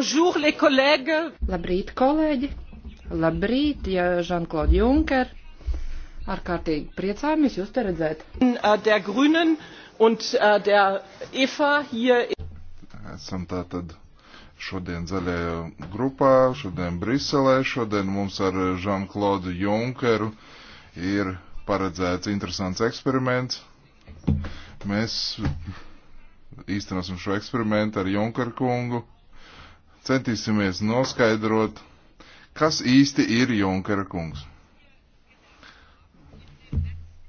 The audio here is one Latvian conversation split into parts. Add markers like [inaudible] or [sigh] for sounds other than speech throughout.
Bonjour, les collègues! Labrīt, kolēģi! Labrīt, ja Jean-Claude Juncker! Ārkārtīgi priecājamies jūs te redzēt. Äh, der Grünen und äh, der EFA hier. Esam tātad šodien zaļajā grupā, šodien Briselē, šodien mums ar Jean-Claude Junkeru ir paredzēts interesants eksperiments. Mēs īstenosim šo eksperimentu ar Junkeru kungu centīsimies noskaidrot, kas īsti ir Junkera kungs.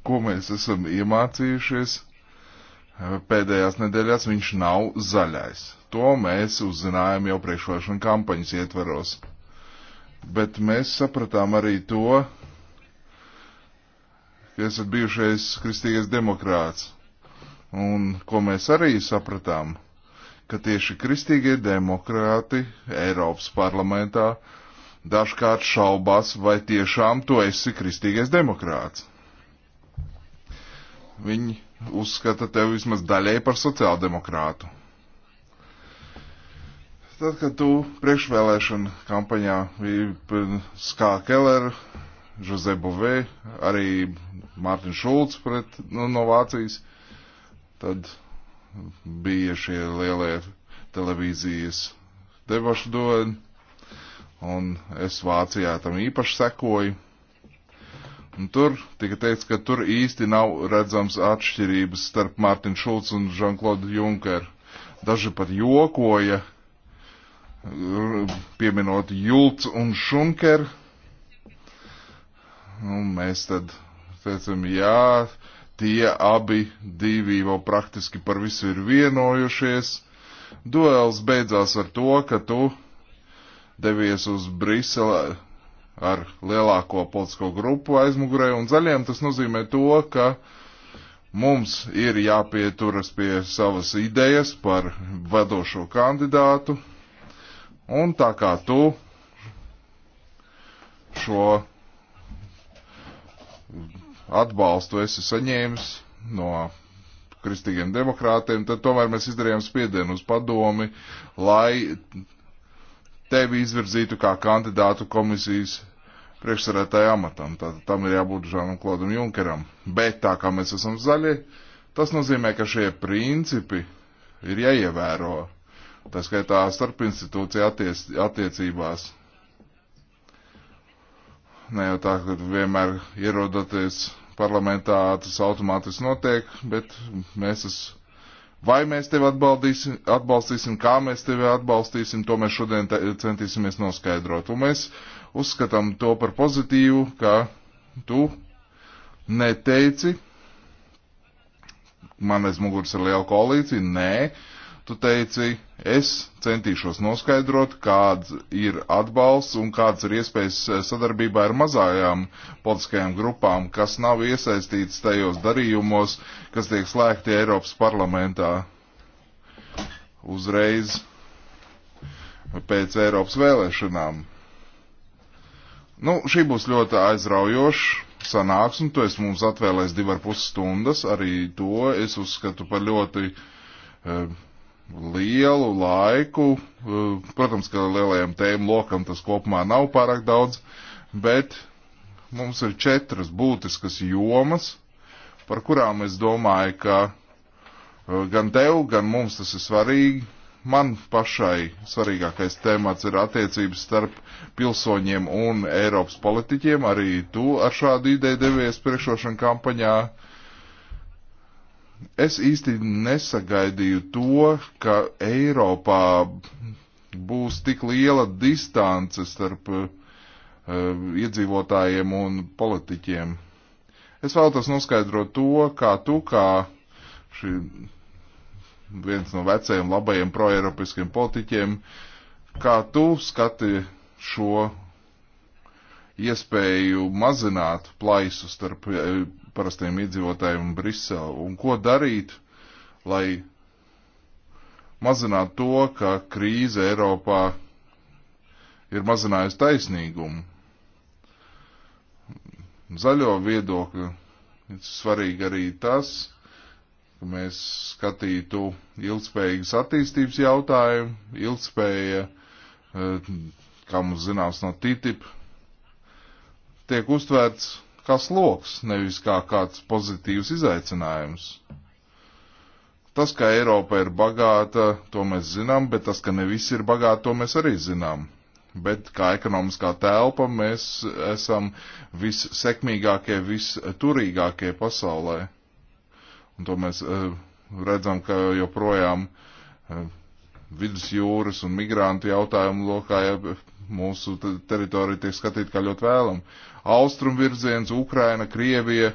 Ko mēs esam iemācījušies eh, pēdējās nedēļās, viņš nav zaļais. To mēs uzzinājām jau priekšvēlēšana kampaņas ietvaros. Bet mēs sapratām arī to, ka esat bijušais kristīgais demokrāts. Un ko mēs arī sapratām, ka tieši kristīgie demokrāti Eiropas parlamentā dažkārt šaubās, vai tiešām tu esi kristīgais demokrāts. Viņi uzskata tevi vismaz daļai par sociāldemokrātu. Tad, kad tu priekšvēlēšana kampaņā Skā Keller, Jose Bovē, arī Mārtiņš Šulcs pret, nu, no Vācijas, tad bija šie lielie televīzijas debašu dodi, un es Vācijā tam īpaši sekoju. Un tur tika teikts, ka tur īsti nav redzams atšķirības starp Mārtiņu Šulcu un Žanklodu Junkeru. Daži pat jokoja, pieminot Jults un Šunkeru. Un mēs tad teicam, jā, uh, Tie abi divi jau praktiski par visu ir vienojušies. Duels beidzās ar to, ka tu devies uz Brisele ar lielāko politisko grupu aizmugurē, un zaļiem tas nozīmē to, ka mums ir jāpieturas pie savas idejas par vadošo kandidātu, un tā kā tu šo atbalstu esi saņēmis no kristīgiem demokrātiem, tad tomēr mēs izdarījām spiedienu uz padomi, lai tevi izvirzītu kā kandidātu komisijas priekšsarētāja amatam. Tātad tam ir jābūt Žanam Klodam Junkeram. Bet tā kā mēs esam zaļi, tas nozīmē, ka šie principi ir jāievēro. Tā skaitā starp institūciju attiec attiecībās. Ne jau tā, ka vienmēr ierodoties parlamentā tas automātiski notiek, bet mēs es, vai mēs tevi atbalstīsim, kā mēs tevi atbalstīsim, to mēs šodien centīsimies noskaidrot. Un mēs uzskatām to par pozitīvu, ka tu neteici, man aiz muguras ir liela koalīcija, nē, tu teici, es centīšos noskaidrot, kāds ir atbalsts un kāds ir iespējas sadarbībā ar mazajām politiskajām grupām, kas nav iesaistīts tajos darījumos, kas tiek slēgti Eiropas parlamentā uzreiz pēc Eiropas vēlēšanām. Nu, šī būs ļoti aizraujoša sanāksme, to es mums atvēlēs divar pus stundas, arī to es uzskatu par ļoti uh, lielu laiku. Eh, protams, ka lielajam tēmu lokam tas kopumā nav pārāk daudz, bet mums ir četras būtiskas jomas, par kurām es domāju, ka eh, gan tev, gan mums tas ir svarīgi. Man pašai svarīgākais temats ir attiecības starp pilsoņiem un Eiropas politiķiem. Arī tu ar šādu ideju devies priekšrošana kampaņā. Uh, Es īsti nesagaidīju to, ka Eiropā būs tik liela distance starp uh, iedzīvotājiem un politiķiem. Es vēlos noskaidrot to, kā tu, kā šī viens no vecajiem labajiem proeiropiskiem politiķiem, kā tu skati šo iespēju mazināt plaisu starp eh, parastiem iedzīvotājiem un Briselu. Un ko darīt, lai mazinātu to, ka krīze Eiropā ir mazinājusi taisnīgumu. Zaļo viedokļu svarīgi arī tas, ka mēs skatītu ilgspējīgas attīstības jautājumu, ilgspēja, eh, kā mums zināms no TTIP tiek uztvērts kā sloks, nevis kā kāds pozitīvs izaicinājums. Tas, ka Eiropa ir bagāta, to mēs zinām, bet tas, ka ne visi ir bagāti, to mēs arī zinām. Bet kā ekonomiskā telpa mēs esam vissekmīgākie, visturīgākie pasaulē. Un to mēs uh, redzam, ka joprojām uh, vidusjūras un migrantu jautājumu lokā mūsu teritorija tiek skatīta kā ļoti vēlam. Austrum virziens, Ukraina, Krievija,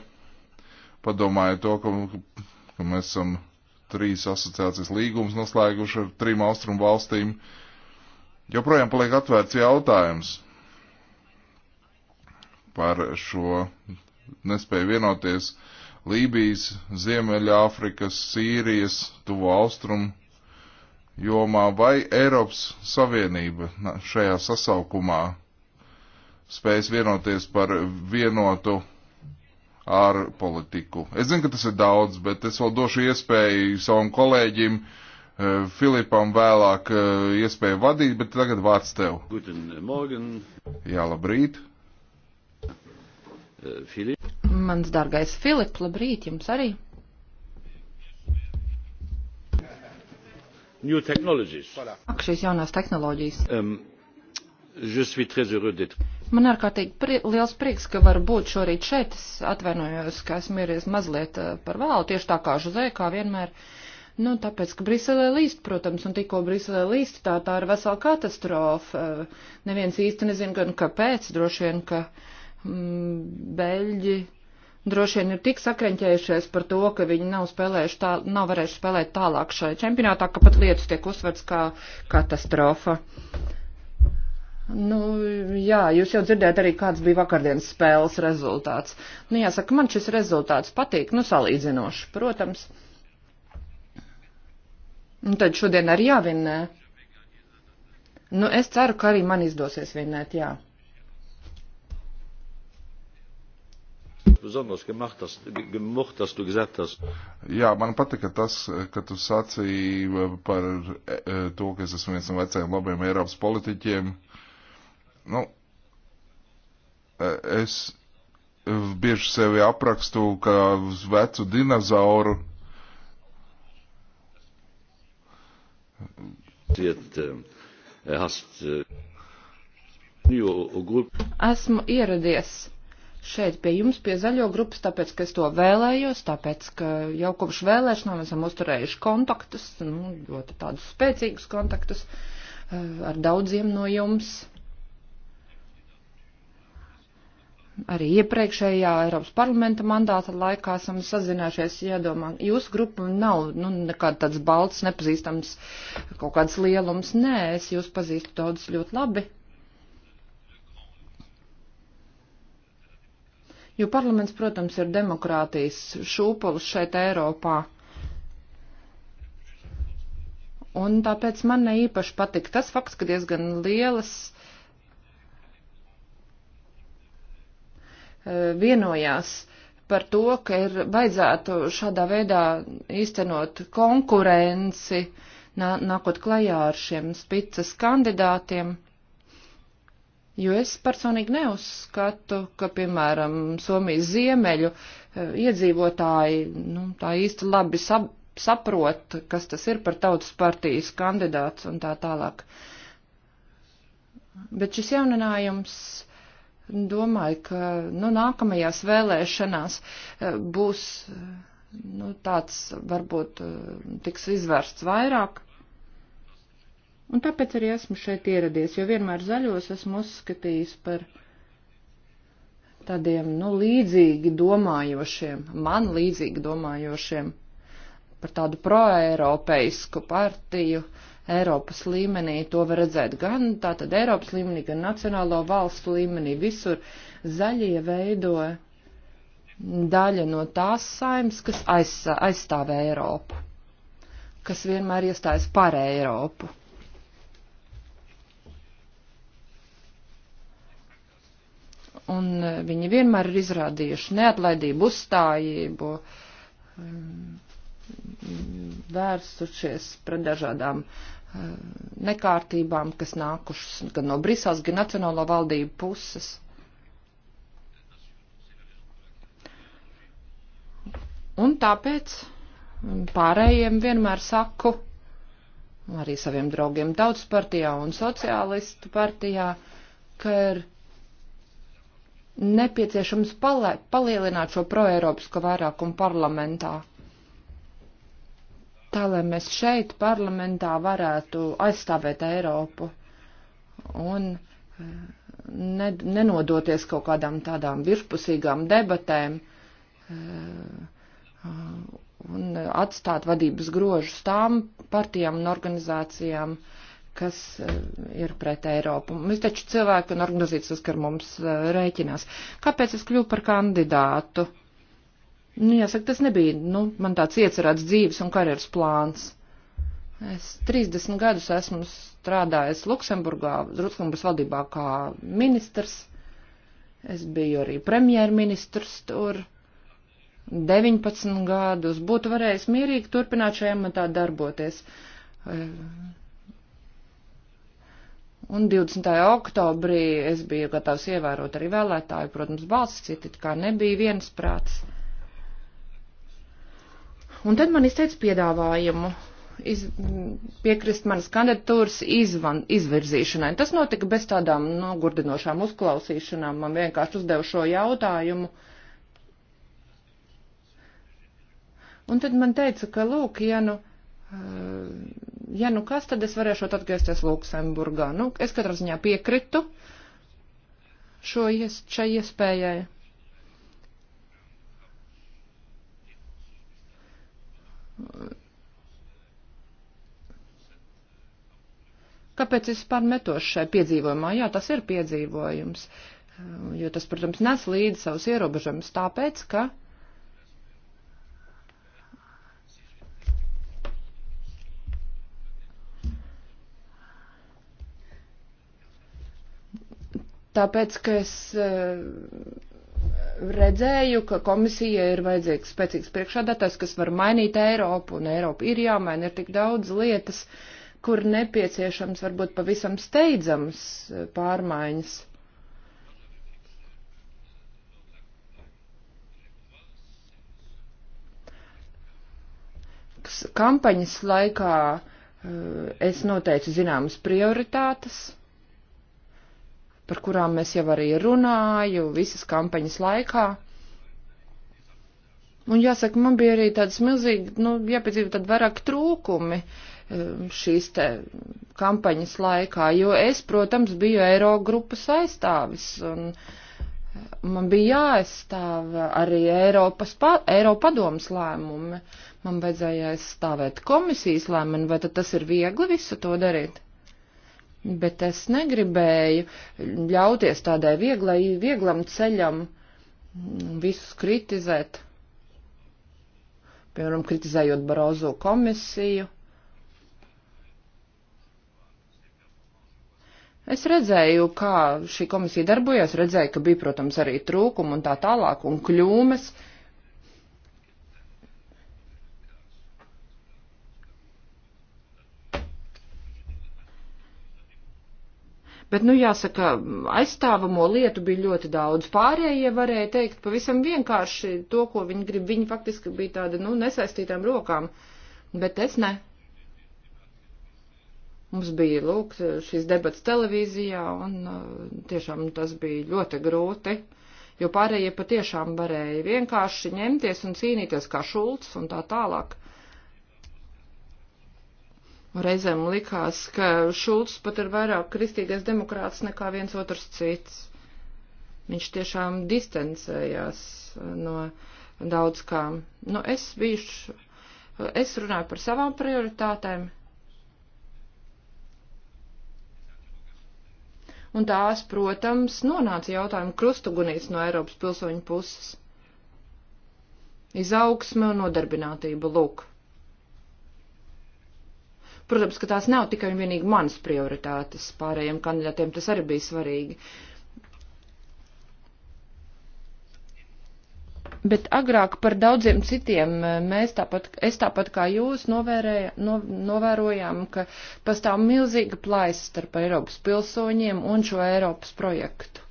padomājiet to, ka, ka mēs esam trīs asociācijas līgumus noslēguši ar trim austrumu valstīm. Joprojām paliek atvērts jautājums par šo nespēju vienoties Lībijas, Ziemeļa Āfrikas, Sīrijas, Tuvo Austrumu jomā, vai Eiropas Savienība šajā sasaukumā spējas vienoties par vienotu ārpolitiku. Es zinu, ka tas ir daudz, bet es vēl došu iespēju savam kolēģim eh, Filipam vēlāk eh, iespēju vadīt, bet tagad vārds tev. Jā, labrīt. Eh, Filip. Mans dārgais Filip, labrīt jums arī. new technologies. Ak, šīs jaunās tehnoloģijas. Um, Man ārkārtīgi pri liels prieks, ka var būt šorīt šeit. Es atvainojos, ka esmu ieries mazliet eh, par vēlu, tieši tā kā žuzē, kā vienmēr. Nu, tāpēc, ka Briselē līst, protams, un tikko Briselē līst, tā tā ir vesela katastrofa. Neviens īsti nezin, gan kāpēc, droši vien, ka mm, Beļģi droši vien ir tik sakreņķējušies par to, ka viņi nav, tā, nav varējuši spēlēt tālāk šai čempionātā, ka pat lietas tiek uzsverts kā katastrofa. Nu, jā, jūs jau dzirdējat arī, kāds bija vakardienas spēles rezultāts. Nu, jāsaka, man šis rezultāts patīk, nu, salīdzinoši, protams. Un tad šodien arī jāvinnē. Nu, es ceru, ka arī man izdosies vinnēt, jā. Besonders gemacht hast, gemocht hast, du gesagt hast. Jā, man patika tas, ka tu sacīji e, par e, e, to, ka es esmu viens no vecajiem labiem Eiropas politiķiem. Nu, es bieži sevi aprakstu kā vecu dinozauru. Ciet, hast, Esmu ieradies šeit pie jums, pie zaļo grupas, tāpēc, ka es to vēlējos, tāpēc, ka jau kopš vēlēšanām esam uzturējuši kontaktus, nu, ļoti tādus spēcīgus kontaktus eh, ar daudziem no jums. Arī iepriekšējā Eiropas parlamenta mandāta laikā esam sazinājušies, jādomā, jūsu grupa nav, nu, nekāds tāds balts, nepazīstams kaut kāds lielums, nē, es jūs pazīstu daudz ļoti labi. jo parlaments, protams, ir demokrātijas šūpolis šeit Eiropā. Un tāpēc man ne īpaši patika tas fakts, ka diezgan lielas e, vienojās par to, ka ir vajadzētu šādā veidā īstenot konkurenci, nākot klajā ar šiem spicas kandidātiem. Jo es personīgi neuzskatu, ka, piemēram, Somijas ziemeļu e, iedzīvotāji nu, tā īsti labi sab, saprot, kas tas ir par tautas partijas kandidāts un tā tālāk. Bet šis jauninājums, domāju, ka nu, nākamajās vēlēšanās e, būs e, nu, tāds varbūt tiks izvērsts vairāk Un tāpēc arī esmu šeit ieradies, jo vienmēr zaļos esmu uzskatījis par tādiem, nu, līdzīgi domājošiem, man līdzīgi domājošiem, par tādu proeiropeisku partiju Eiropas līmenī. To var redzēt gan tātad Eiropas līmenī, gan nacionālo valstu līmenī. Visur zaļie veidoja daļa no tās saimas, kas aizstāv Eiropu, kas vienmēr iestājas par Eiropu un e, viņi vienmēr ir izrādījuši neatlaidību, uzstājību, mm, vērsušies pret dažādām e, nekārtībām, kas nākušas gan no Brisels, gan Nacionālo valdību puses. Un tāpēc pārējiem vienmēr saku, arī saviem draugiem tautas partijā un sociālistu partijā, ka ir nepieciešams palē, palielināt šo proeiropisko vairākumu parlamentā. Tā, lai mēs šeit parlamentā varētu aizstāvēt Eiropu un eh, ne, nenodoties kaut kādām tādām virspusīgām debatēm eh, un atstāt vadības grožus tām partijām un organizācijām, uh, kas eh, ir pret Eiropu. Mēs taču cilvēki un organizācijas, kas ar mums eh, rēķinās. Kāpēc es kļuvu par kandidātu? Nu, jāsaka, tas nebija, nu, man tāds iecerēts dzīves un karjeras plāns. Es 30 gadus esmu strādājis Luksemburgā, Luksemburgas valdībā kā ministrs. Es biju arī premjerministrs tur. 19 gadus būtu varējis mierīgi turpināt šajā matā darboties eh, Un 20. oktobrī es biju gatavs ievērot arī vēlētāju, protams, balsis citi kā nebija viens prāts. Un tad man izteica piedāvājumu iz, piekrist manas kandidatūras izvan, izvirzīšanai. Tas notika bez tādām nogurdinošām uzklausīšanām. Man vienkārši uzdeva šo jautājumu. Un tad man teica, ka, lūk, ja nu ja nu kas, tad es varēšu atgriezties Luksemburgā. Nu, es katrā ziņā piekritu šo ies, šai iespējai. Kāpēc es vispār metošu šai piedzīvojumā? Jā, tas ir piedzīvojums, jo tas, protams, nes līdzi savus ierobežojumus tāpēc, ka uh, tāpēc, ka es eh, redzēju, ka komisija ir vajadzīgs spēcīgs priekšādātājs, kas var mainīt Eiropu, un Eiropa ir jāmaina, ir tik daudz lietas, kur nepieciešams varbūt pavisam steidzams eh, pārmaiņas. Kampaņas laikā eh, es noteicu zināmas prioritātes par kurām es jau arī runāju visas kampaņas laikā. Un jāsaka, man bija arī tāds milzīgi, nu, jāpiedzīvo tad vairāk trūkumi eh, šīs te kampaņas laikā, jo es, protams, biju Eiro grupas aizstāvis un eh, man bija jāaizstāv arī Eiropas, pa, Eiropa padomas lēmumi. Man vajadzēja aizstāvēt komisijas lēmumu, vai tad tas ir viegli visu to darīt? bet es negribēju ļauties tādai vieglai, vieglam ceļam visus kritizēt. Piemēram, kritizējot Barozo komisiju. Es redzēju, kā šī komisija darbojās, redzēju, ka bija, protams, arī trūkumi un tā tālāk un kļūmes. Uh, Bet, nu, jāsaka, aizstāvamo lietu bija ļoti daudz. Pārējie varēja teikt pavisam vienkārši to, ko viņi grib. Viņi faktiski bija tāda, nu, nesaistītām rokām. Bet es ne. Mums bija, lūk, šīs debats televīzijā, un uh, tiešām tas bija ļoti grūti jo pārējie patiešām varēja vienkārši ņemties un cīnīties kā šults un tā tālāk. Reizēm likās, ka Šulcs pat ir vairāk kristīgais demokrāts nekā viens otrs cits. Viņš tiešām distancējās no daudz kā. Nu, es bijuši, es runāju par savām prioritātēm. Un tās, protams, nonāca jautājumu krustugunīs no Eiropas pilsoņu puses. Izaugsme un nodarbinātība, lūk. Protams, ka tās nav tikai un vienīgi manas prioritātes, pārējiem kandidātiem tas arī bija svarīgi. Bet agrāk par daudziem citiem eh, mēs tāpat, es tāpat kā jūs novērēja, no, novērojām, ka pastāv milzīga plaisa starp Eiropas pilsoņiem un šo Eiropas projektu.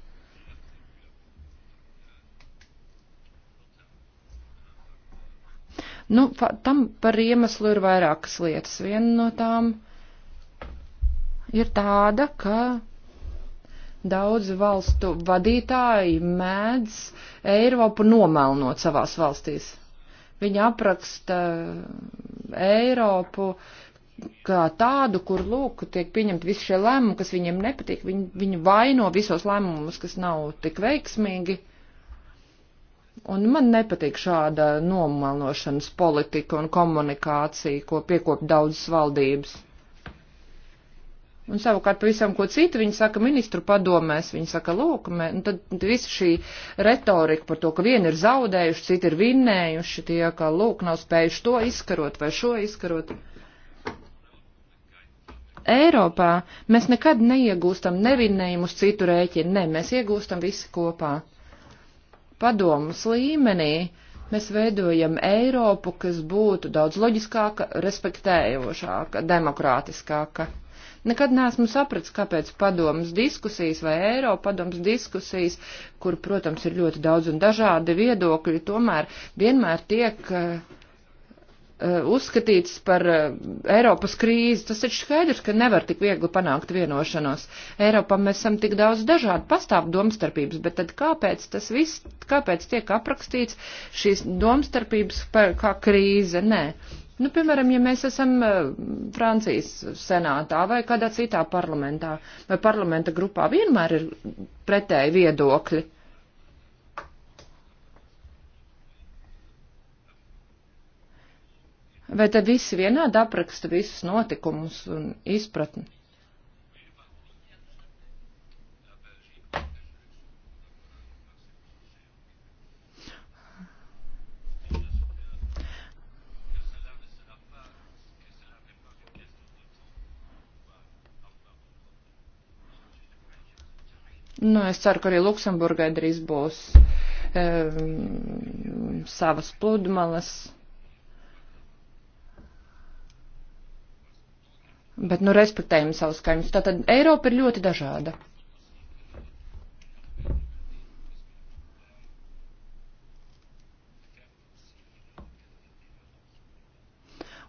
Nu, tam par iemeslu ir vairākas lietas. Viena no tām ir tāda, ka daudz valstu vadītāji mēdz Eiropu nomelnot savās valstīs. Viņi apraksta Eiropu kā tādu, kur, lūk, tiek pieņemti visi šie lēmumi, kas viņiem nepatīk. Viņi, viņi vaino visos lēmumus, kas nav tik veiksmīgi. Uh, Un man nepatīk šāda nomalnošanas politika un komunikācija, ko piekop daudzas valdības. Un savukārt pavisam ko citu viņi saka ministru padomēs, viņi saka, lūk, mē, un tad visa šī retorika par to, ka vieni ir zaudējuši, citi ir vinnējuši, tie, ka, lūk, nav spējuši to izkarot vai šo izkarot. Eiropā mēs nekad neiegūstam nevinnējumus citu rēķinu, nē, ne, mēs iegūstam visi kopā padomus līmenī mēs veidojam Eiropu, kas būtu daudz loģiskāka, respektējošāka, demokrātiskāka. Nekad neesmu sapratis, kāpēc padomas diskusijas vai Eiropa padomas diskusijas, kur, protams, ir ļoti daudz un dažādi viedokļi, tomēr vienmēr tiek uh, Eh, uzskatīts par eh, Eiropas krīzi. Tas ir skaidrs, ka nevar tik viegli panākt vienošanos. Eiropā mēs esam tik daudz dažādu pastāv domstarpības, bet tad kāpēc tas viss, kāpēc tiek aprakstīts šīs domstarpības par, kā krīze? Nē. Nu, piemēram, ja mēs esam eh, Francijas senātā vai kādā citā parlamentā vai parlamenta grupā, vienmēr ir pretēji viedokļi. Vai te visi vienādi apraksta visus notikumus un izpratni? Nu, es ceru, ka arī Luksemburgai drīz būs um, savas pludmales. Bet, nu, respektējam savus kaimiņus. Tātad Eiropa ir ļoti dažāda.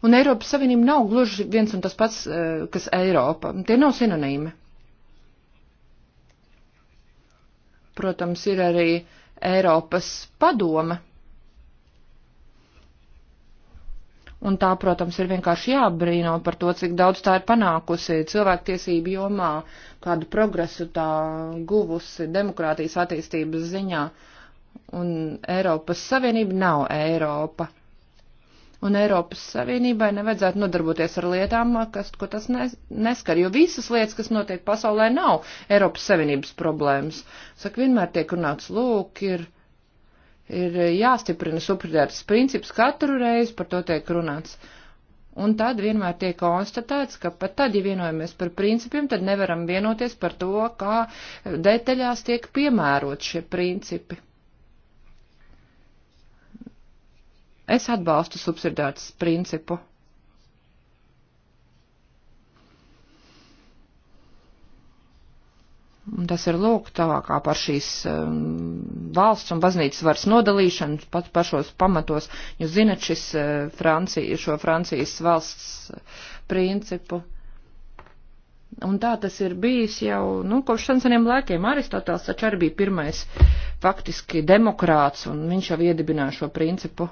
Un Eiropas Savienība nav gluži viens un tas pats, eh, kas Eiropa. Tie nav sinonīmi. Protams, ir arī Eiropas padome. Un tā, protams, ir vienkārši jābrīno par to, cik daudz tā ir panākusi cilvēktiesību jomā, kādu progresu tā guvusi demokrātijas attīstības ziņā. Un Eiropas Savienība nav Eiropa. Un Eiropas Savienībai nevajadzētu nodarboties ar lietām, kas, ko tas neskar, jo visas lietas, kas notiek pasaulē, nav Eiropas Savienības problēmas. Saka, vienmēr tiek runāts, lūk, ir ir eh, jāstiprina subsidiārs princips katru reizi, par to tiek runāts. Un tad vienmēr tiek konstatēts, ka pat tad, ja vienojamies par principiem, tad nevaram vienoties par to, kā detaļās tiek piemērot šie principi. Es atbalstu subsidiārs principu. Un tas ir lūk tālākā par šīs um, valsts un baznīcas varas nodalīšanu pat pašos pamatos. Jūs zinat šis, uh, Francija, šo Francijas valsts uh, principu. Un tā tas ir bijis jau, nu, kopš seniem laikiem. Aristoteles taču arī bija pirmais faktiski demokrāts, un viņš jau iedibināja šo principu.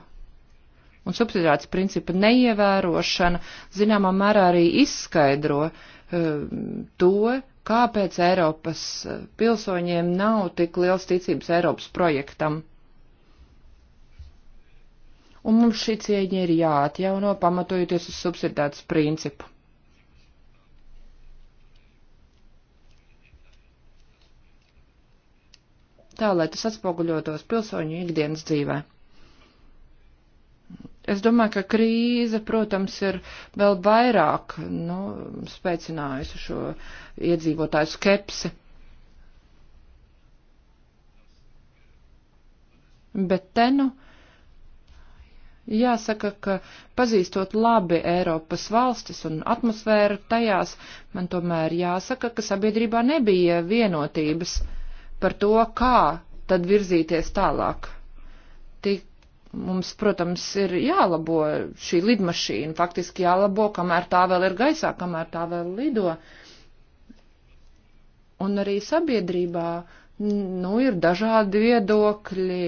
Un subsidiāts principa neievērošana zināmā mērā arī izskaidro uh, to, Kāpēc Eiropas eh, pilsoņiem nav tik liels ticības Eiropas projektam? Un mums šī cieņa ir jāatjauno, pamatojoties uz subsidētas principu. Tā, lai tas atspoguļotos pilsoņu ikdienas dzīvē. Es domāju, ka krīze, protams, ir vēl vairāk nu, spēcinājusi šo iedzīvotāju skepsi. Bet te nu jāsaka, ka pazīstot labi Eiropas valstis un atmosfēru tajās, man tomēr jāsaka, ka sabiedrībā nebija vienotības par to, kā tad virzīties tālāk. Tik Mums, protams, ir jālabo šī lidmašīna, faktiski jālabo, kamēr tā vēl ir gaisā, kamēr tā vēl lido. Un arī sabiedrībā, nu, ir dažādi viedokļi,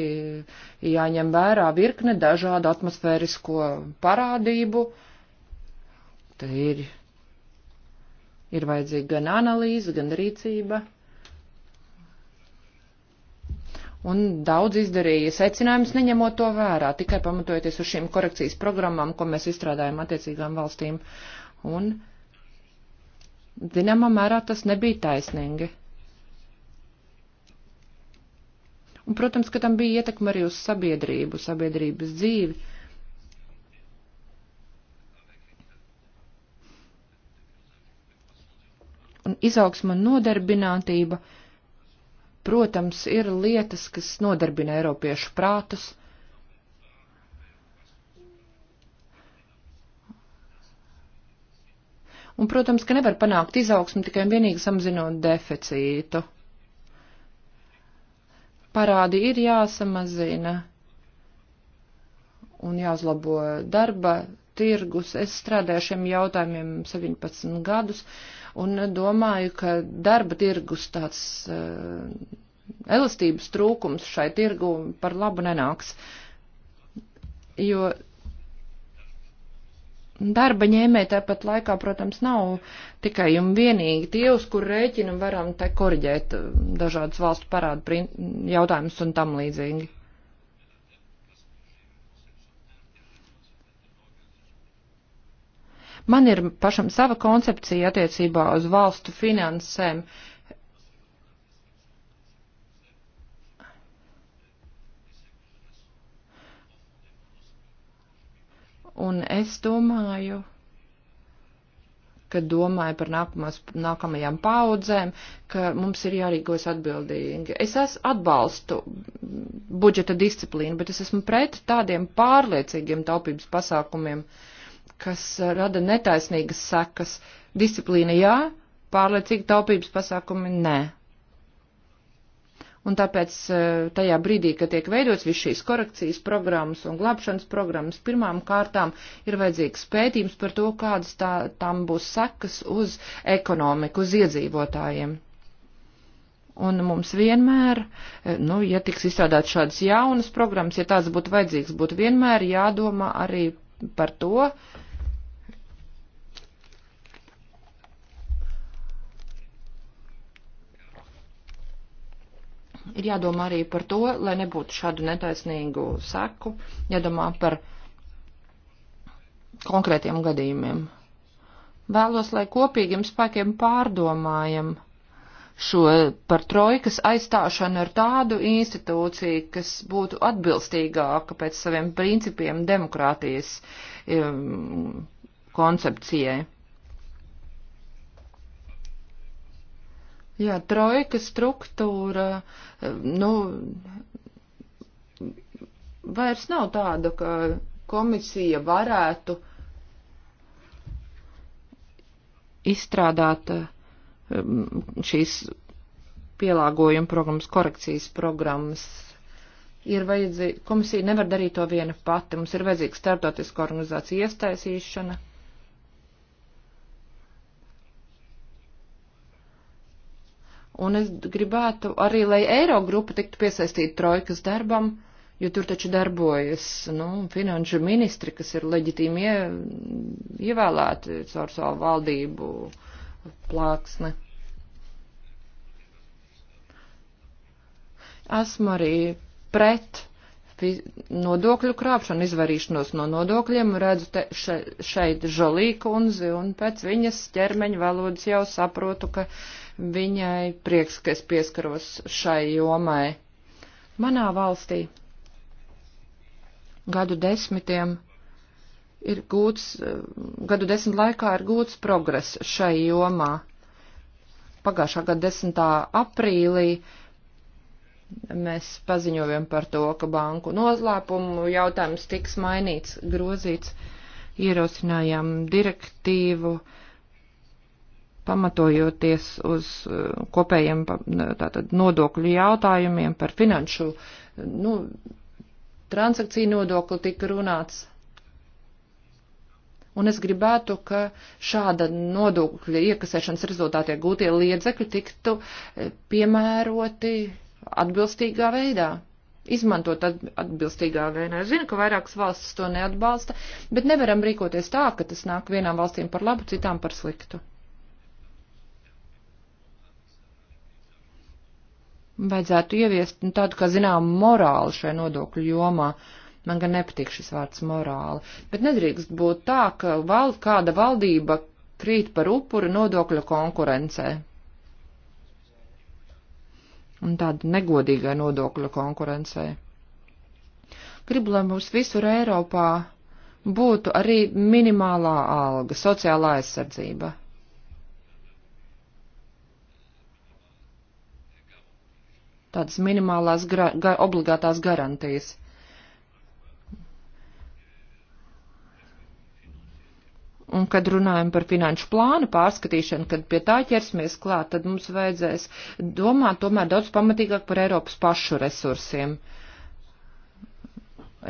jāņem vērā virkne dažādu atmosfērisko parādību. Te ir, ir vajadzīga gan analīze, gan rīcība un daudz izdarīja secinājumus, neņemot to vērā, tikai pamatojoties uz šīm korekcijas programmām, ko mēs izstrādājam attiecīgām valstīm. Un, zināmā mērā, tas nebija taisnīgi. Un, protams, ka tam bija ietekme arī uz sabiedrību, sabiedrības dzīvi. Un izaugsma un nodarbinātība. Uh, Protams, ir lietas, kas nodarbina Eiropiešu prātus. Un, protams, ka nevar panākt izaugsmu tikai un vienīgi samazinot deficītu. Parādi ir jāsamazina un jāuzlabo darba tirgus. Es strādāju šiem jautājumiem 17 gadus. Uh, un domāju, ka darba tirgus tāds eh, elastības trūkums šai tirgu par labu nenāks. Jo darba ņēmēji tāpat laikā, protams, nav tikai un vienīgi tie, uz kur rēķinu varam te korģēt eh, dažādas valstu parādu jautājumus un tam līdzīgi. Man ir pašam sava koncepcija attiecībā uz valstu finansēm. Un es domāju, kad domāju par nākamās, nākamajām paudzēm, ka mums ir jārīkos atbildīgi. Es esmu atbalstu budžeta disciplīnu, bet es esmu pret tādiem pārliecīgiem taupības pasākumiem. Uh, kas eh, rada netaisnīgas sekas. Disciplīna jā, pārliecīgi taupības pasākumi nē. Un tāpēc eh, tajā brīdī, kad tiek veidots viss šīs korekcijas programmas un glābšanas programmas, pirmām kārtām ir vajadzīgs pētījums par to, kādas tā, tam būs sekas uz ekonomiku, uz iedzīvotājiem. Un mums vienmēr, eh, nu, ja tiks izstrādāt šādas jaunas programmas, ja tāds būtu vajadzīgs, būtu vienmēr jādomā arī par to, uh, ir jādomā arī par to, lai nebūtu šādu netaisnīgu seku, jādomā par konkrētiem gadījumiem. Vēlos, lai kopīgiem spēkiem pārdomājam šo par trojkas aizstāšanu ar tādu institūciju, kas būtu atbilstīgāka pēc saviem principiem demokrātijas um, koncepcijai. Jā, trojka struktūra, eh, nu, vairs nav tāda, ka komisija varētu izstrādāt eh, šīs pielāgojuma programmas, korekcijas programmas. Ir vajadzīga, komisija nevar darīt to viena pati, mums ir vajadzīga starptautiska organizācija iestaisīšana. un es gribētu arī, lai Eirogrupa tiktu piesaistīta trojkas darbam, jo tur taču darbojas, nu, finanšu ministri, kas ir leģitīmi ie, ievēlēti caur savu valdību plāksni. Esmu arī pret nodokļu krāpšanu, izvarīšanos no nodokļiem, redzu te, še, šeit žalīku unzi, un pēc viņas ķermeņa valodas jau saprotu, ka uh, Viņai prieks, ka es pieskaros šai jomai. Manā valstī gadu desmitiem ir gūts, gadu desmit laikā ir gūts progress šai jomā. Pagājušā gada 10. aprīlī mēs paziņojam par to, ka banku noslēpumu jautājums tiks mainīts, grozīts, ierosinājām direktīvu pamatojoties uz eh, kopējiem tātad, nodokļu jautājumiem par finanšu nu, transakciju nodokli tika runāts. Un es gribētu, ka šāda nodokļa iekasēšanas rezultātie gūtie liedzekļi tiktu eh, piemēroti atbilstīgā veidā izmantot atbilstīgā veidā. Es zinu, ka vairākas valstis to neatbalsta, bet nevaram rīkoties tā, ka tas nāk vienām valstīm par labu, citām par sliktu. vajadzētu ieviest nu, tādu, kā zinām, morāli šai nodokļu jomā. Man gan nepatīk šis vārds morāli. Bet nedrīkst būt tā, ka val, kāda valdība krīt par upuri nodokļu konkurencē. Un tāda negodīgai nodokļu konkurencē. Gribu, lai mums visur Eiropā būtu arī minimālā alga, sociālā aizsardzība. tādas minimālās gra, ga, obligātās garantijas. Un, kad runājam par finanšu plānu pārskatīšanu, kad pie tā ķersimies klāt, tad mums vajadzēs domāt tomēr daudz pamatīgāk par Eiropas pašu resursiem.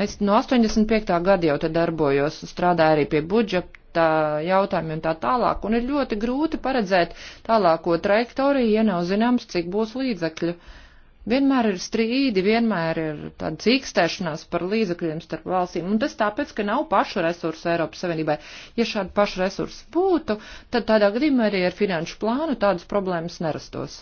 Es no 85. gada jau te darbojos, strādāju arī pie budžeta jautājumiem tā tālāk, un ir ļoti grūti paredzēt tālāko trajektoriju, ja nav zināms, cik būs līdzekļu. Uh, Vienmēr ir strīdi, vienmēr ir tāda cīkstēšanās par līdzakļiem starp valstīm, un tas tāpēc, ka nav pašu resursu Eiropas Savienībai. Ja šādi pašu resursi būtu, tad tādā gadījumā arī ar finanšu plānu tādas problēmas nerastos.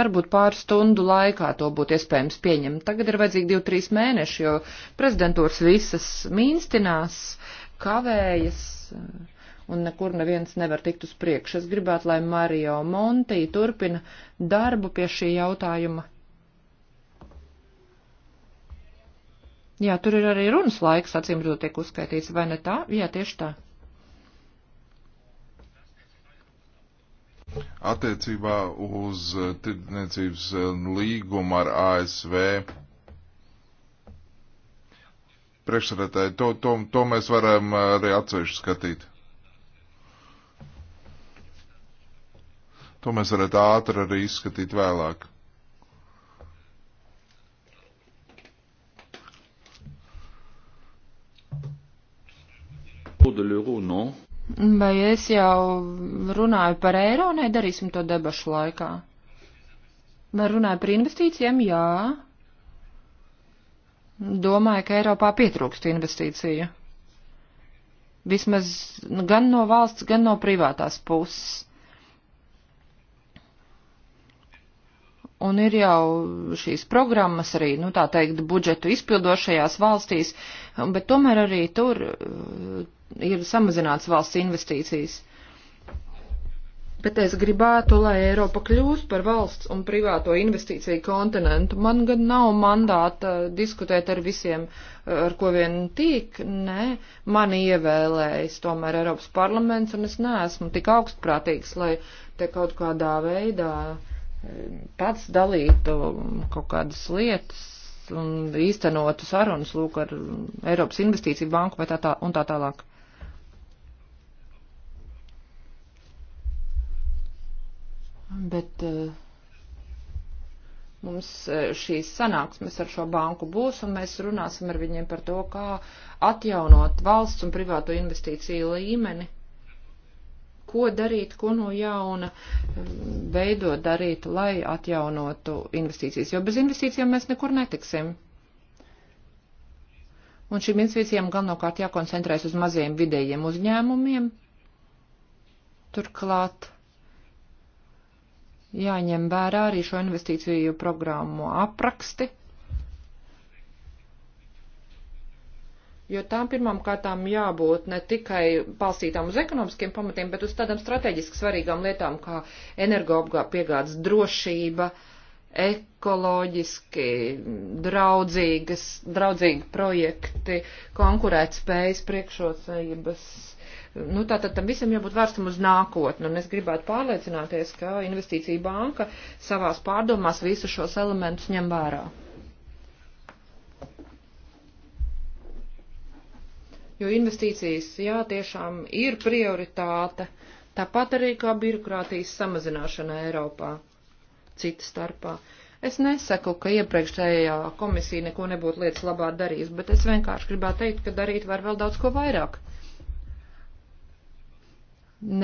Varbūt pāris stundu laikā to būtu iespējams pieņemt. Tagad ir vajadzīgi 2-3 mēneši, jo prezidentūras visas mīnstinās, kavējas. Uh, un nekur neviens nevar tikt uz priekšu. Es gribētu, lai Mario Monti turpina darbu pie šī jautājuma. Jā, tur ir arī runas laiks, acīm redzot, tiek uzskaitīts, vai ne tā? Jā, tieši tā. Attiecībā uz tirdzniecības līgumu ar ASV priekšsarētāji, to, to, to mēs varam arī atsevišķi skatīt. To mēs varētu ātri arī izskatīt vēlāk. Vai es jau runāju par eiro, nē, darīsim to debašu laikā. Vai runāju par investīcijiem? Jā. Domāju, ka Eiropā pietrūkst investīciju. Vismaz gan no valsts, gan no privātās puses. Un ir jau šīs programmas arī, nu tā teikt, budžetu izpildošajās valstīs, bet tomēr arī tur uh, ir samazināts valsts investīcijas. Bet es gribētu, lai Eiropa kļūst par valsts un privāto investīciju kontinentu. Man gan nav mandāta diskutēt ar visiem, uh, ar ko vien tīk. Nē, mani ievēlējis tomēr Eiropas parlaments, un es neesmu tik augstprātīgs, lai te kaut kādā veidā uh, pats dalītu kaut kādas lietas un īstenotu sarunas lūk ar Eiropas investīciju banku vai tā, tā un tā tālāk. Bet uh, mums eh, šīs sanāksmes ar šo banku būs, un mēs runāsim ar viņiem par to, kā atjaunot valsts un privāto investīciju līmeni ko darīt, ko no jauna um, veidot darīt, lai atjaunotu investīcijas, jo bez investīcijām mēs nekur netiksim. Un šīm investīcijām galvenokārt jākoncentrēs uz maziem vidējiem uzņēmumiem. Turklāt jāņem vērā arī šo investīciju programmu apraksti jo tām pirmām kārtām jābūt ne tikai balstītām uz ekonomiskiem pamatiem, bet uz tādām strateģiski svarīgām lietām kā energoapgādes drošība, ekoloģiski draudzīgas, draudzīgi projekti, konkurētspējas priekšrocības. Nu, tātad tam visam jābūt vērstam uz nākotni, un es gribētu pārliecināties, ka investīcija banka savās pārdomās visus šos elementus ņem vērā. jo investīcijas, jā, tiešām ir prioritāte, tāpat arī kā birokrātijas samazināšana Eiropā, cita starpā. Es nesaku, ka iepriekšējā komisija neko nebūtu lietas labā darījis, bet es vienkārši gribētu teikt, ka darīt var vēl daudz ko vairāk.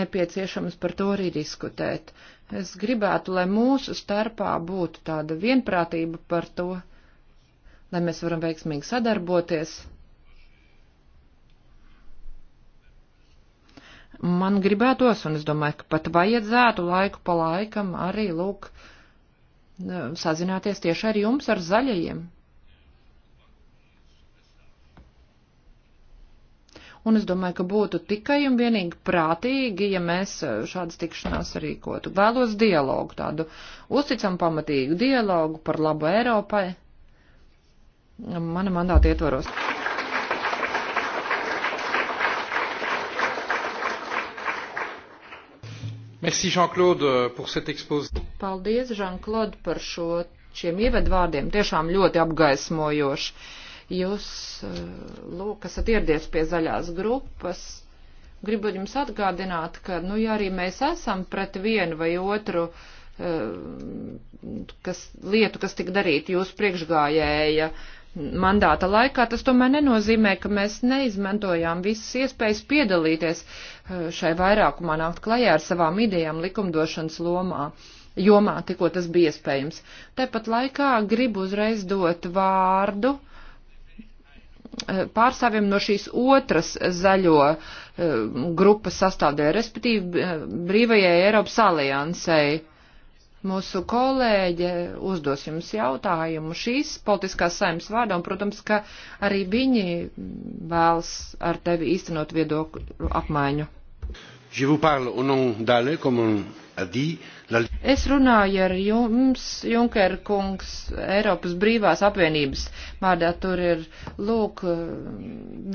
Nepieciešams par to arī diskutēt. Es gribētu, lai mūsu starpā būtu tāda vienprātība par to, lai mēs varam veiksmīgi sadarboties, man gribētos, un es domāju, ka pat vajadzētu laiku pa laikam arī, lūk, e, sazināties tieši ar jums, ar zaļajiem. Un es domāju, ka būtu tikai un vienīgi prātīgi, ja mēs e, šādas tikšanās rīkotu. Vēlos dialogu tādu, uzticam pamatīgu dialogu par labu Eiropai. Mana mandāta ietvaros. Merci Jean-Claude pour cet expose. Paldies, Jean-Claude, par šo, šiem ievadvārdiem. Tiešām ļoti apgaismojoši. Jūs, eh, lūk, esat ieradies pie zaļās grupas. Gribu jums atgādināt, ka, nu, ja arī mēs esam pret vienu vai otru eh, kas, lietu, kas tika darīta jūsu priekšgājēja uh, mandāta laikā, tas tomēr nenozīmē, ka mēs neizmantojām visas iespējas piedalīties eh, šai vairākumā, nākt klajā ar savām idejām likumdošanas lomā jomā, tikko tas bija iespējams. Tepat laikā gribu uzreiz dot vārdu eh, pārstāvjiem no šīs otras zaļo eh, grupas sastāvdē, respektīvi Brīvajai Eiropas aliansai. Mūsu kolēģe uzdos jums jautājumu šīs politiskās saimnes vārdā, un, protams, ka arī viņi vēlas ar tevi īstenot viedokļu apmaiņu. Je vous parle au nom d'Alain, comme on a dit, Es runāju ar jums, Junker kungs, Eiropas brīvās apvienības vārdā. Tur ir, lūk,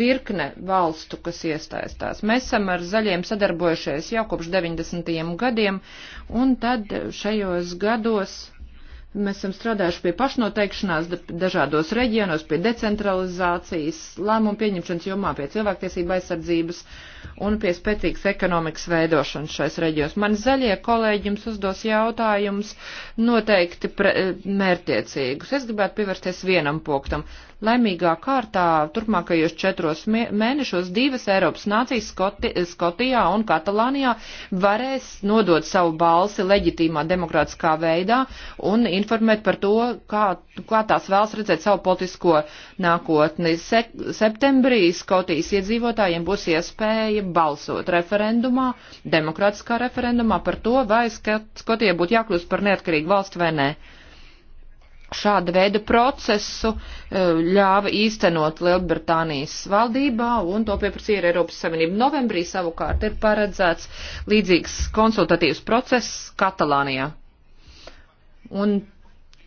virkne valstu, kas iesaistās. Mēs esam ar zaļiem sadarbojušies jau kopš 90. gadiem, un tad šajos gados Mēs esam strādājuši pie pašnoteikšanās dažādos reģionos, pie decentralizācijas, lēmumu pieņemšanas jomā, pie cilvēktiesība aizsardzības un pie spēcīgas ekonomikas veidošanas šais reģions. Man zaļie kolēģi jums uzdos jautājumus noteikti pre, eh, mērtiecīgus. Es gribētu pievērsties vienam punktam. Laimīgā kārtā turpmākajos četros mēnešos divas Eiropas nācijas Skoti, Skotijā un Katalānijā varēs nodot savu balsi leģitīmā demokrātiskā veidā un informēt par to, kā, kā tās vēlas redzēt savu politisko nākotni. Se, septembrī Skotijas iedzīvotājiem būs iespēja iespēja balsot referendumā, demokrātiskā referendumā par to, vai Skotija būtu jākļūst par neatkarīgu valsti vai nē. Šāda veida procesu e, ļāva īstenot Lielbritānijas valdībā, un to pieprasīja Eiropas Savienība. Novembrī savukārt ir paredzēts līdzīgs konsultatīvs process Katalānijā. Un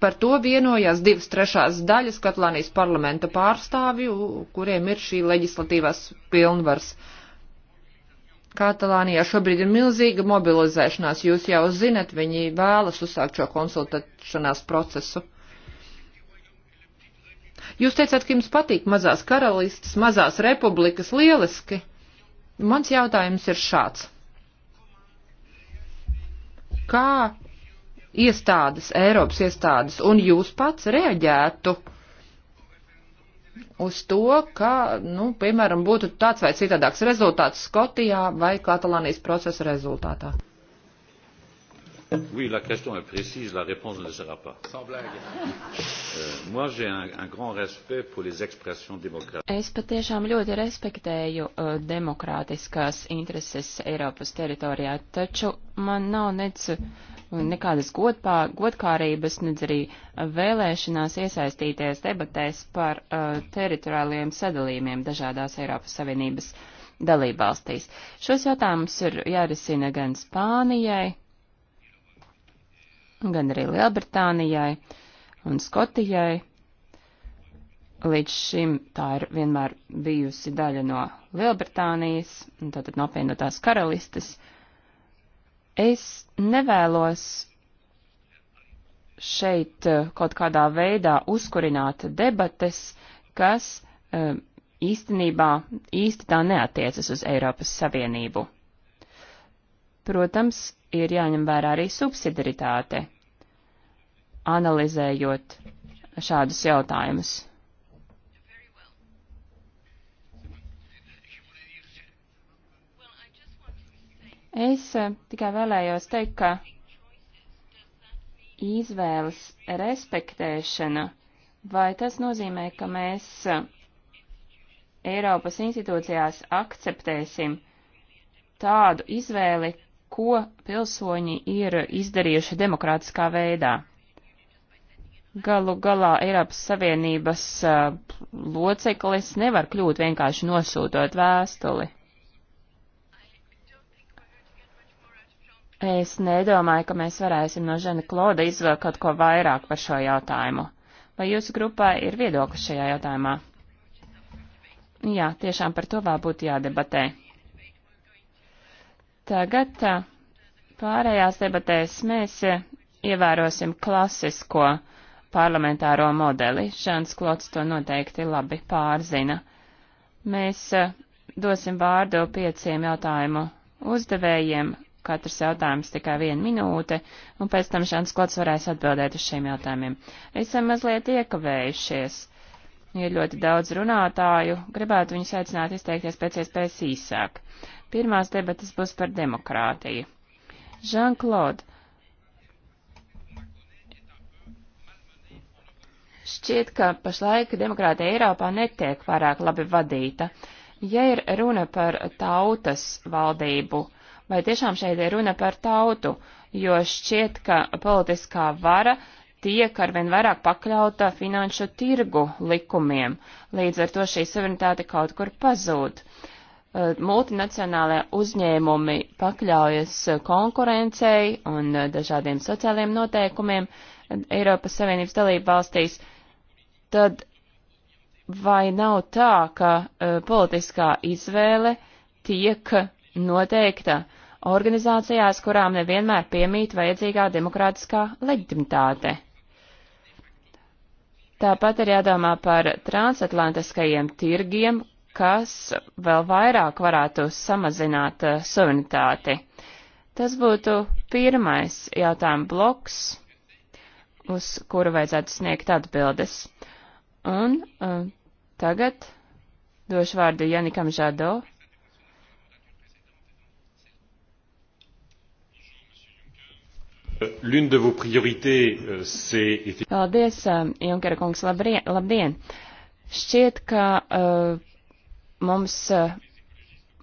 Par to vienojās divas trešās daļas Katlānijas parlamenta pārstāvju, kuriem ir šī leģislatīvās pilnvars. Uh, Katalānijā šobrīd ir milzīga mobilizēšanās, jūs jau zinat, viņi vēlas uzsākt šo konsultēšanās procesu. Jūs teicāt, ka jums patīk mazās karalistas, mazās republikas, lieliski. Mans jautājums ir šāds. Kā iestādes, Eiropas iestādes un jūs pats reaģētu? uz to, ka, nu, piemēram, būtu tāds vai citādāks rezultāts Skotijā vai Katalānijas procesa rezultātā? Oui, la question est précise, la réponse ne le sera pas. Sans blague. Euh, moi, j'ai un, un grand respect pour les expressions démocratiques. Es patiešām ļoti respektēju uh, demokrātiskās intereses Eiropas teritorijā, taču man nav nec. Uh, nekādas godpā, godkārības, nedz arī uh, vēlēšanās iesaistīties debatēs par uh, teritoriālajiem sadalījumiem dažādās Eiropas Savienības dalībvalstīs. Šos jautājumus ir jārisina gan Spānijai, gan arī Lielbritānijai un Skotijai. Līdz šim tā ir vienmēr bijusi daļa no Lielbritānijas, tātad nopienotās karalistes. Uh, Es nevēlos šeit eh, kaut kādā veidā uzkurināt debates, kas eh, īstenībā īsti tā neatiecas uz Eiropas Savienību. Protams, ir jāņem vērā arī subsidiaritāte, analizējot šādus jautājumus. Es eh, tikai vēlējos teikt, ka izvēles respektēšana, vai tas nozīmē, ka mēs eh, Eiropas institūcijās akceptēsim tādu izvēli, ko pilsoņi ir izdarījuši demokrātiskā veidā. Galu galā Eiropas Savienības uh, loceklis nevar kļūt vienkārši nosūtot vēstuli. Es nedomāju, ka mēs varēsim no Žena Klauda izvēlēt kaut ko vairāk par šo jautājumu. Vai jūsu grupā ir viedoklis šajā jautājumā? Jā, tiešām par to vēl būtu jādebatē. Tagad pārējās debatēs mēs ievērosim klasisko parlamentāro modeli. Žans Klots to noteikti labi pārzina. Mēs dosim vārdu pieciem jautājumu uzdevējiem katrs jautājums tikai viena minūte, un pēc tam Žants Klots varēs atbildēt uz šiem jautājumiem. Esam mazliet iekavējušies. Ir ļoti daudz runātāju, gribētu viņus aicināt izteikties pēc iespējas īsāk. Pirmās debatas būs par demokrātiju. Žanklod, šķiet, ka pašlaik demokrātija Eiropā netiek pārāk labi vadīta. Ja ir runa par tautas valdību, uh, vai tiešām šeit ir runa par tautu, jo šķiet, ka politiskā vara tiek arvien vairāk pakļauta finanšu tirgu likumiem, līdz ar to šī suverenitāte kaut kur pazūd. Uh, Multinacionālajie uzņēmumi pakļaujas konkurencei un uh, dažādiem sociāliem noteikumiem Eiropas Savienības dalību valstīs, tad vai nav tā, ka uh, politiskā izvēle tiek noteikta organizācijās, kurām nevienmēr piemīt vajadzīgā demokrātiskā leģitimitāte. Tāpat ir jādomā par transatlantiskajiem tirgiem, kas vēl vairāk varētu samazināt uh, suverenitāti. Tas būtu pirmais jautājuma bloks, uz kuru vajadzētu sniegt atbildes. Un uh, tagad došu vārdu Janikam Žado, L'une de vos priorités, euh, c'est... Paldies, um, Junkera kungs, labrien, labdien! Šķiet, ka uh, mums uh,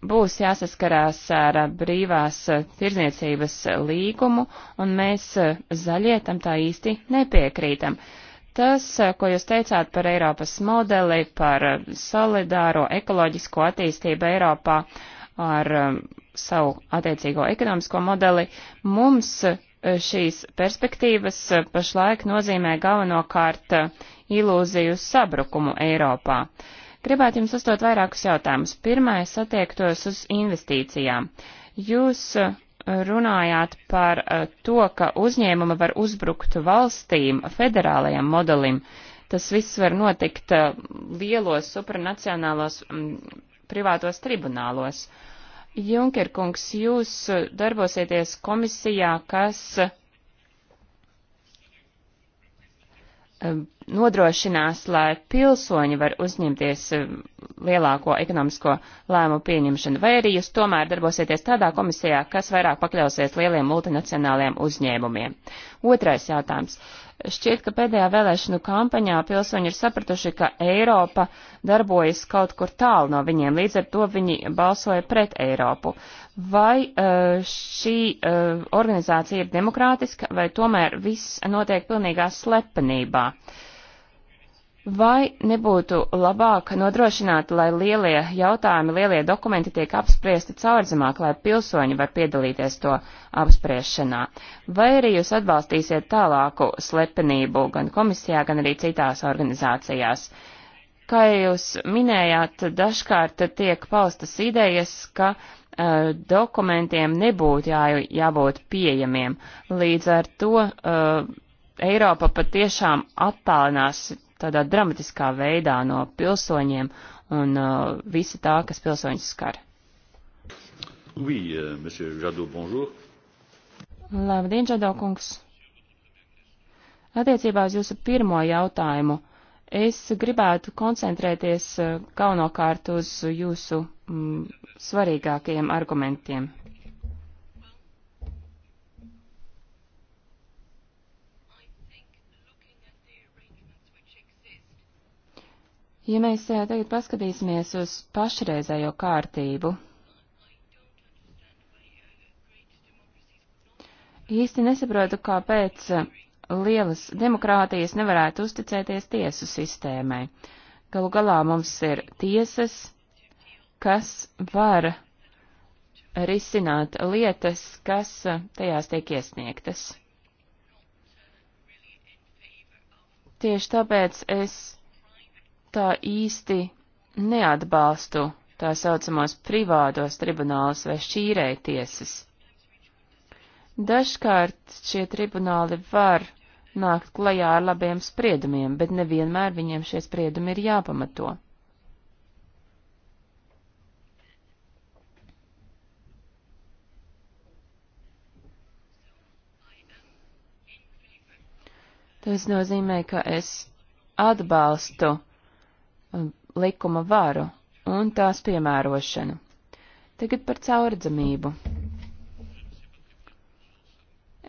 būs jāsaskarās ar uh, brīvās uh, tirzniecības uh, līgumu, un mēs uh, zaļietam tā īsti nepiekrītam. Tas, uh, ko jūs teicāt par Eiropas modeli, par uh, solidāro ekoloģisko attīstību Eiropā ar uh, savu attiecīgo ekonomisko modeli, mums uh, šīs perspektīvas e, pašlaik nozīmē galvenokārt e, ilūziju sabrukumu Eiropā. Gribētu jums uzdot vairākus jautājumus. Pirmais attiektos uz investīcijām. Jūs e, runājāt par to, ka uzņēmuma var uzbrukt valstīm, federālajam modelim. Tas viss var notikt lielos supranacionālos m, privātos tribunālos. Uh, Junkerkungs, jūs uh, darbosieties komisijā, kas um, nodrošinās, lai pilsoņi var uzņemties um, lielāko ekonomisko lēmu pieņemšanu, vai arī jūs tomēr darbosieties tādā komisijā, kas vairāk pakļausies lieliem multinacionāliem uzņēmumiem. Otrais jautājums. Uh, Šķiet, ka pēdējā vēlēšanu kampaņā pilsoņi ir sapratuši, ka Eiropa darbojas kaut kur tālu no viņiem, līdz ar to viņi balsoja pret Eiropu. Vai uh, šī uh, organizācija ir demokrātiska, vai tomēr viss notiek pilnīgā slepenībā? Uh, Vai nebūtu labāk nodrošināt, lai lielie jautājumi, lielie dokumenti tiek apspriesti caurzemāk, lai pilsoņi var piedalīties to apspriešanā? Vai arī jūs atbalstīsiet tālāku slepenību gan komisijā, gan arī citās organizācijās? Kā jūs minējāt, dažkārt tiek paustas idejas, ka uh, dokumentiem nebūtu jā, jābūt pieejamiem. Līdz ar to uh, Eiropa patiešām attālinās tādā dramatiskā veidā no pilsoņiem un uh, visa tā, kas pilsoņus skar. Oui, uh, Jadot, bonjour. Labdien, Žado kungs! Attiecībā uz jūsu pirmo jautājumu es gribētu koncentrēties uh, galvenokārt uz jūsu mm, svarīgākajiem argumentiem. Ja mēs eh, tagad paskatīsimies uz pašreizējo kārtību, īsti nesaprotu, kāpēc eh, lielas demokrātijas nevarētu uzticēties tiesu sistēmai. Galu galā mums ir tiesas, kas var risināt lietas, kas eh, tajās tiek iesniegtas. Tieši tāpēc es tā īsti neatbalstu tā saucamos privātos tribunālus vai šķīrēja tiesas. Dažkārt šie tribunāli var nākt klajā ar labiem spriedumiem, bet nevienmēr viņiem šie spriedumi ir jāpamato. Tas nozīmē, ka es atbalstu Um, likuma varu un tās piemērošanu. Tagad par caurdzamību.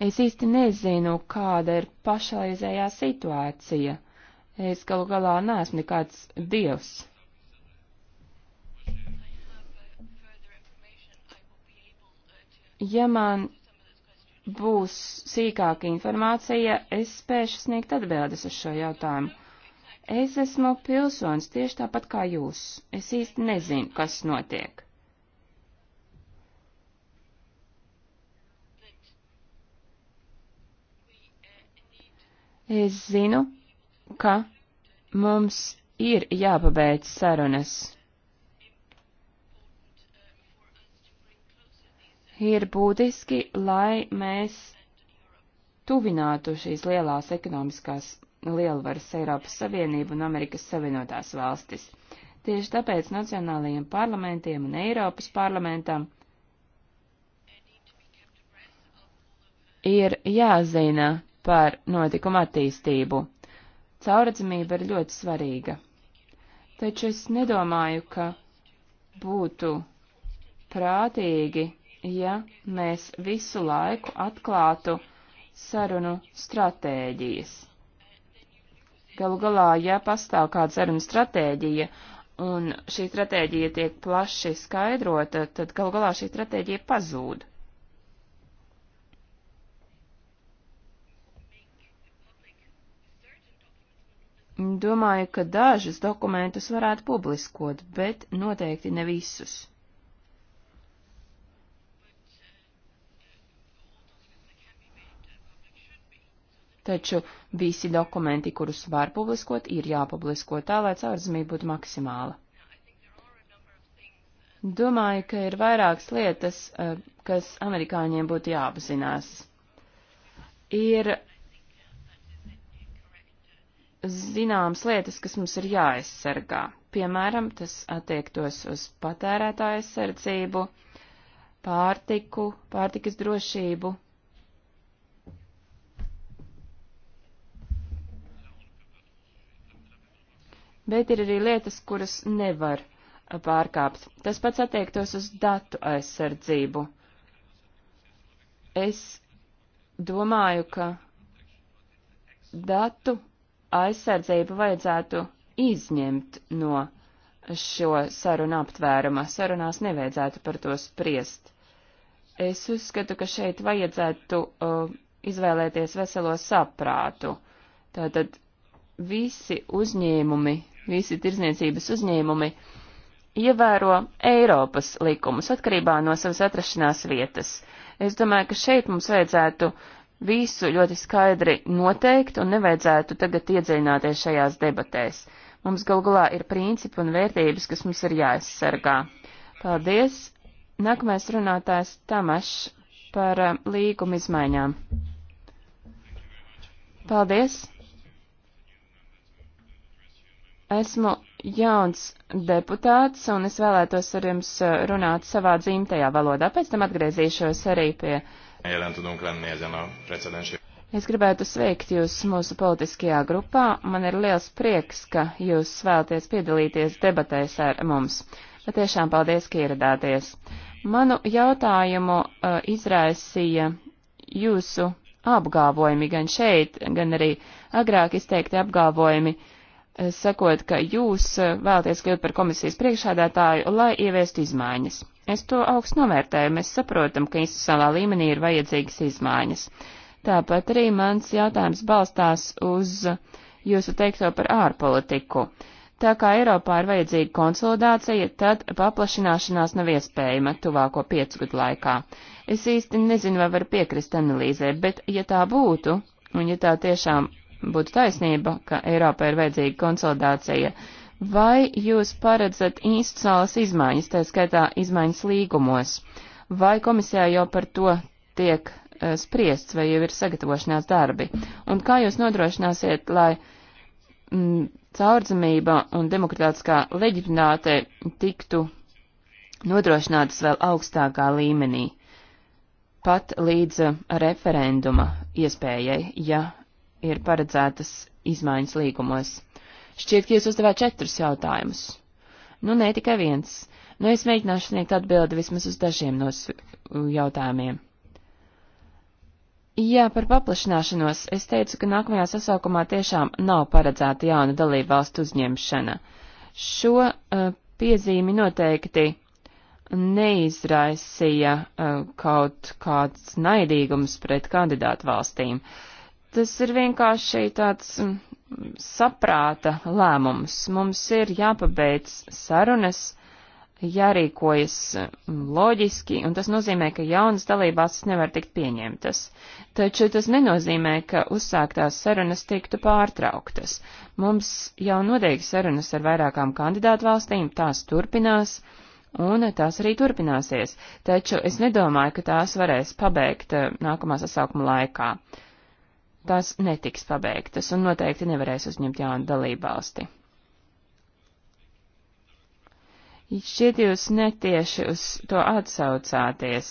Es īsti nezinu, kāda ir pašlaizējā situācija. Es galu galā neesmu nekāds dievs. Ja man būs sīkāka informācija, es spēšu sniegt atbildes uz šo jautājumu. Es esmu pilsonis tieši tāpat kā jūs. Es īsti nezinu, kas notiek. Es zinu, ka mums ir jāpabeidz sarunas. Ir būtiski, lai mēs tuvinātu šīs lielās ekonomiskās lielvaras Eiropas Savienību un Amerikas Savienotās valstis. Tieši tāpēc nacionālajiem parlamentiem un Eiropas parlamentam ir jāzina par notikuma attīstību. Cauradzamība ir ļoti svarīga. Taču es nedomāju, ka būtu prātīgi, ja mēs visu laiku atklātu sarunu stratēģijas. Galu galā, ja pastāv kāda saruna stratēģija, un šī stratēģija tiek plaši skaidrota, tad galu galā šī stratēģija pazūd. Domāju, ka dažus dokumentus varētu publiskot, bet noteikti ne visus. taču visi dokumenti, kurus var publiskot, ir jāpublisko tā, lai caurdzamība būtu maksimāla. Domāju, ka ir vairākas lietas, eh, kas amerikāņiem būtu jāapzinās. Ir zināmas lietas, kas mums ir jāaizsargā. Piemēram, tas attiektos uz patērētāju aizsardzību, pārtiku, pārtikas drošību, bet ir arī lietas, kuras nevar pārkāpt. Tas pats attiektos uz datu aizsardzību. Es domāju, ka datu aizsardzību vajadzētu izņemt no šo sarunu aptvērumā. Sarunās nevajadzētu par to spriest. Es uzskatu, ka šeit vajadzētu uh, izvēlēties veselo saprātu. Tātad visi uzņēmumi visi tirzniecības uzņēmumi ievēro Eiropas likumus atkarībā no savas atrašanās vietas. Es domāju, ka šeit mums vajadzētu visu ļoti skaidri noteikt un nevajadzētu tagad iedziļināties šajās debatēs. Mums galgulā ir principi un vērtības, kas mums ir jāaizsargā. Paldies! Nākamais runātājs Tamašs par eh, līguma izmaiņām. Paldies! Esmu jauns deputāts, un es vēlētos ar jums uh, runāt savā dzimtajā valodā. Pēc tam atgriezīšos arī pie. Es gribētu sveikt jūs mūsu politiskajā grupā. Man ir liels prieks, ka jūs vēlaties piedalīties debatēs ar mums. Patiešām paldies, ka ieradāties. Manu jautājumu uh, izraisīja jūsu apgāvojumi gan šeit, gan arī agrāk izteikti apgāvojumi uh, Eh, sakot, ka jūs eh, vēlaties kļūt par komisijas priekšādātāju, lai ieviestu izmaiņas. Es to augstu novērtēju, mēs saprotam, ka institucionālā līmenī ir vajadzīgas izmaiņas. Tāpat arī mans jautājums balstās uz jūsu teikto par ārpolitiku. Tā kā Eiropā ir vajadzīga konsolidācija, tad paplašināšanās nav iespējama tuvāko piecu gadu laikā. Es īsti nezinu, vai var piekrist analīzē, bet ja tā būtu, un ja tā tiešām būtu taisnība, ka Eiropai ir vajadzīga konsolidācija. Vai jūs paredzat institucionālas izmaiņas, tā skaitā izmaiņas līgumos? Vai komisijā jau par to tiek uh, spriests, vai jau ir sagatavošanās darbi? Un kā jūs nodrošināsiet, lai mm, caurdzamība un demokrātiskā leģitimitāte tiktu nodrošinātas vēl augstākā līmenī, pat līdz e, referenduma iespējai, ja ir paredzētas izmaiņas līgumos? Šķiet, ka jūs uzdevāt četrus jautājumus. Nu, ne tikai viens. Nu, es mēģināšu sniegt atbildi vismaz uz dažiem no jautājumiem. Jā, par paplašināšanos es teicu, ka nākamajā sasaukumā tiešām nav paredzēta jauna dalība valstu uzņemšana. Šo uh, piezīmi noteikti neizraisīja uh, kaut kāds naidīgums pret kandidātu valstīm. Uh, Tas ir vienkārši tāds mm, saprāta lēmums. Mums ir jāpabeidz sarunas, jārīkojas mm, loģiski, un tas nozīmē, ka jaunas dalībvalstis nevar tikt pieņemtas. Taču tas nenozīmē, ka uzsāktās sarunas tiktu pārtrauktas. Mums jau notiek sarunas ar vairākām kandidātu valstīm, tās turpinās un tās arī turpināsies, taču es nedomāju, ka tās varēs pabeigt eh, nākamā sasaukuma laikā tās netiks pabeigtas un noteikti nevarēs uzņemt jaunu dalībvalsti. Šķiet jūs netieši uz to atsaucāties.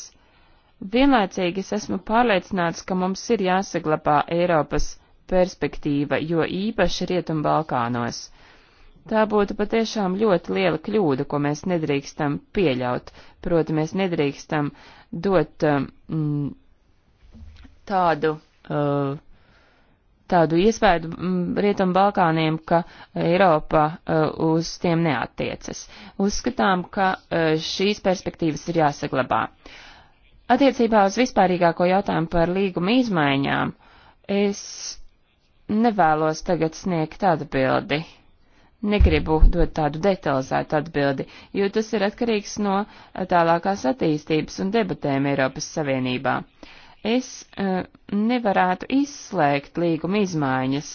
Vienlaicīgi es esmu pārliecināts, ka mums ir jāsaglabā Eiropas perspektīva, jo īpaši Rietumbalkānos. Tā būtu patiešām ļoti liela kļūda, ko mēs nedrīkstam pieļaut, proti mēs nedrīkstam dot mm, tādu uh, tādu iespēju mm, Rietumu Balkāniem, ka Eiropa e, uz tiem neatiecas. Uzskatām, ka e, šīs perspektīvas ir jāsaglabā. Attiecībā uz vispārīgāko jautājumu par līguma izmaiņām es nevēlos tagad sniegt atbildi. Negribu dot tādu detalizētu atbildi, jo tas ir atkarīgs no tālākās attīstības un debatēm Eiropas Savienībā. Uh, es uh, nevarētu izslēgt līguma izmaiņas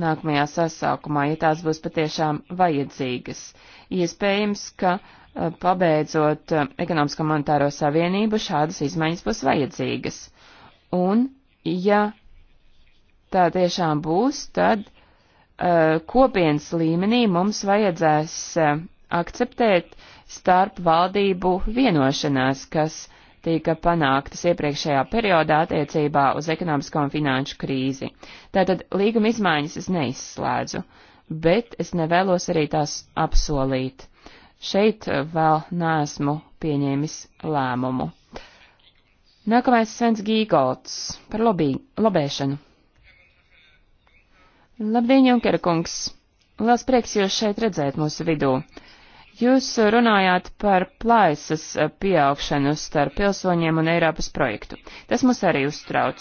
nākamajā sasaukumā, ja tās būs patiešām vajadzīgas. Iespējams, ka uh, pabeidzot uh, ekonomisko monetāro savienību šādas izmaiņas būs vajadzīgas. Un, ja tā tiešām būs, tad uh, kopienas līmenī mums vajadzēs uh, akceptēt starp valdību vienošanās, kas uh, tika panāktas iepriekšējā periodā attiecībā uz ekonomisko un finanšu krīzi. Tātad līguma izmaiņas es neizslēdzu, bet es nevēlos arī tās apsolīt. Šeit vēl neesmu pieņēmis lēmumu. Nākamais Svens Gīgolds par lobī, lobēšanu. Labdien, Junkera kungs! Liels prieks jūs šeit redzēt mūsu vidū! Jūs runājāt par plaisas eh, pieaugšanu starp pilsoņiem un Eiropas projektu. Tas mums arī uztrauc.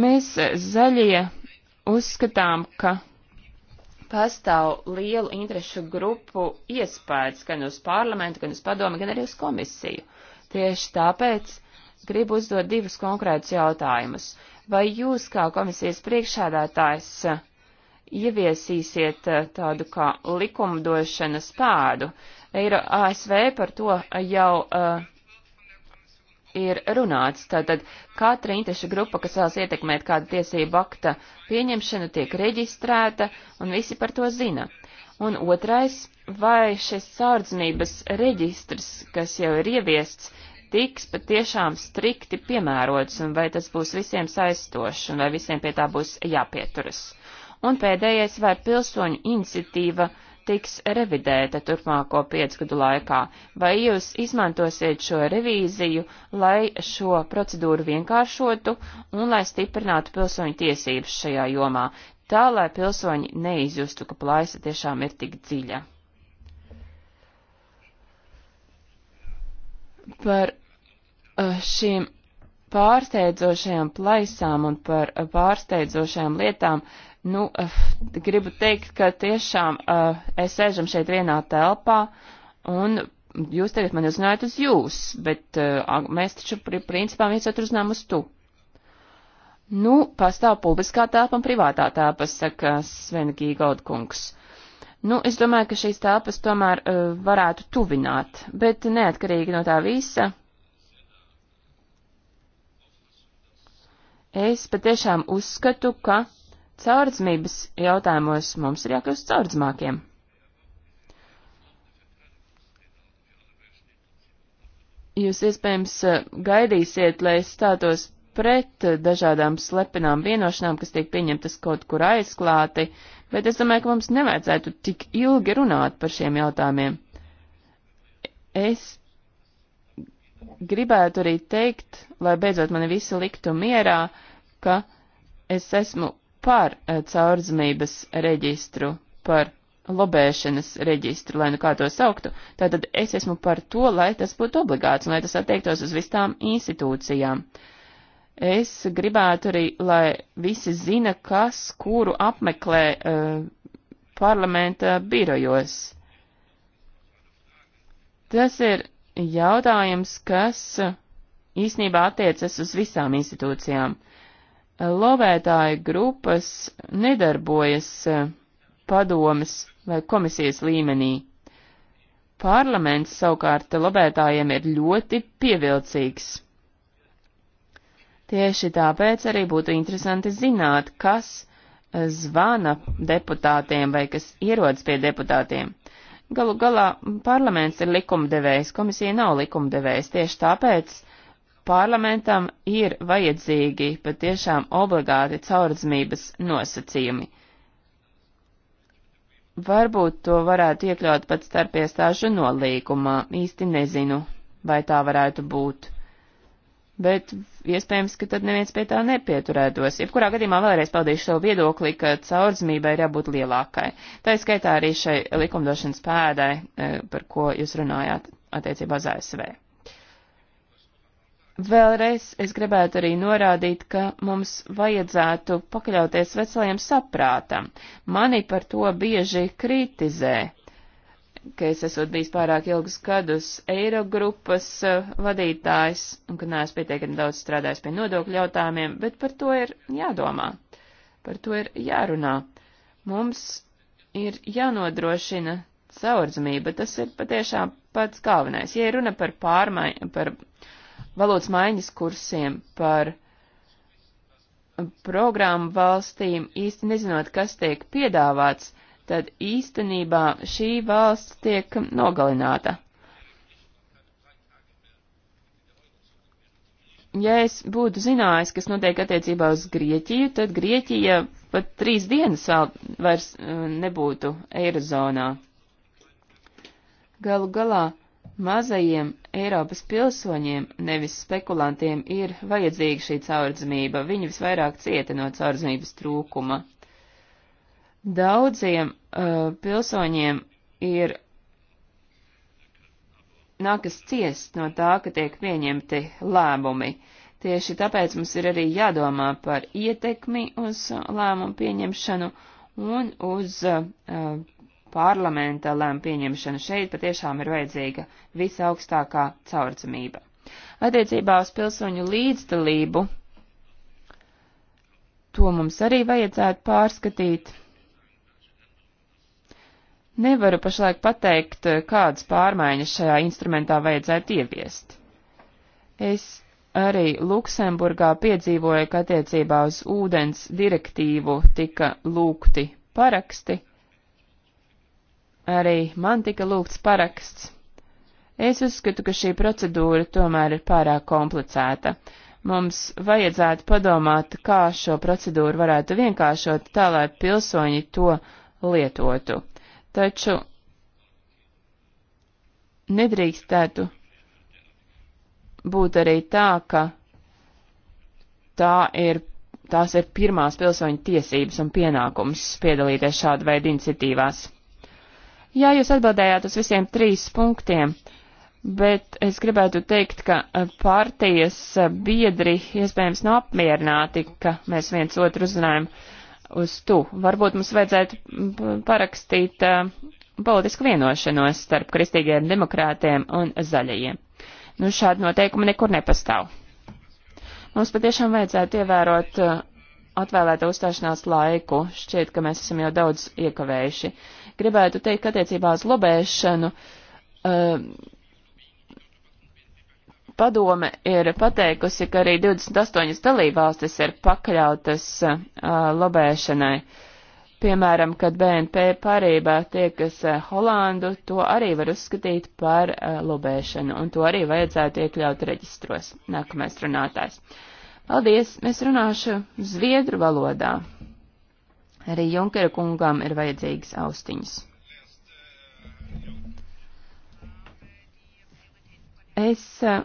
Mēs eh, zaļie uzskatām, ka pastāv lielu interešu grupu iespējas gan uz parlamentu, gan uz padomu, gan arī uz komisiju. Tieši tāpēc gribu uzdot divus konkrētus jautājumus. Vai jūs kā komisijas priekšādātājs eh, ieviesīsiet eh, tādu kā likumdošanas pādu. Eiro ASV par to jau uh, ir runāts. Tātad katra interešu grupa, kas vēlas ietekmēt kādu tiesību akta pieņemšanu, tiek reģistrēta un visi par to zina. Un otrais, vai šis sārdzības reģistrs, kas jau ir ieviests, tiks patiešām strikti piemērots un vai tas būs visiem saistošs un vai visiem pie tā būs jāpieturas. Un pēdējais, vai pilsoņu iniciatīva tiks revidēta turpmāko piecgadu laikā, vai jūs izmantosiet šo revīziju, lai šo procedūru vienkāršotu un lai stiprinātu pilsoņu tiesības šajā jomā, tā lai pilsoņi neizjustu, ka plaisa tiešām ir tik dziļa. Par eh, šīm pārsteidzošajām plaisām un par eh, pārsteidzošajām lietām uh, Nu, eh, gribu teikt, ka tiešām eh, es sēžam šeit vienā telpā un jūs tagad mani uzrunājat uz jūs, bet eh, mēs taču principā viens otru uzrunājam uz tu. Nu, pastāv publiskā telpa un privātā telpa, saka Svena Gīgauda kungs. Nu, es domāju, ka šīs telpas tomēr uh, varētu tuvināt, bet neatkarīgi no tā visa. Es patiešām uzskatu, ka Caurdzmības jautājumos mums ir jākļūst caurdzmākiem. Jūs iespējams eh, gaidīsiet, lai es stātos pret dažādām slepenām vienošanām, kas tiek pieņemtas kaut kur aizklāti, bet es domāju, ka mums nevajadzētu tik ilgi runāt par šiem jautājumiem. Es gribētu arī teikt, lai beidzot mani visi liktu mierā, ka es esmu par eh, caurzmības reģistru, par lobēšanas reģistru, lai nu kā to sauktu, tātad es esmu par to, lai tas būtu obligāts un lai tas attiektos uz visām institūcijām. Es gribētu arī, lai visi zina, kas kuru apmeklē uh, parlamenta birojos. Tas ir jautājums, kas eh, īsnībā attiecas uz visām institūcijām. Uh, lovētāju grupas nedarbojas e, padomas vai komisijas līmenī. Parlaments savukārt lobētājiem ir ļoti pievilcīgs. Tieši tāpēc arī būtu interesanti zināt, kas e, zvana deputātiem vai kas ierodas pie deputātiem. Galu galā parlaments ir likumdevējs, komisija nav likumdevējs, tieši tāpēc parlamentam ir vajadzīgi patiešām obligāti caurdzmības nosacījumi. Varbūt to varētu iekļaut pat starpiestāžu nolīgumā, īsti nezinu, vai tā varētu būt. Bet iespējams, ka tad neviens pie tā nepieturētos. Jebkurā gadījumā vēlreiz paudīšu savu viedokli, ka caurdzmībai ir jābūt lielākai. Tā ir skaitā arī šai likumdošanas pēdai, eh, par ko jūs runājāt attiecībā uz ASV. Vēlreiz es gribētu arī norādīt, ka mums vajadzētu pakļauties veseliem saprātam. Mani par to bieži kritizē, ka es esot bijis pārāk ilgus gadus Eirogrupas eh, vadītājs un ka neesmu pietiekami daudz strādājis pie nodokļu jautājumiem, bet par to ir jādomā, par to ir jārunā. Mums ir jānodrošina caurdzamība, tas ir patiešām pats galvenais. Ja runa par pārmaiņu, par valodas maiņas kursiem, par programmu valstīm, īsti nezinot, kas tiek piedāvāts, tad īstenībā šī valsts tiek nogalināta. Ja es būtu zinājis, kas notiek attiecībā uz Grieķiju, tad Grieķija pat trīs dienas vēl vairs eh, nebūtu Eirozonā. Galu galā Mazajiem Eiropas pilsoņiem, nevis spekulantiem, ir vajadzīga šī caurdzamība, viņi visvairāk cieta no caurdzamības trūkuma. Daudziem uh, pilsoņiem ir nākas ciest no tā, ka tiek pieņemti lēmumi. Tieši tāpēc mums ir arī jādomā par ietekmi uz lēmumu pieņemšanu un uz uh, uh parlamenta lēma pieņemšana šeit patiešām ir vajadzīga visaugstākā caurdzamība. Attiecībā uz pilsoņu līdzdalību, to mums arī vajadzētu pārskatīt. Nevaru pašlaik pateikt, kādas pārmaiņas šajā instrumentā vajadzētu ieviest. Es arī Luksemburgā piedzīvoju, ka attiecībā uz ūdens direktīvu tika lūgti paraksti Arī man tika lūgts paraksts. Es uzskatu, ka šī procedūra tomēr ir pārāk komplicēta. Mums vajadzētu padomāt, kā šo procedūru varētu vienkāršot tā, lai pilsoņi to lietotu. Taču nedrīkstētu būt arī tā, ka tā ir, tās ir pirmās pilsoņu tiesības un pienākums piedalīties šāda veida iniciatīvās. Jā, jūs atbildējāt uz visiem trīs punktiem, bet es gribētu teikt, ka eh, partijas eh, biedri iespējams nav apmierināti, ka mēs viens otru uzrunājam uz tu. Varbūt mums vajadzētu parakstīt eh, politisku vienošanos starp kristīgiem demokrātiem un zaļajiem. Nu, šāda noteikuma nekur nepastāv. Mums patiešām vajadzētu ievērot atvēlēto uzstāšanās laiku. Šķiet, ka mēs esam jau daudz iekavējuši. Uh, gribētu teikt, ka attiecībā uz lobēšanu uh, padome ir pateikusi, ka arī 28 dalībvalstis ir pakļautas uh, lobēšanai. Piemēram, kad BNP parībā tiekas uh, Holandu, to arī var uzskatīt par uh, lobēšanu, un to arī vajadzētu iekļaut reģistros. Nākamais runātājs. Paldies, es runāšu zviedru valodā. Arī Junkera kungām ir vajadzīgas austiņas. Es eh,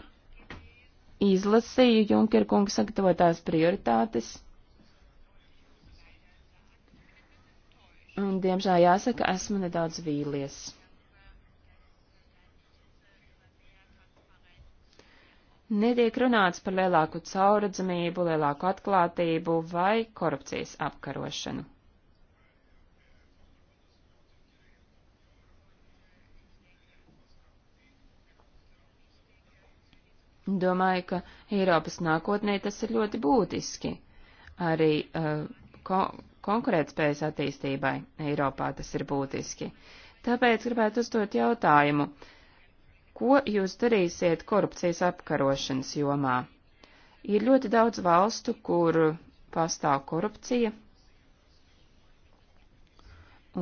izlasīju Junkera kunga sagatavotās prioritātes. Un, diemžēl jāsaka, esmu nedaudz vīlies. Netiek runāts par lielāku cauradzamību, lielāku atklātību vai korupcijas apkarošanu. Domāju, ka Eiropas nākotnē tas ir ļoti būtiski. Arī uh, ko konkurētspējas attīstībai Eiropā tas ir būtiski. Tāpēc gribētu uzdot jautājumu, ko jūs darīsiet korupcijas apkarošanas jomā? Ir ļoti daudz valstu, kur pastāv korupcija,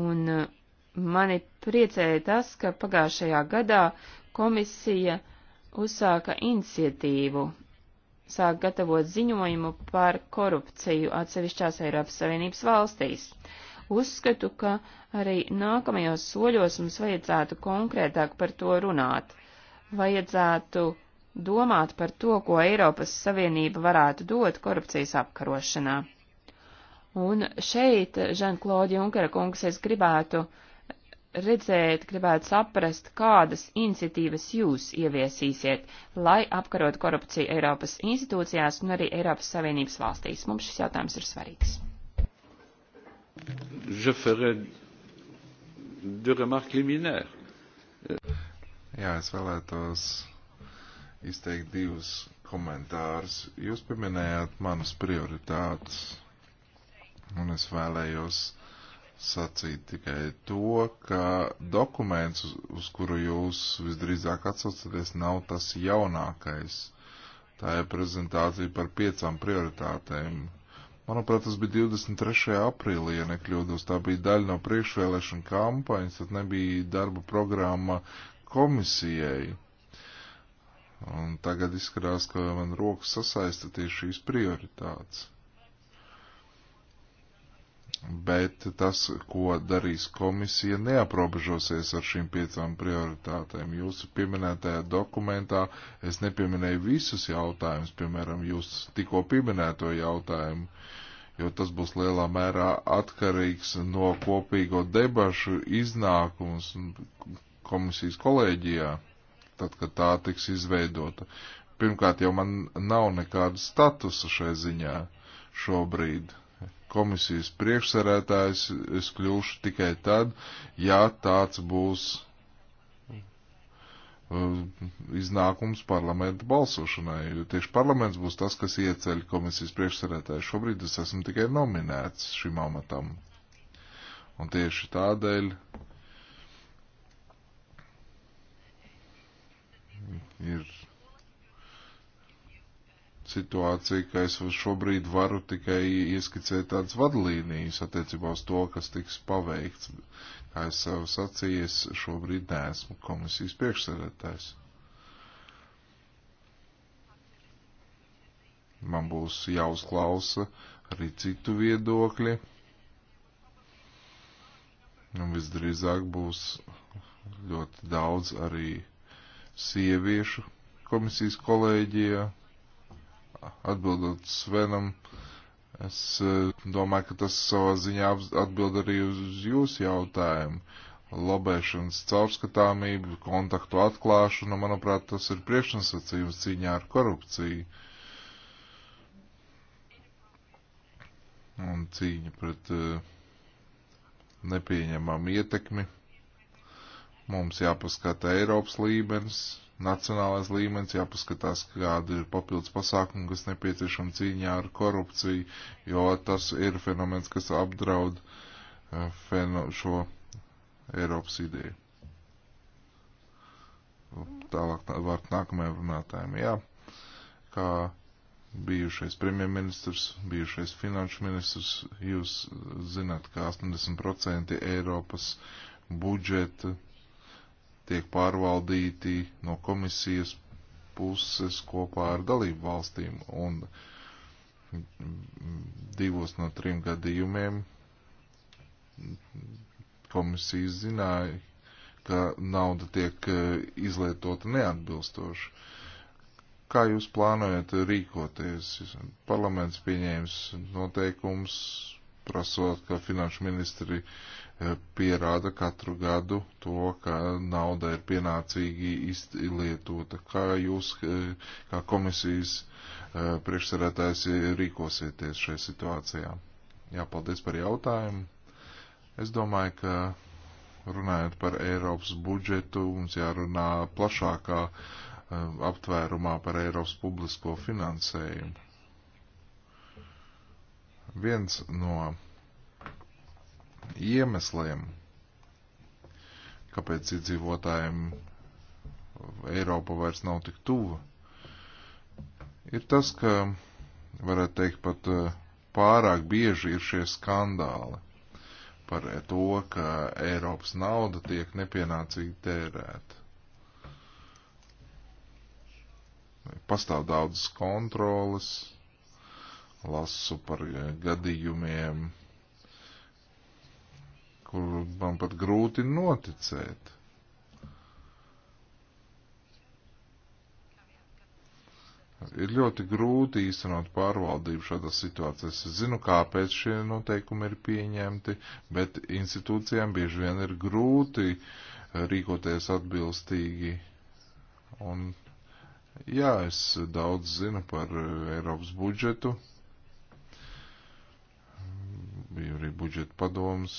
un uh, mani priecēja tas, ka pagājušajā gadā komisija uh, uzsāka iniciatīvu, sāk gatavot ziņojumu par korupciju atsevišķās Eiropas Savienības valstīs. Uzskatu, ka arī nākamajos soļos mums vajadzētu konkrētāk par to runāt. Vajadzētu domāt par to, ko Eiropas Savienība varētu dot korupcijas apkarošanā. Un šeit, Žanklodi Junkara kungs, es gribētu uh, redzēt, gribētu saprast, kādas iniciatīvas jūs ieviesīsiet, lai apkarot korupciju Eiropas institūcijās un arī Eiropas Savienības valstīs. Mums šis jautājums ir svarīgs. Jā, es vēlētos izteikt divus komentārus. Jūs pieminējāt manas prioritātes, un es vēlējos uh, sacīt tikai to, ka dokuments, uz, uz kuru jūs visdrīzāk atsaucaties, nav tas jaunākais. Tā ir prezentācija par piecām prioritātēm. Manuprāt, tas bija 23. aprīlī, ja nekļūdos. Tā bija daļa no priekšvēlēšana kampaņas, tad nebija darba programma komisijai. Un tagad izskatās, ka man rokas sasaista tieši šīs prioritātes bet tas, ko darīs komisija, neaprobežosies ar šīm piecām prioritātēm. Jūsu pieminētajā dokumentā es nepieminēju visus jautājumus, piemēram, jūs tikko pieminēto jautājumu, jo tas būs lielā mērā atkarīgs no kopīgo debašu iznākums komisijas kolēģijā, tad, kad tā tiks izveidota. Pirmkārt, jau man nav nekāda statusa šai ziņā šobrīd komisijas priekšsarētājs es kļūšu tikai tad, ja tāds būs uh, iznākums parlamenta balsošanai, jo tieši parlaments būs tas, kas ieceļ komisijas priekšsarētāju. Šobrīd es esmu tikai nominēts šim amatam. Un tieši tādēļ ir situācija, ka es šobrīd varu tikai ieskicēt tādas vadlīnijas attiecībā uz to, kas tiks paveikts. Kā es jau sacīju, es šobrīd neesmu komisijas priekšsēdētājs. Man būs jāuzklausa arī citu viedokļi. Un visdrīzāk būs ļoti daudz arī sieviešu komisijas kolēģijā, atbildot Svenam, es eh, domāju, ka tas savā ziņā atbild arī uz jūsu jautājumu. Lobēšanas caurskatāmība, kontaktu atklāšana, manuprāt, tas ir priekšnosacījums cīņā ar korupciju. Un cīņa pret eh, nepieņemam ietekmi Mums jāpaskata Eiropas līmenis, nacionālais līmenis, jāpaskatās, kāda ir papildus pasākuma, kas nepieciešama cīņā ar korupciju, jo tas ir fenomens, kas apdraud eh, feno, šo Eiropas ideju. Tālāk var nākamajam runātājiem. Jā, kā bijušais premjerministrs, bijušais finanšu ministrs, jūs zināt, ka 80% Eiropas budžeta tiek pārvaldīti no komisijas puses kopā ar dalību valstīm, un divos no trim gadījumiem komisija zināja, ka nauda tiek e, izlietota neatbilstoši. Kā jūs plānojat rīkoties? Parlaments pieņēmis noteikums, prasot, ka finanšu ministri uh, Eh, pierāda katru gadu to, ka nauda ir pienācīgi izlietota. Kā jūs, eh, kā komisijas eh, priekšsarētājs, rīkosieties šajā situācijā? Jā, paldies par jautājumu. Es domāju, ka runājot par Eiropas budžetu, mums jārunā plašākā aptvērumā par Eiropas publisko finansējumu. Viens no iemesliem, kāpēc iedzīvotājiem Eiropa vairs nav tik tuva, ir tas, ka, varētu teikt, pat eh, pārāk bieži ir šie skandāli par eh, to, ka Eiropas nauda tiek nepienācīgi tērēta. Pastāv daudzas kontrolas, lasu par eh, gadījumiem, kur man pat grūti noticēt. Ir ļoti grūti īstenot pārvaldību šādās situācijās. Es zinu, kāpēc šie noteikumi ir pieņemti, bet institūcijām bieži vien ir grūti eh, rīkoties atbilstīgi. Un, jā, es daudz zinu par eh, Eiropas budžetu, bija arī budžeta padoms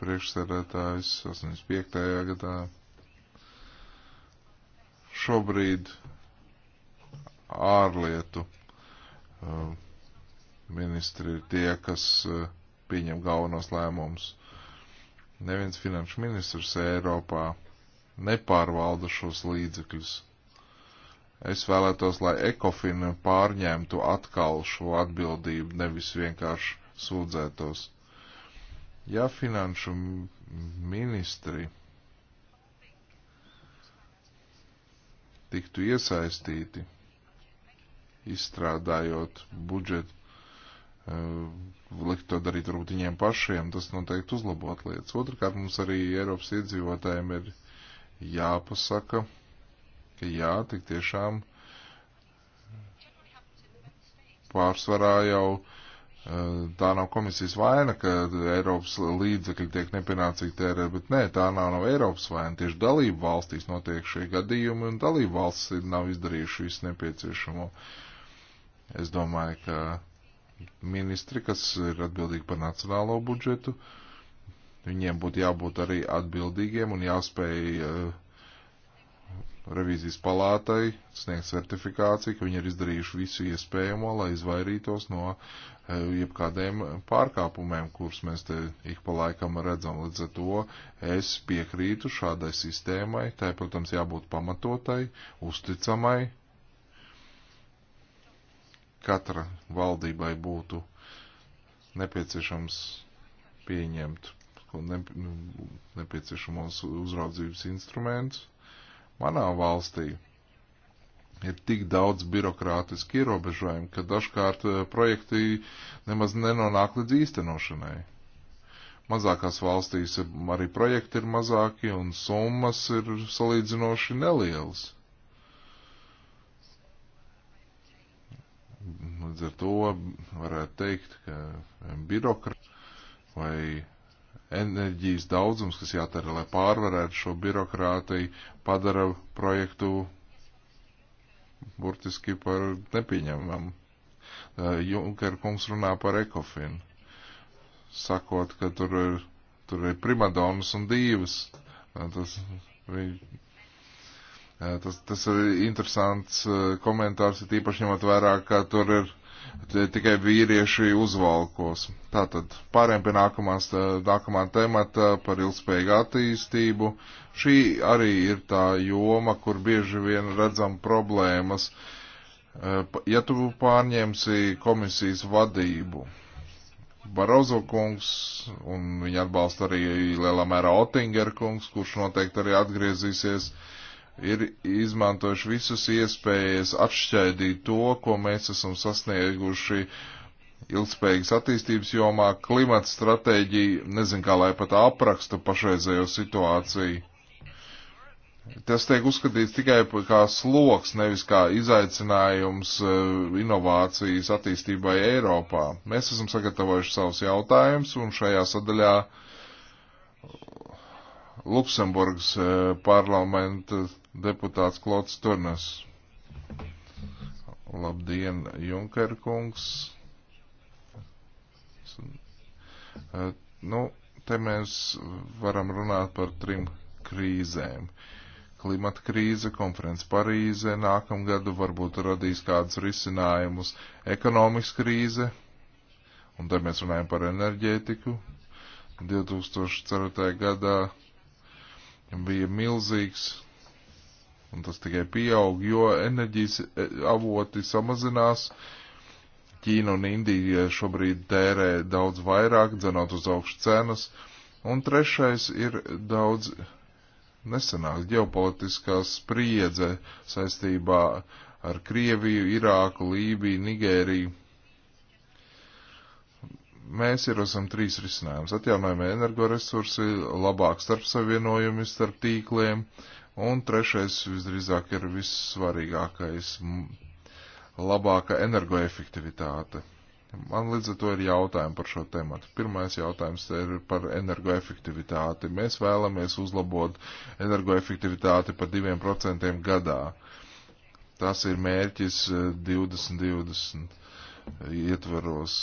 priekšsēdētājs 85. gadā. Šobrīd ārlietu uh, ministri ir tie, kas uh, pieņem galvenos lēmumus. Neviens finanšu ministrs Eiropā nepārvalda šos līdzekļus. Es vēlētos, lai Ekofin pārņemtu atkal šo atbildību, nevis vienkārši sūdzētos. Ja finanšu ministri tiktu iesaistīti, izstrādājot budžetu, eh, likt to darīt varbūt viņiem pašiem, tas noteikti uzlabot lietas. Otrakārt, mums arī Eiropas iedzīvotājiem ir jāpasaka, ka jā, tik tiešām pārsvarā jau Eh, tā nav komisijas vaina, ka Eiropas līdzekļi tiek nepienācīgi tērēt, bet nē, tā nav no Eiropas vaina. Tieši dalību valstīs notiek šie gadījumi, un dalību valstis nav izdarījuši visu nepieciešamo. Es domāju, ka ministri, kas ir atbildīgi par nacionālo budžetu, viņiem būtu jābūt arī atbildīgiem un jāspēj uh, revīzijas palātai sniegt certifikāciju, ka viņi ir izdarījuši visu iespējamo, lai izvairītos no eh, jebkādiem pārkāpumiem, kurus mēs te ik pa laikam redzam. Līdz ar to es piekrītu šādai sistēmai, tai, protams, jābūt pamatotai, uzticamai. Katra valdībai būtu nepieciešams pieņemt nepieciešamos uzraudzības instrumentus Manā valstī ir tik daudz birokrātiski ierobežojumi, ka dažkārt eh, projekti nemaz nenonāk līdz īstenošanai. Mazākās valstīs arī projekti ir mazāki un summas ir salīdzinoši nelielas. Līdz ar to varētu teikt, ka birokrāti vai enerģijas daudzums, kas jātara, lai pārvarētu šo birokrātiju, padara projektu burtiski par nepieņemamu. Junker kungs runā par ekofinu, sakot, ka tur ir, tur ir primadonas un divas. Tas, viņ, tas, tas ir interesants komentārs, ir īpaši ņemot vērā, ka tur ir tikai vīrieši uzvalkos. Tātad pārējām pie nākamās, nākamā temata par ilgspējīgu attīstību. Šī arī ir tā joma, kur bieži vien redzam problēmas, ja tu pārņemsi komisijas vadību. Barozo kungs, un viņa atbalsta arī lielā mērā Otinger kungs, kurš noteikti arī atgriezīsies uh, ir izmantojuši visus iespējas atšķaidīt to, ko mēs esam sasnieguši ilgspējīgas attīstības jomā. Klimata stratēģija, nezinu, kā lai pat apraksta pašreizējo situāciju. Tas tiek uzskatīts tikai kā sloks, nevis kā izaicinājums eh, inovācijas attīstībai Eiropā. Mēs esam sagatavojuši savus jautājumus un šajā sadaļā Luksemburgas eh, parlamenta deputāts Klots Turnas. Labdien, Junker kungs. Eh, nu, te mēs varam runāt par trim krīzēm. Klimata krīze, konferences Parīze nākamgadu varbūt radīs kādus risinājumus. Ekonomikas krīze, un te mēs runājam par enerģētiku. 2004. gadā bija milzīgs Un tas tikai pieaug, jo enerģijas e, avoti samazinās. Ķīna un Indija šobrīd tērē daudz vairāk, dzenot uz augšu cenas. Un trešais ir daudz nesenāk ģeopolitiskā spriedze saistībā ar Krieviju, Irāku, Lībiju, Nigēriju. Mēs ierosim trīs risinājumus - atjaunojami energoresursi, labāk starpsavienojumi starp tīkliem, Un trešais visdrīzāk ir vissvarīgākais - labāka energoefektivitāte. Man līdz ar to ir jautājumi par šo tematu. Pirmais jautājums ir par energoefektivitāti. Mēs vēlamies uzlabot energoefektivitāti par 2% gadā. Tas ir mērķis 2020 eh, ietveros.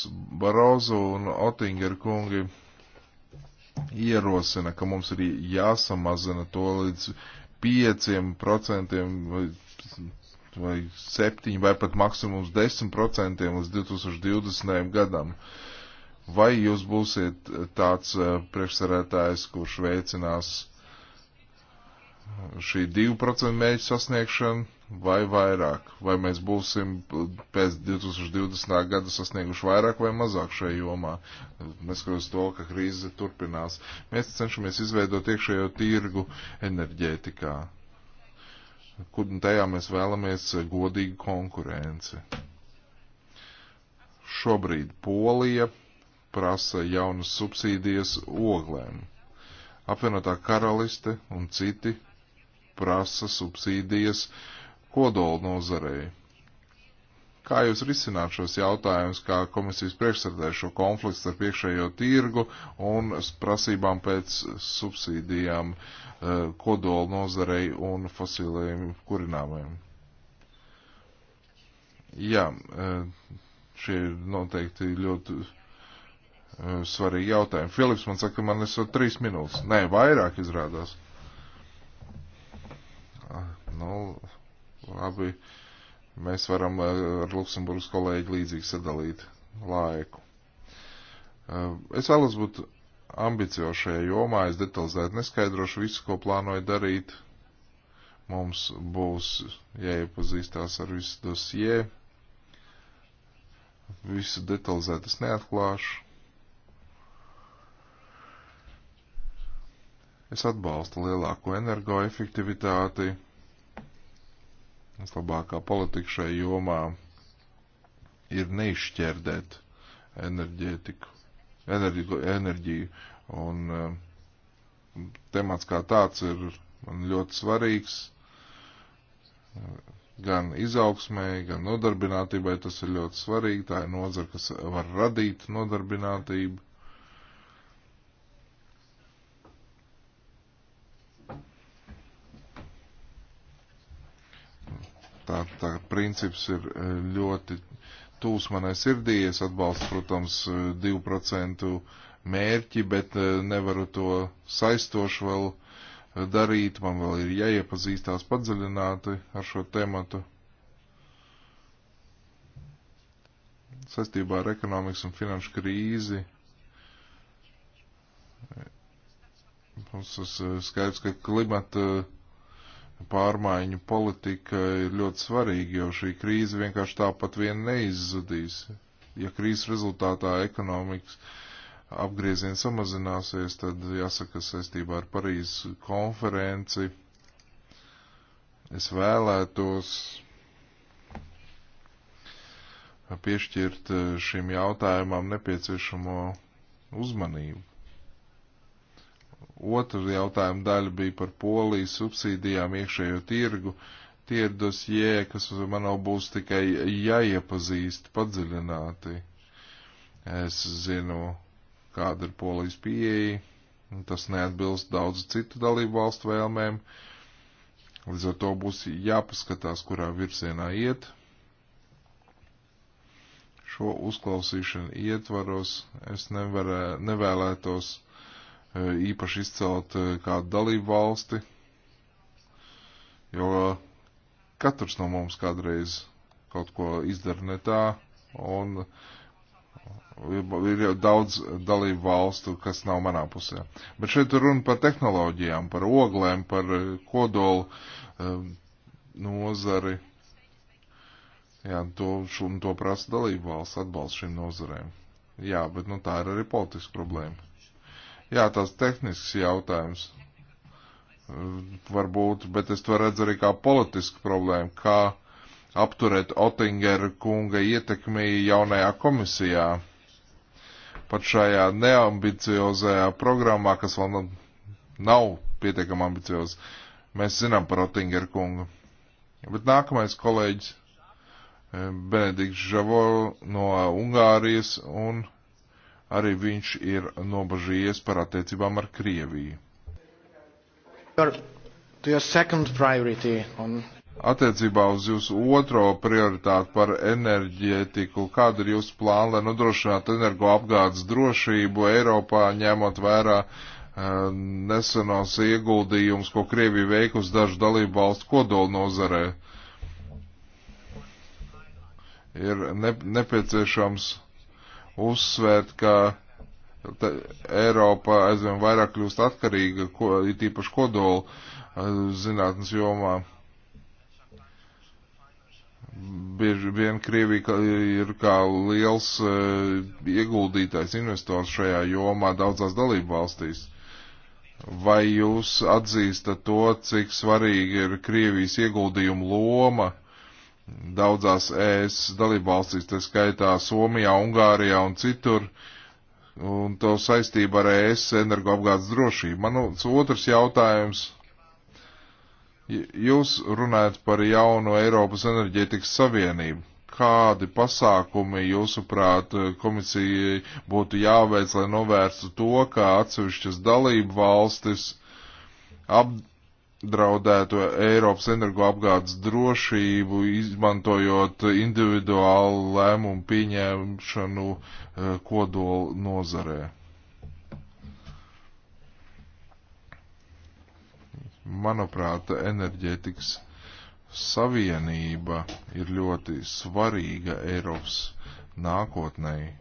Barozu un Otingeru kungi ierosina, ka mums ir jāsamazina to līdz 5% vai, vai 7% vai pat maksimums 10% līdz 2020. gadam. Vai jūs būsiet tāds eh, priekšsarētājs, kurš veicinās eh, šī 2% mēģi sasniegšanu, vai vairāk, vai mēs būsim pēc 2020. gada sasnieguši vairāk vai mazāk šajā jomā, neskatoties to, ka krīze turpinās. Mēs cenšamies izveidot iekšējo tirgu enerģētikā, kur tajā mēs vēlamies godīgu konkurenci. Šobrīd Polija prasa jaunas subsīdijas oglēm. Apvienotā karaliste un citi prasa subsīdijas uh, kodola nozarei. Kā jūs risināt šos jautājumus, kā komisijas priekšsardē šo konfliktu starp iekšējo tirgu un prasībām pēc subsīdijām eh, kodola nozarei un fosilējiem kurināmiem? Jā, eh, šie ir noteikti ļoti eh, svarīgi jautājumi. Filips man saka, man ir trīs minūtes. Nē, vairāk izrādās. Ah, nu, Labi, mēs varam ar Luksemburgas kolēģi līdzīgi sadalīt laiku. Uh, es vēlos būt ambiciozi šajā jomā, es detalizēti neskaidrošu visu, ko plānoju darīt. Mums būs jāiepazīstās ar visu dosie. Visu detalizēti es neatklāšu. Es atbalstu lielāko energoefektivitāti. Vislabākā politika šai jomā ir neizšķērdēt enerģētiku, enerģiku, enerģiju. Un uh, temats kā tāds ir ļoti svarīgs eh, gan izaugsmēji, gan nodarbinātībai. Tas ir ļoti svarīgi. Tā ir nozara, kas var radīt nodarbinātību. tā, tā princips ir e, ļoti tūs manai sirdī. Es atbalstu, protams, 2% e, mērķi, bet e, nevaru to saistošu vēl darīt. Man vēl ir jāiepazīstās padziļināti ar šo tematu. Sastībā ar ekonomikas un finanšu krīzi. Mums tas skaidrs, ka klimata uh, pārmaiņu politika ir ļoti svarīga, jo šī krīze vienkārši tāpat vien neizzudīs. Ja krīzes rezultātā ekonomikas apgrieziens samazināsies, tad jāsaka saistībā ar Parīzes konferenci. Es vēlētos piešķirt šim jautājumam nepieciešamo uzmanību. Otra jautājuma daļa bija par polijas subsīdijām iekšējo tirgu. Tie ir dosjē, kas man vēl būs tikai jāiepazīst padziļināti. Es zinu, kāda ir polijas pieeja. Tas neatbilst daudz citu dalību valstu vēlmēm. Līdz ar to būs jāpaskatās, kurā virzienā iet. Šo uzklausīšanu ietvaros es nevarē, nevēlētos Eh, īpaši izcelt eh, kādu dalību valsti, jo eh, katrs no mums kādreiz kaut ko izdara ne tā, un ir jau daudz dalību valstu, kas nav manā pusē. Bet šeit runa par tehnoloģijām, par oglēm, par kodolu nozari. Jā, to, šo, to prasa dalību valsts atbalsts šīm nozarēm. Jā, bet nu, tā ir arī politiska problēma. Jā, tas tehnisks jautājums. Varbūt, bet es to redzu arī kā politisku problēmu, kā apturēt Otingera kunga ietekmi jaunajā komisijā. Pat šajā neambiciozajā programmā, kas vēl nav pietiekami ambicioza, mēs zinām par Otingera kungu. Bet nākamais kolēģis eh, Benedikts Žavo no Ungārijas un arī viņš ir nobažījies par attiecībām ar Krieviju. Your, your on... Attiecībā uz jūsu otro prioritāti par enerģētiku, kāda ir jūsu plāna, lai nodrošinātu energoapgādes drošību Eiropā, ņemot vērā uh, nesenos ieguldījumus, ko Krievija veikusi dažu dalību valstu kodolu nozarē? Ir ne, nepieciešams uh, uzsvērt, ka Eiropa aizvien vairāk kļūst atkarīga, ko, it īpaši kodola eh, zinātnes jomā. Bieži vien Krievija ir kā liels eh, ieguldītājs, investors šajā jomā daudzās dalību valstīs. Vai jūs atzīstat to, cik svarīgi ir Krievijas ieguldījuma loma Daudzās ES dalībvalstīs, tā skaitā Somijā, Ungārijā un citur, un to saistību ar ES energoapgādes drošību. Mans nu, otrs jautājums. Jūs runājat par jaunu Eiropas enerģētikas savienību kādi pasākumi, jūsuprāt, komisijai būtu jāveic, lai novērstu to, ka atsevišķas dalību valstis ap, draudētu Eiropas energoapgādes drošību, izmantojot individuālu lēmumu pieņemšanu eh, kodolu nozarē. Manuprāt, enerģētikas savienība ir ļoti svarīga Eiropas nākotnēji.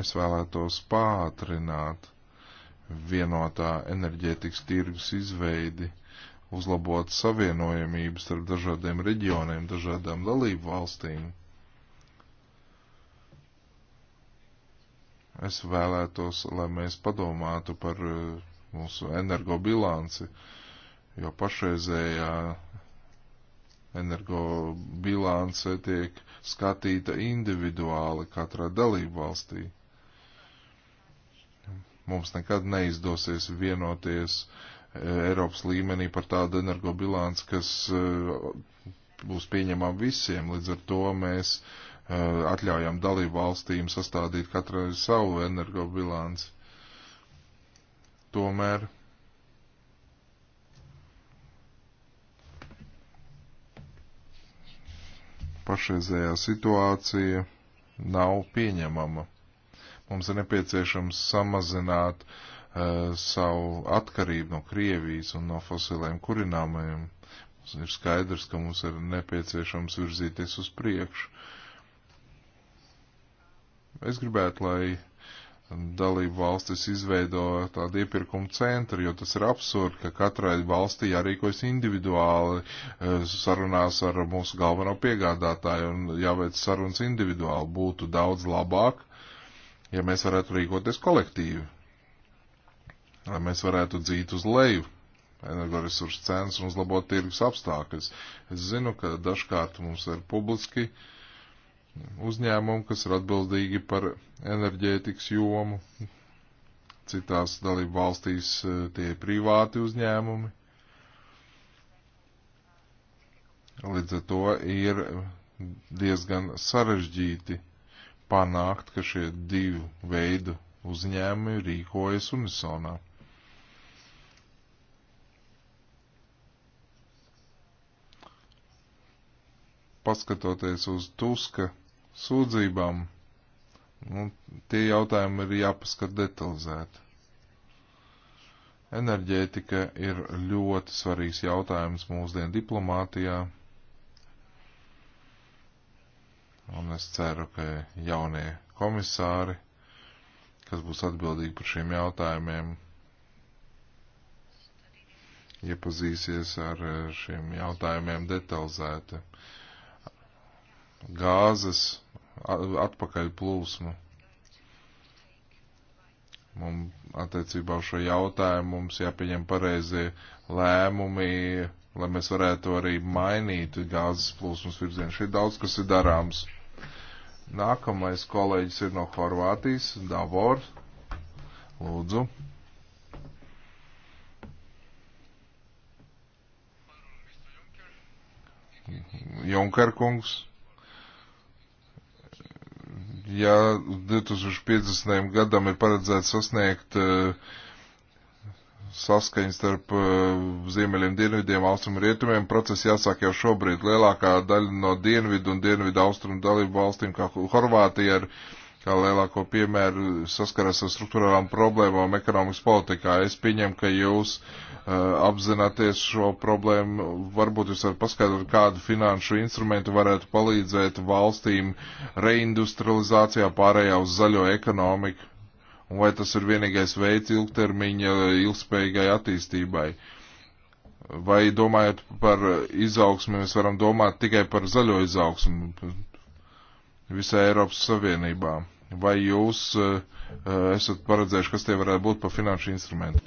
Es vēlētos pātrināt vienotā enerģētikas tirgus izveidi, uzlabot savienojamību starp dažādiem reģioniem, dažādām dalību valstīm. Es vēlētos, lai mēs padomātu par uh, mūsu energobilanci, jo pašreizējā energobilance tiek skatīta individuāli katrā dalību valstī. Mums nekad neizdosies vienoties e, Eiropas līmenī par tādu energobilanci, kas e, būs pieņemama visiem. Līdz ar to mēs e, atļaujam dalību valstīm sastādīt katrai savu energobilanci. Tomēr pašreizējā situācija nav pieņemama. Mums ir nepieciešams samazināt uh, savu atkarību no Krievijas un no fosiliem kurināmajiem. Mums ir skaidrs, ka mums ir nepieciešams virzīties uz priekšu. Es gribētu, lai dalību valstis izveido tādu iepirkumu centru, jo tas ir absurdi, ka katrai valstī jārīkojas individuāli eh, sarunās ar mūsu galveno piegādātāju un jāveic sarunas individuāli. Būtu daudz labāk, ja mēs varētu rīkoties kolektīvi, lai mēs varētu dzīt uz leju energoresursu cenas un uzlabot tirgus apstākļus. Es zinu, ka dažkārt mums ir publiski uzņēmumi, kas ir atbildīgi par enerģētikas jomu. Citās dalību valstīs e, tie ir privāti uzņēmumi. Līdz ar to ir diezgan sarežģīti panākt, ka šie divi veidi uzņēmumi rīkojas unisonā. Paskatoties uz Tuska sūdzībām, nu, tie jautājumi ir jāpaskat detalizēti. Enerģētika ir ļoti svarīgs jautājums mūsdienu diplomātijā. Un es ceru, ka jaunie komisāri, kas būs atbildīgi par šiem jautājumiem, iepazīsies ar šiem jautājumiem detalizēti. Gāzes atpakaļ plūsmu. Mums attiecībā uz šo jautājumu mums jāpieņem pareizie lēmumi lai mēs varētu arī mainīt gāzes plūsmas virzienu. Šeit daudz kas ir darāms. Nākamais kolēģis ir no Horvātijas, Davor. Lūdzu. Junkerkungs. Ja 2050. gadam ir paredzēts sasniegt uh, saskaņas starp uh, ziemeļiem, dienvidiem, austrumu rietumiem. Process jāsāk jau šobrīd. Lielākā daļa no dienvidu un dienvidu austrumu dalību valstīm, kā Horvātija, ir kā lielāko piemēru saskaras ar struktūrālām problēmām ekonomikas politikā. Es pieņemu, ka jūs uh, apzināties šo problēmu. Varbūt jūs varat paskaidrot, kādu finanšu instrumentu varētu palīdzēt valstīm reindustrializācijā pārējā uz zaļo ekonomiku un vai tas ir vienīgais veids ilgtermiņa ilgspējīgai attīstībai. Vai domājot par izaugsmu, mēs varam domāt tikai par zaļo izaugsmu visā Eiropas Savienībā? Vai jūs uh, esat paredzējuši, kas tie varētu būt pa finanšu instrumentu?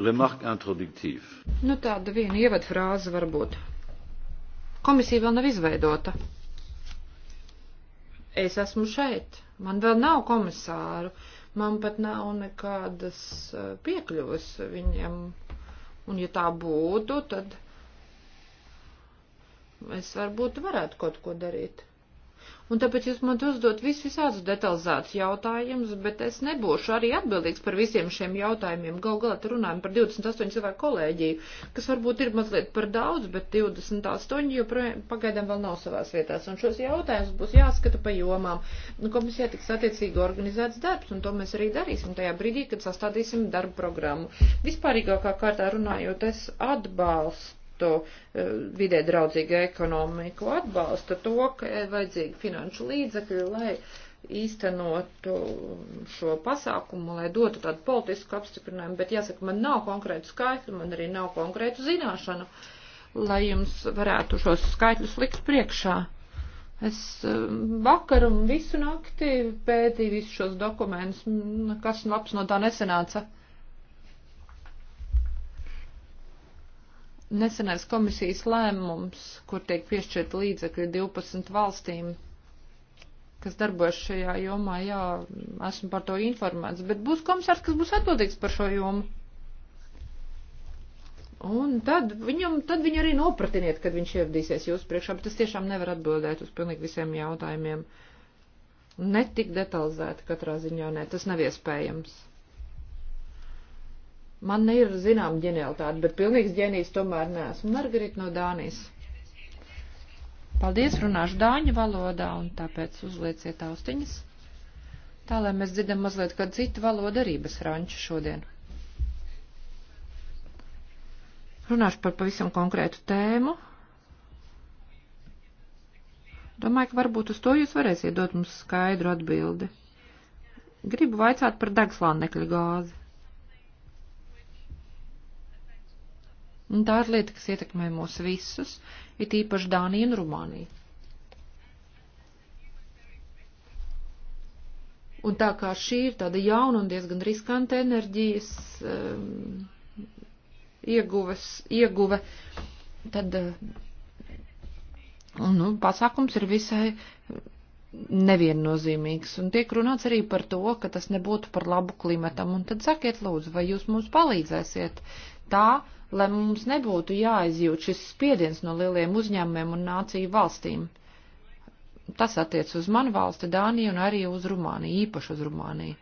Remarque introduktīva. Nu tāda viena ievadfrāze varbūt. Komisija vēl nav izveidota es esmu šeit. Man vēl nav komisāru. Man pat nav nekādas eh, piekļuvas viņam. Un ja tā būtu, tad es varbūt varētu kaut ko darīt. Un tāpēc jūs man uzdot visu visādus detalizētus jautājumus, bet es nebūšu arī atbildīgs par visiem šiem jautājumiem. Gal galā te runājam par 28 cilvēku kolēģiju, kas varbūt ir mazliet par daudz, bet 28 joprojām pagaidām vēl nav savās vietās. Un šos jautājumus būs jāskata pa jomām. Nu, komisijā tiks attiecīgi organizēts darbs, un to mēs arī darīsim tajā brīdī, kad sastādīsim darbu programmu. Vispārīgākā kārtā runājot, es atbalstu to e, vidē draudzīgu ekonomiku atbalsta to, ka ir vajadzīgi finanšu līdzekļi, lai īstenotu šo pasākumu, lai dotu tādu politisku apstiprinājumu, bet jāsaka, man nav konkrētu skaitļu, man arī nav konkrētu zināšanu, lai jums varētu šos skaitļus likt priekšā. Es e, vakar un visu nakti pētīju visus šos dokumentus, kas labs no tā nesenāca. nesenais komisijas lēmums, kur tiek piešķirt līdzekļi 12 valstīm, kas darbojas šajā jomā, jā, esmu par to informēts, bet būs komisārs, kas būs atbildīgs par šo jomu. Un tad viņam, tad viņu arī nopratiniet, kad viņš ieradīsies jūsu priekšā, bet es tiešām nevaru atbildēt uz pilnīgi visiem jautājumiem. Netik detalizēti katrā ziņā, nē, tas nav iespējams. Man ir zinām ģenialitāte, bet pilnīgs ģenijs tomēr neesmu. Margarita no Dānijas. Paldies, runāšu dāņu valodā, un tāpēc uzlieciet austiņas. Tā, lai mēs dzirdam mazliet, ka cita valoda arī bez franču šodien. Runāšu par pavisam konkrētu tēmu. Domāju, ka varbūt uz to jūs varēsiet dot mums skaidru atbildi. Gribu vaicāt par degslānekļa gāzi. Un tā ir lieta, kas ietekmē mūs visus, it īpaši Dāniju un Rumāniju. Un tā kā šī ir tāda jauna un diezgan riskanta enerģijas um, ieguves, ieguve, tad uh, un, nu, pasākums ir visai neviennozīmīgs. Un tiek runāts arī par to, ka tas nebūtu par labu klimatam. Un tad sakiet, lūdzu, vai jūs mums palīdzēsiet tā, lai mums nebūtu jāizjūt šis spiediens no lieliem uzņēmumiem un nāciju valstīm. Tas attiec uz manu valsti Dāniju un arī uz Rumāniju, īpaši uz Rumāniju.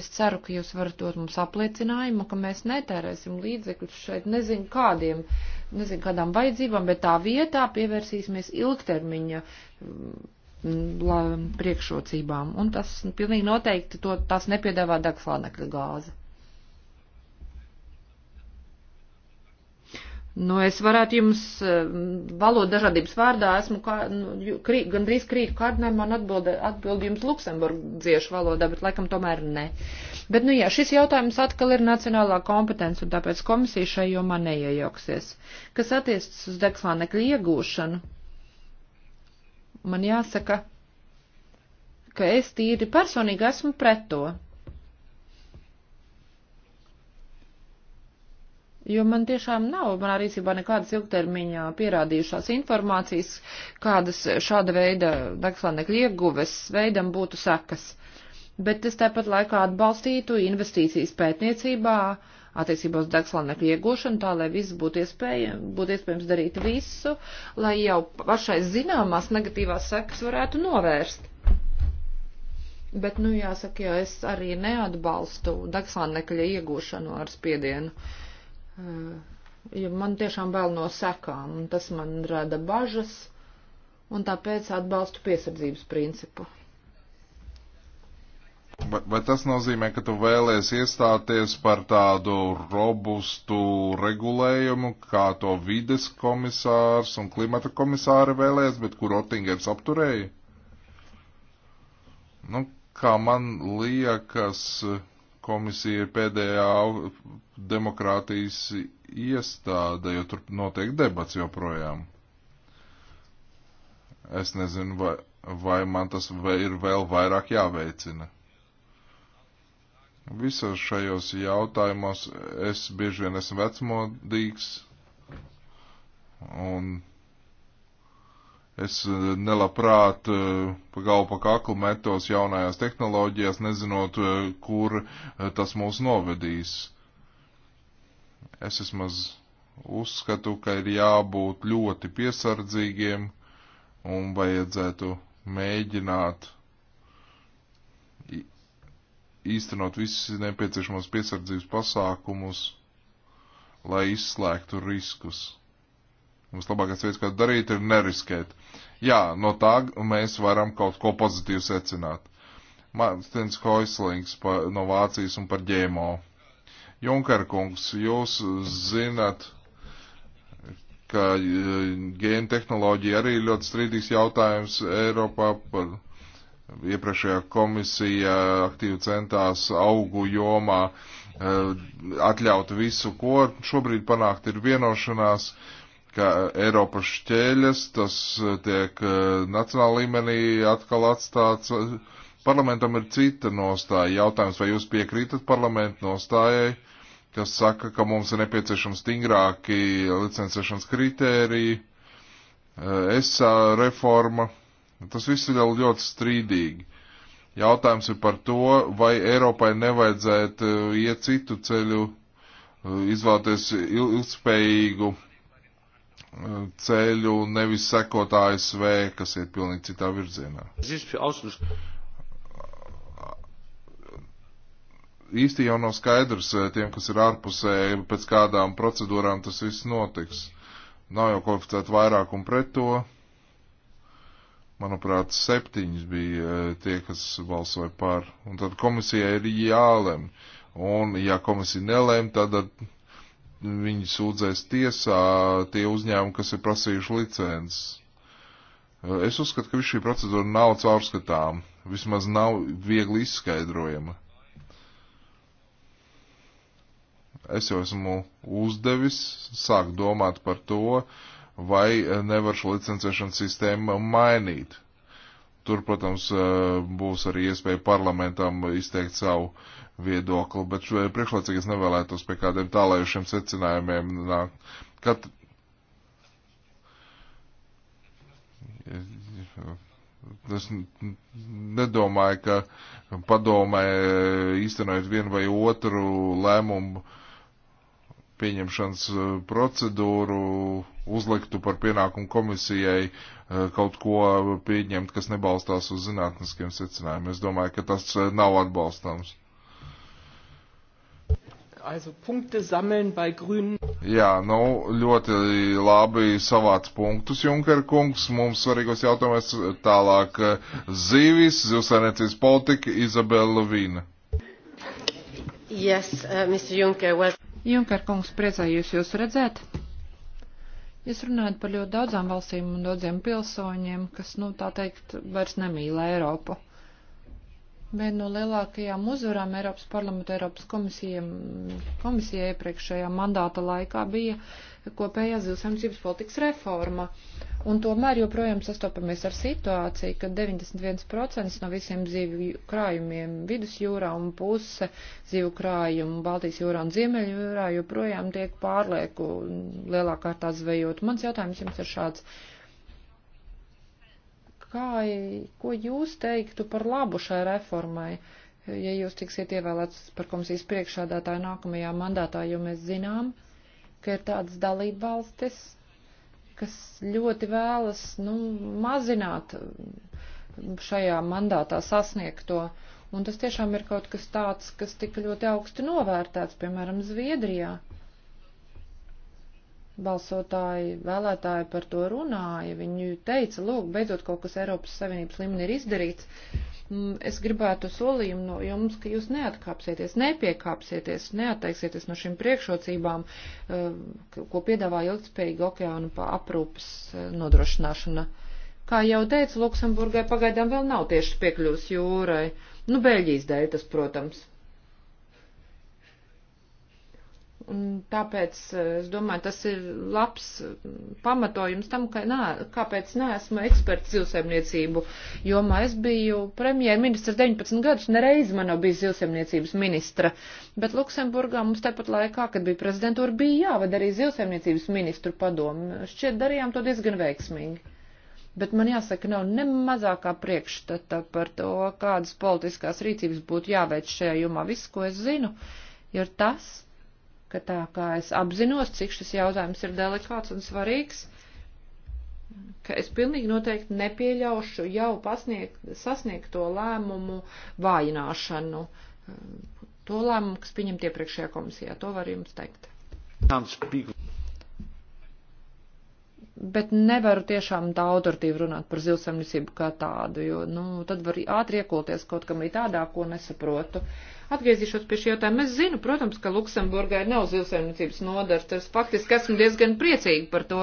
Es ceru, ka jūs varat dot mums apliecinājumu, ka mēs netērēsim līdzekļus šeit nezinu kādiem, nezinu kādām vajadzībām, bet tā vietā pievērsīsimies ilgtermiņa mm, la, priekšrocībām. Un tas pilnīgi noteikti to, tas nepiedāvā degslānekļa gāze. Nu, es varētu jums eh, valodu dažādības vārdā, esmu kā, nu, krī, gandrīz krīt kārdinājumā un atbildi, atbildi jums luksemburgiešu valodā, bet laikam tomēr ne. Bet, nu jā, šis jautājums atkal ir nacionālā kompetence, un tāpēc komisija šai jomā neiejauksies. Kas attiecas uz dekslānekļu iegūšanu, man jāsaka, ka es tīri personīgi esmu pret to. jo man tiešām nav manā rīcībā nekādas ilgtermiņā pierādījušās informācijas, kādas šāda veida dakslānekļa ieguves veidam būtu sekas. Bet es tāpat laikā atbalstītu investīcijas pētniecībā, attiecībā uz dakslānekļa iegūšanu, tā lai viss būtu, iespēja, būtu iespējams darīt visu, lai jau pašai zināmās negatīvās sekas varētu novērst. Bet, nu, jāsaka, jo es arī neatbalstu dakslānekļa iegūšanu ar spiedienu. Uh, jo man tiešām vēl no sekām, un tas man rada bažas, un tāpēc atbalstu piesardzības principu. Vai, vai tas nozīmē, ka tu vēlēs iestāties par tādu robustu regulējumu, kā to vides komisārs un klimata komisāri vēlēs, bet kur Otingers apturēja? Nu, kā man liekas, uh, komisija ir pēdējā demokrātijas iestāde, jo tur notiek debats joprojām. Es nezinu, vai, vai man tas ir vēl vairāk jāveicina. Visos šajos jautājumos es bieži vien esmu vecmodīgs un Es eh, nelabprāt eh, pa galvu pa kaklu metos jaunajās tehnoloģijās, nezinot, eh, kur tas mūs novedīs. Es vismaz uzskatu, ka ir jābūt ļoti piesardzīgiem un vajadzētu mēģināt īstenot visus nepieciešamos piesardzības pasākumus, lai izslēgtu riskus. Vislabākais veids, kā darīt, ir neriskēt. Jā, no tā mēs varam kaut ko pozitīvu secināt. Mārtiņš Hoislings pa, no Vācijas un par ģēmo. Junker kungs, jūs zinat, ka eh, gēna tehnoloģija arī ir ļoti strīdīgs jautājums Eiropā. Par iepriekšējā komisija aktīvi centās augu jomā eh, atļaut visu, ko šobrīd panākt ir vienošanās. Uh, tiek Eiropas šķēļas, tas eh, tiek eh, nacionāla līmenī atkal atstāts. Parlamentam ir cita nostāja. Jautājums, vai jūs piekrītat parlamentu nostājai, kas saka, ka mums ir nepieciešams stingrāki licencēšanas kritēriji, eh, ESA reforma. Tas viss ir ļoti strīdīgi. Jautājums ir par to, vai Eiropai nevajadzētu iet citu ceļu, izvēlēties ilgspējīgu ceļu, nevis sekot ASV, kas iet pilnīgi citā virzienā. Īsti jau nav skaidrs eh, tiem, kas ir ārpusē, pēc kādām procedūrām tas viss notiks. Nav jau kvalificēta vairāk un pret to. Manuprāt, septiņas bija eh, tie, kas balsoja par. Un tad komisijai ir jālem. Un ja komisija nelēm, tad, tad viņi sūdzēs tiesā tie uzņēmumi, kas ir prasījuši licences. Eh, es uzskatu, ka viss šī procedūra nav caurskatām, vismaz nav viegli izskaidrojama. Es jau esmu uzdevis, sāk domāt par to, vai eh, nevar šo licencēšanas sistēmu mainīt. Tur, protams, eh, būs arī iespēja parlamentam izteikt savu uh, viedokli, bet šo priekšlaicīgi es nevēlētos pie kādiem tālējušiem secinājumiem nākt. Kat... Es nedomāju, ka padomē īstenojot vienu vai otru lēmumu pieņemšanas eh, procedūru uzliktu par pienākumu komisijai eh, kaut ko pieņemt, kas nebalstās uz zinātniskiem secinājumiem. Es domāju, ka tas eh, nav atbalstāms. Also punkte sammeln bei grünen. Jā, nu, ļoti labi savāc punktus, Junker kungs. Mums svarīgos jautājumus tālāk eh, zīvis, zivsainiecības politika, Izabela Vīna. Yes, uh, Mr. Junker, well... Junker kungs, priecājos jūs redzēt. Jūs runājat par ļoti daudzām valstīm un daudziem pilsoņiem, kas, nu, tā teikt, vairs nemīl Eiropu Viena no lielākajām uzvarām Eiropas parlamenta Eiropas komisija iepriekšējā mandāta laikā bija kopējā zilsaimniecības politikas reforma. Un tomēr joprojām sastopamies ar situāciju, ka 91% no visiem zīvju krājumiem vidusjūrā un puse zīvju krājumu Baltijas jūrā un Ziemeļjūrā joprojām tiek pārlieku lielākārtā zvejot. Mans jautājums jums ir šāds kā, ko jūs teiktu par labu šai reformai, ja jūs tiksiet ievēlēts par komisijas priekšādātāju nākamajā mandātā, jo mēs zinām, ka ir tādas dalība valstis, kas ļoti vēlas, nu, mazināt šajā mandātā sasniegto. Un tas tiešām ir kaut kas tāds, kas tika ļoti augsti novērtēts, piemēram, Zviedrijā. Uh, balsotāji, vēlētāji par to runāja. Viņi teica, lūk, beidzot kaut kas Eiropas Savienības līmenī ir izdarīts. Mm, es gribētu solījumu no jums, ka jūs neatkāpsieties, nepiekāpsieties, neatteiksieties no šīm priekšrocībām, eh, ko piedāvā ilgspējīga okeānu aprūpas eh, nodrošināšana. Kā jau teicu, Luksemburgai pagaidām vēl nav tieši piekļūs jūrai. Nu, Beļģijas dēļ tas, protams. Un tāpēc eh, es domāju, tas ir labs mm, pamatojums tam, ka nā, kāpēc neesmu eksperts zilsēmniecību jomā. Es biju premjerministrs 19 gadus, nereiz man nav bijis zilsēmniecības ministra, bet Luksemburgā mums tepat laikā, kad bija prezidentūra, bija jāved arī zilsēmniecības ministru padomu. Šķiet, darījām to diezgan veiksmīgi. Bet man jāsaka, nav ne mazākā priekšstata par to, kādas politiskās rīcības būtu jāveic šajā jomā. Viss, ko es zinu, ir tas, ka tā kā es apzinos, cik šis jautājums ir delikāts un svarīgs, ka es pilnīgi noteikti nepieļaušu jau pasniegt, sasniegto lēmumu vājināšanu, to lēmumu, kas pieņemt iepriekšējā komisijā. To var jums teikt. Bet nevaru tiešām tā autoritīvi runāt par zilsamnisību kā tādu, jo, nu, tad var ātri iekulties kaut kam ir tādā, ko nesaprotu. Uh, Atgriezīšos pie šī jautājuma. Es zinu, protams, ka Luksemburgai nav zilsēmniecības nodars. Es faktiski esmu diezgan priecīgi par to.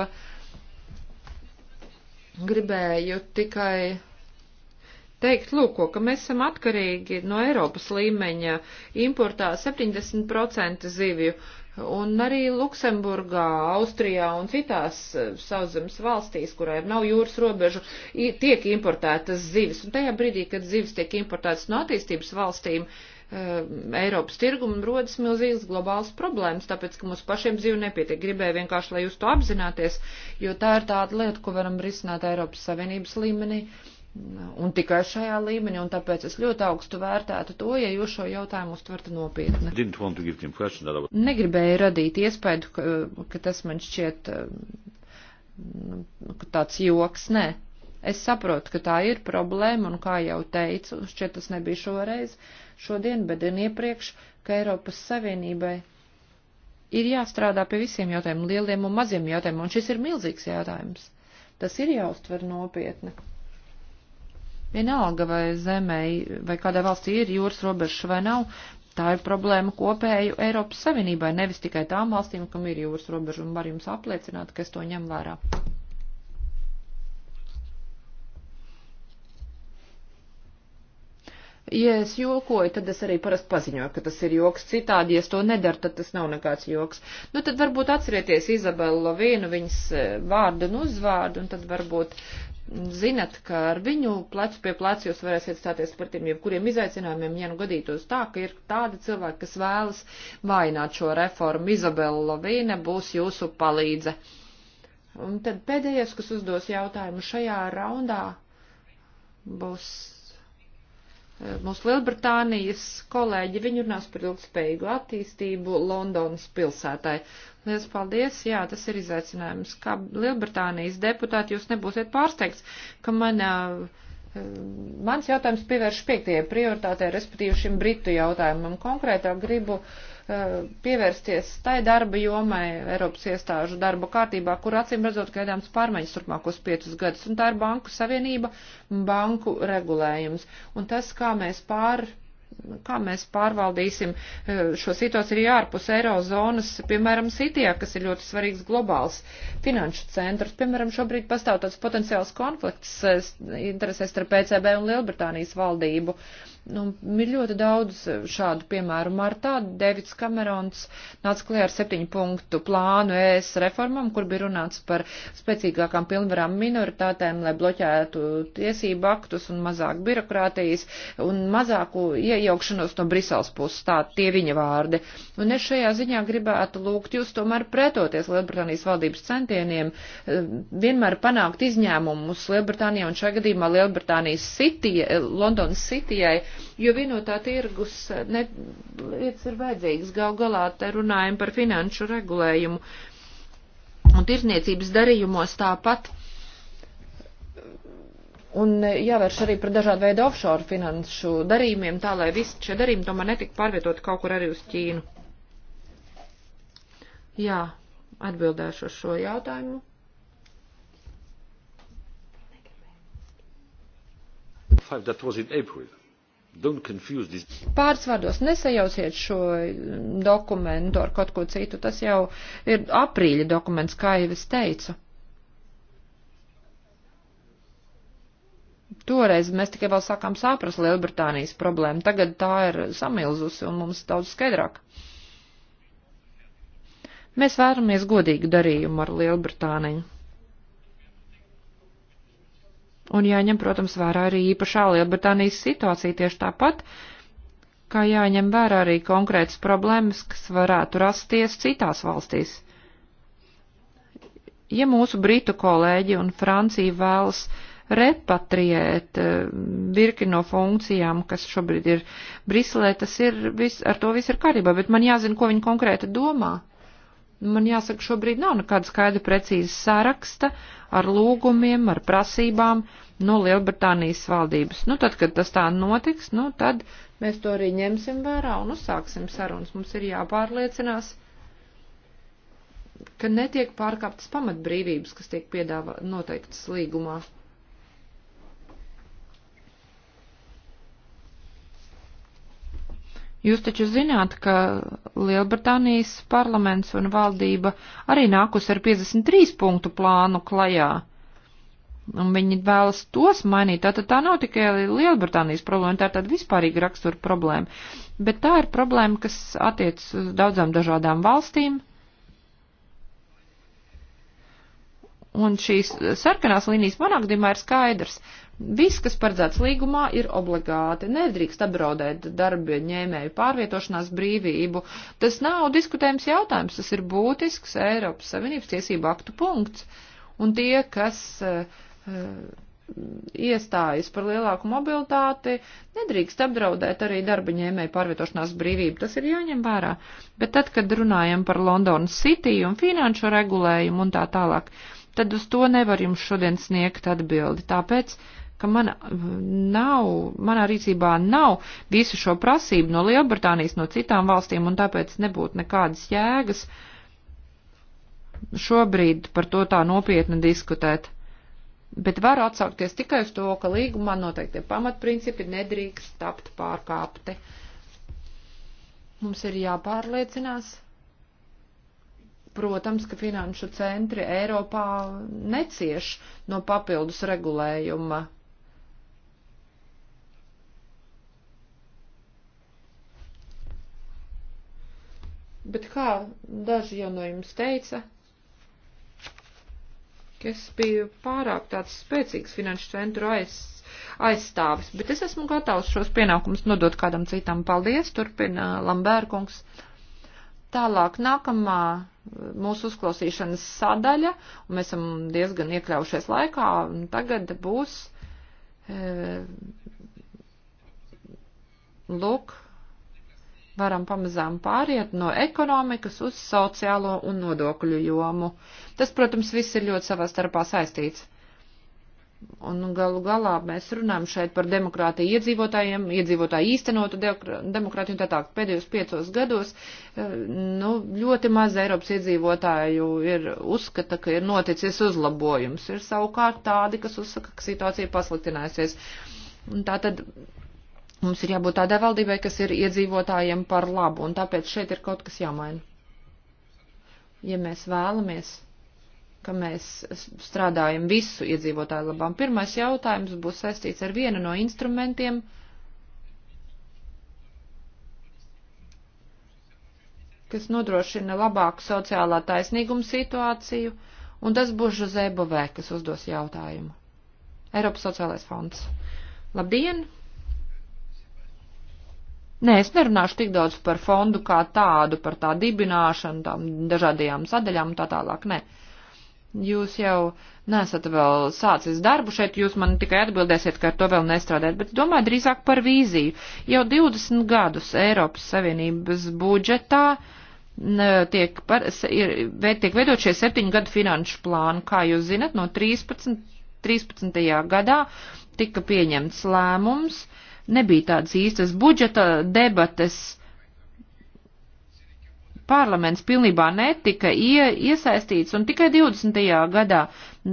Gribēju tikai teikt, lūk, ka mēs esam atkarīgi no Eiropas līmeņa importā 70% zivju, un arī Luksemburgā, Austrijā un citās eh, sauszemes valstīs, kurā ir nav jūras robežu, tiek importētas zivis, un tajā brīdī, kad zivis tiek importētas no attīstības valstīm, uh, Ehm, Eiropas tirgu un rodas milzīgas globālas problēmas, tāpēc, ka mums pašiem dzīve nepietiek. Gribēju vienkārši, lai jūs to apzināties, jo tā ir tāda lieta, ko varam risināt Eiropas Savienības līmenī un tikai šajā līmenī, un tāpēc es ļoti augstu vērtētu to, ja jūs šo jautājumu uztvertu nopietni. Negribēju radīt iespēju, ka, ka tas man šķiet ehm, tāds joks, nē. Es saprotu, ka tā ir problēma, un kā jau teicu, šķiet tas nebija šoreiz. Uh, šodien, bet gan iepriekš, ka Eiropas Savienībai ir jāstrādā pie visiem jautājumiem, lieliem un maziem jautājumiem, un šis ir milzīgs jautājums. Tas ir jāuztver nopietni. Vienalga vai zemē, vai kādā valstī ir jūras robeža vai nav, tā ir problēma kopēju Eiropas Savienībai, nevis tikai tām valstīm, kam ir jūras robeža, un var jums apliecināt, ka es to ņem vērā. Ja es jokoju, tad es arī parasti paziņoju, ka tas ir joks. Citādi, ja es to nedaru, tad tas nav nekāds joks. Nu, tad varbūt atcerieties Izabelu Lavīnu, viņas eh, vārdu un uzvārdu, un tad varbūt zinat, ka ar viņu plecu pie pleca jūs varēsiet stāties par tiem jebkuriem izaicinājumiem, ja nu gadītos tā, ka ir tādi cilvēki, kas vēlas vainot šo reformu. Izabela Lavīna būs jūsu palīdze. Un tad pēdējais, kas uzdos jautājumu šajā raundā, būs Eh, mūsu Lielbritānijas kolēģi, viņi runās par ilgspējīgu attīstību Londonas pilsētai. Lielas paldies, jā, tas ir izaicinājums. Kā Lielbritānijas deputāti jūs nebūsiet pārsteigts, ka manā. Eh, mans jautājums pievērš piektajai prioritātei, respektīvi šim britu jautājumam. Konkrētāk gribu uh, Uh, pievērsties tai darba jomai Eiropas iestāžu darba kārtībā, kur acīm redzot gaidāms pārmaiņas turpmākos piecus gadus, un tā ir banku savienība un banku regulējums. Un tas, kā mēs pār, kā mēs pārvaldīsim uh, šo situāciju arī ārpus eirozonas, piemēram, Sitijā, kas ir ļoti svarīgs globāls finanšu centrs. Piemēram, šobrīd pastāv tāds potenciāls konflikts uh, interesēs starp PCB e un Lielbritānijas valdību. Uh, Nu, ir ļoti daudz šādu piemēru. Martā Devits Kamerons nāca klajā ar septiņu punktu plānu ES reformam, kur bija runāts par spēcīgākām pilnvarām minoritātēm, lai bloķētu tiesību aktus un mazāk birokrātijas un mazāku iejaukšanos no Brisels puses. Tā tie viņa vārdi. Un es šajā ziņā gribētu lūgt jūs tomēr pretoties Lielbritānijas valdības centieniem eh, vienmēr panākt izņēmumus Lielbritānijā un šajā gadījumā Lielbritānijas City, eh, Londonas Cityjai jo vienotā tirgus eh, ne, lietas ir vajadzīgas. Gal galā te runājam par finanšu regulējumu un tirzniecības darījumos tāpat un eh, jāvērš arī par dažādu veidu offshore finanšu darījumiem, tā lai visi šie darījumi tomēr netika pārvietoti kaut kur arī uz Ķīnu. Jā, atbildēšu uz šo jautājumu. That was in April. Pāris vārdos nesajausiet šo mm, dokumentu ar kaut ko citu. Tas jau ir aprīļa dokuments, kā jau es teicu. Toreiz mēs tikai vēl sākām saprast Lielbritānijas problēmu. Tagad tā ir samilzusi un mums daudz skaidrāk. Mēs vēramies godīgu darījumu ar Lielbritāniju. Un jāņem, protams, vērā arī īpašā Lielbritānijas situācija tieši tāpat, kā jāņem vērā arī konkrētas problēmas, kas varētu rasties citās valstīs. Ja mūsu britu kolēģi un Francija vēlas repatriēt eh, virkni no funkcijām, kas šobrīd ir Briselē, tas ir, vis, ar to viss ir kārībā, bet man jāzina, ko viņi konkrēti domā. Man jāsaka, šobrīd nav nekāda skaidra precīza saraksta ar lūgumiem, ar prasībām no Lielbritānijas valdības. Nu, tad, kad tas tā notiks, nu, tad mēs to arī ņemsim vērā un uzsāksim sarunas. Mums ir jāpārliecinās, ka netiek pārkāptas pamatbrīvības, kas tiek piedāvā noteiktas līgumā. Jūs taču zināt, ka Lielbritānijas parlaments un valdība arī nākus ar 53 punktu plānu klajā. Un viņi vēlas tos mainīt. Tātad tā nav tikai Lielbritānijas problēma, tā ir tāda vispārīga rakstura problēma. Bet tā ir problēma, kas attiecas uz daudzām dažādām valstīm. Un šīs sarkanās līnijas manā gadījumā ir skaidrs. Viss, kas paredzēts līgumā, ir obligāti. Nedrīkst apdraudēt darba ņēmēju pārvietošanās brīvību. Tas nav diskutējums jautājums, tas ir būtisks Eiropas Savienības tiesību aktu punkts. Un tie, kas uh, uh, iestājas par lielāku mobilitāti, nedrīkst apdraudēt arī darba ņēmēju pārvietošanās brīvību. Tas ir jāņem vērā. Bet tad, kad runājam par Londonas City un finanšu regulējumu un tā tālāk, tad uz to nevar jums šodien sniegt atbildi. Tāpēc ka man nav, manā rīcībā nav visu šo prasību no Lielbritānijas, no citām valstīm, un tāpēc nebūtu nekādas jēgas šobrīd par to tā nopietni diskutēt. Bet var atsaukties tikai uz to, ka līgumā noteikti pamatprincipi nedrīkst tapt pārkāpti. Mums ir jāpārliecinās protams, ka finanšu centri Eiropā necieš no papildus regulējuma. bet kā daži jau no jums teica, ka es biju pārāk tāds spēcīgs finanšu centru aiz, aizstāvis, bet es esmu gatavs šos pienākumus nodot kādam citam. Paldies, turpina Lambērkungs. Tālāk nākamā eh, mūsu uzklausīšanas sadaļa, un mēs esam diezgan iekļaujušies laikā, un tagad būs, e, eh, lūk, varam pamazām pāriet no ekonomikas uz sociālo un nodokļu jomu. Tas, protams, viss ir ļoti savā starpā saistīts. Un galu galā mēs runājam šeit par demokrātiju iedzīvotājiem, iedzīvotāju īstenotu demokrātiju un tā tālāk. Pēdējos piecos gados eh, nu, ļoti maz Eiropas iedzīvotāju ir uzskata, ka ir noticis uzlabojums. Ir savukārt tādi, kas uzsaka, ka situācija pasliktinājusies. Un tā tad Mums ir jābūt tādai valdībai, kas ir iedzīvotājiem par labu, un tāpēc šeit ir kaut kas jāmaina. Ja mēs vēlamies, ka mēs strādājam visu iedzīvotāju labām, pirmais jautājums būs saistīts ar vienu no instrumentiem, kas nodrošina labāku sociālā taisnīguma situāciju, un tas būs Žozē Bovē, kas uzdos jautājumu. Eiropas sociālais fonds. Labdien! Nē, es nerunāšu tik daudz par fondu kā tādu, par tā dibināšanu, tām dažādajām sadaļām un tā tālāk, nē. Jūs jau nesat vēl sācis darbu šeit, jūs man tikai atbildēsiet, ka ar to vēl nestrādājat, bet domāju drīzāk par vīziju. Jau 20 gadus Eiropas Savienības budžetā tiek, par, ir, tiek veidot šie septiņu gadu finanšu plānu, kā jūs zinat, no 13, 13. gadā tika pieņemts lēmums, uh, Nebija tādas īstas budžeta debates. Parlaments pilnībā netika ie, iesaistīts un tikai 20. gadā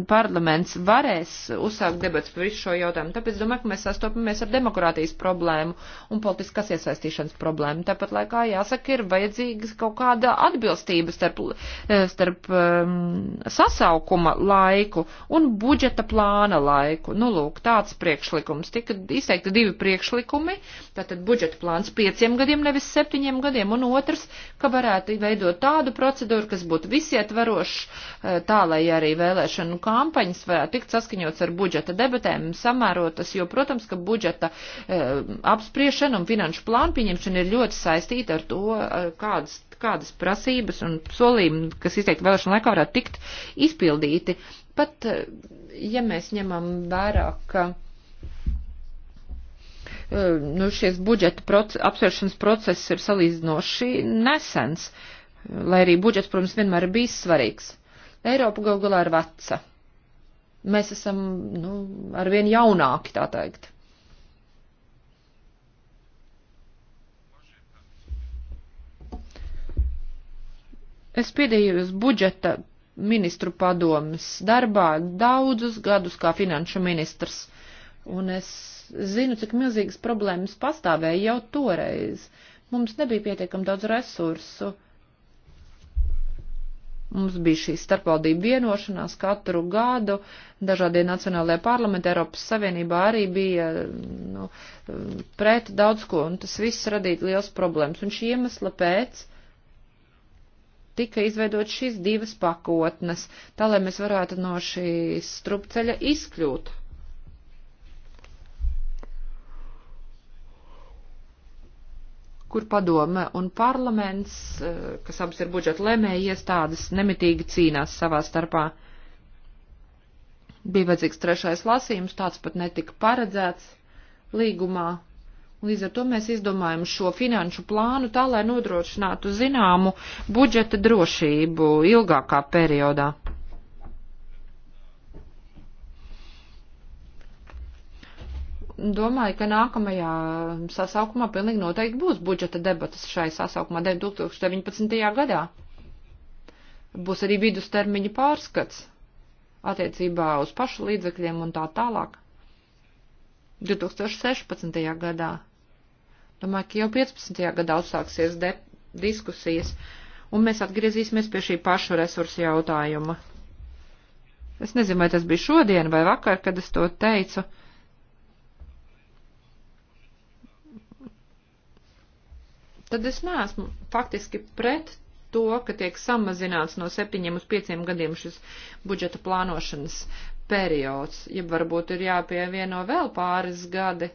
parlaments varēs uzsākt debats par visu šo jautājumu. Tāpēc domāju, ka mēs sastopamies ar demokrātijas problēmu un politiskās iesaistīšanas problēmu. Tāpat laikā jāsaka, ir vajadzīgas kaut kāda atbilstība starp, eh, starp um, sasaukuma laiku un budžeta plāna laiku. Nu, lūk, tāds priekšlikums. Tika izteikti divi priekšlikumi, tātad budžeta plāns pieciem gadiem, nevis septiņiem gadiem, un otrs, ka varētu veidot tādu procedūru, kas būtu visietvarošs, eh, tā lai arī vēlēšanu kampaņas varētu tikt saskaņots ar budžeta debatēm, samērotas, jo, protams, ka budžeta e, apspriešana un finanšu plānu pieņemšana ir ļoti saistīta ar to, eh, kādas, kādas prasības un solījumi, kas izteikti vēlēšana laikā, varētu tikt izpildīti. Pat, eh, ja mēs ņemam vērā, ka nu, šis budžeta proces, apsvēršanas process ir salīdzinoši nesens, lai arī budžets, protams, vienmēr ir bijis svarīgs. Eiropa galu galā ir veca mēs esam nu, arvien jaunāki, tā teikt. Es piedalījos budžeta ministru padomas darbā daudzus gadus kā finanšu ministrs, un es zinu, cik milzīgas problēmas pastāvēja jau toreiz. Mums nebija pietiekam daudz resursu Mums bija šī starpvaldība vienošanās katru gadu, dažādie nacionālajie parlamenti Eiropas Savienībā arī bija nu, pret daudz ko, un tas viss radīja liels problēmas. Un šī iemesla pēc tika izveidot šīs divas pakotnes, tā lai mēs varētu no šīs strupceļa izkļūt. kur padome un parlaments, eh, kas abas ir budžeta lēmēja iestādes, nemitīgi cīnās savā starpā. Bija vajadzīgs trešais lasījums, tāds pat netika paredzēts līgumā. Līdz ar to mēs izdomājam šo finanšu plānu tā, lai nodrošinātu zināmu budžeta drošību ilgākā periodā. domāju, ka nākamajā sasaukumā pilnīgi noteikti būs budžeta debatas šai sasaukumā 2019. gadā. Būs arī vidustermiņa pārskats attiecībā uz pašu līdzekļiem un tā tālāk. 2016. gadā. Domāju, ka jau 15. gadā uzsāksies diskusijas, un mēs atgriezīsimies pie šī paša resursa jautājuma. Es nezinu, vai tas bija šodien vai vakar, kad es to teicu tad es neesmu faktiski pret to, ka tiek samazināts no septiņiem uz pieciem gadiem šis budžeta plānošanas periods, ja varbūt ir jāpievieno vēl pāris gadi.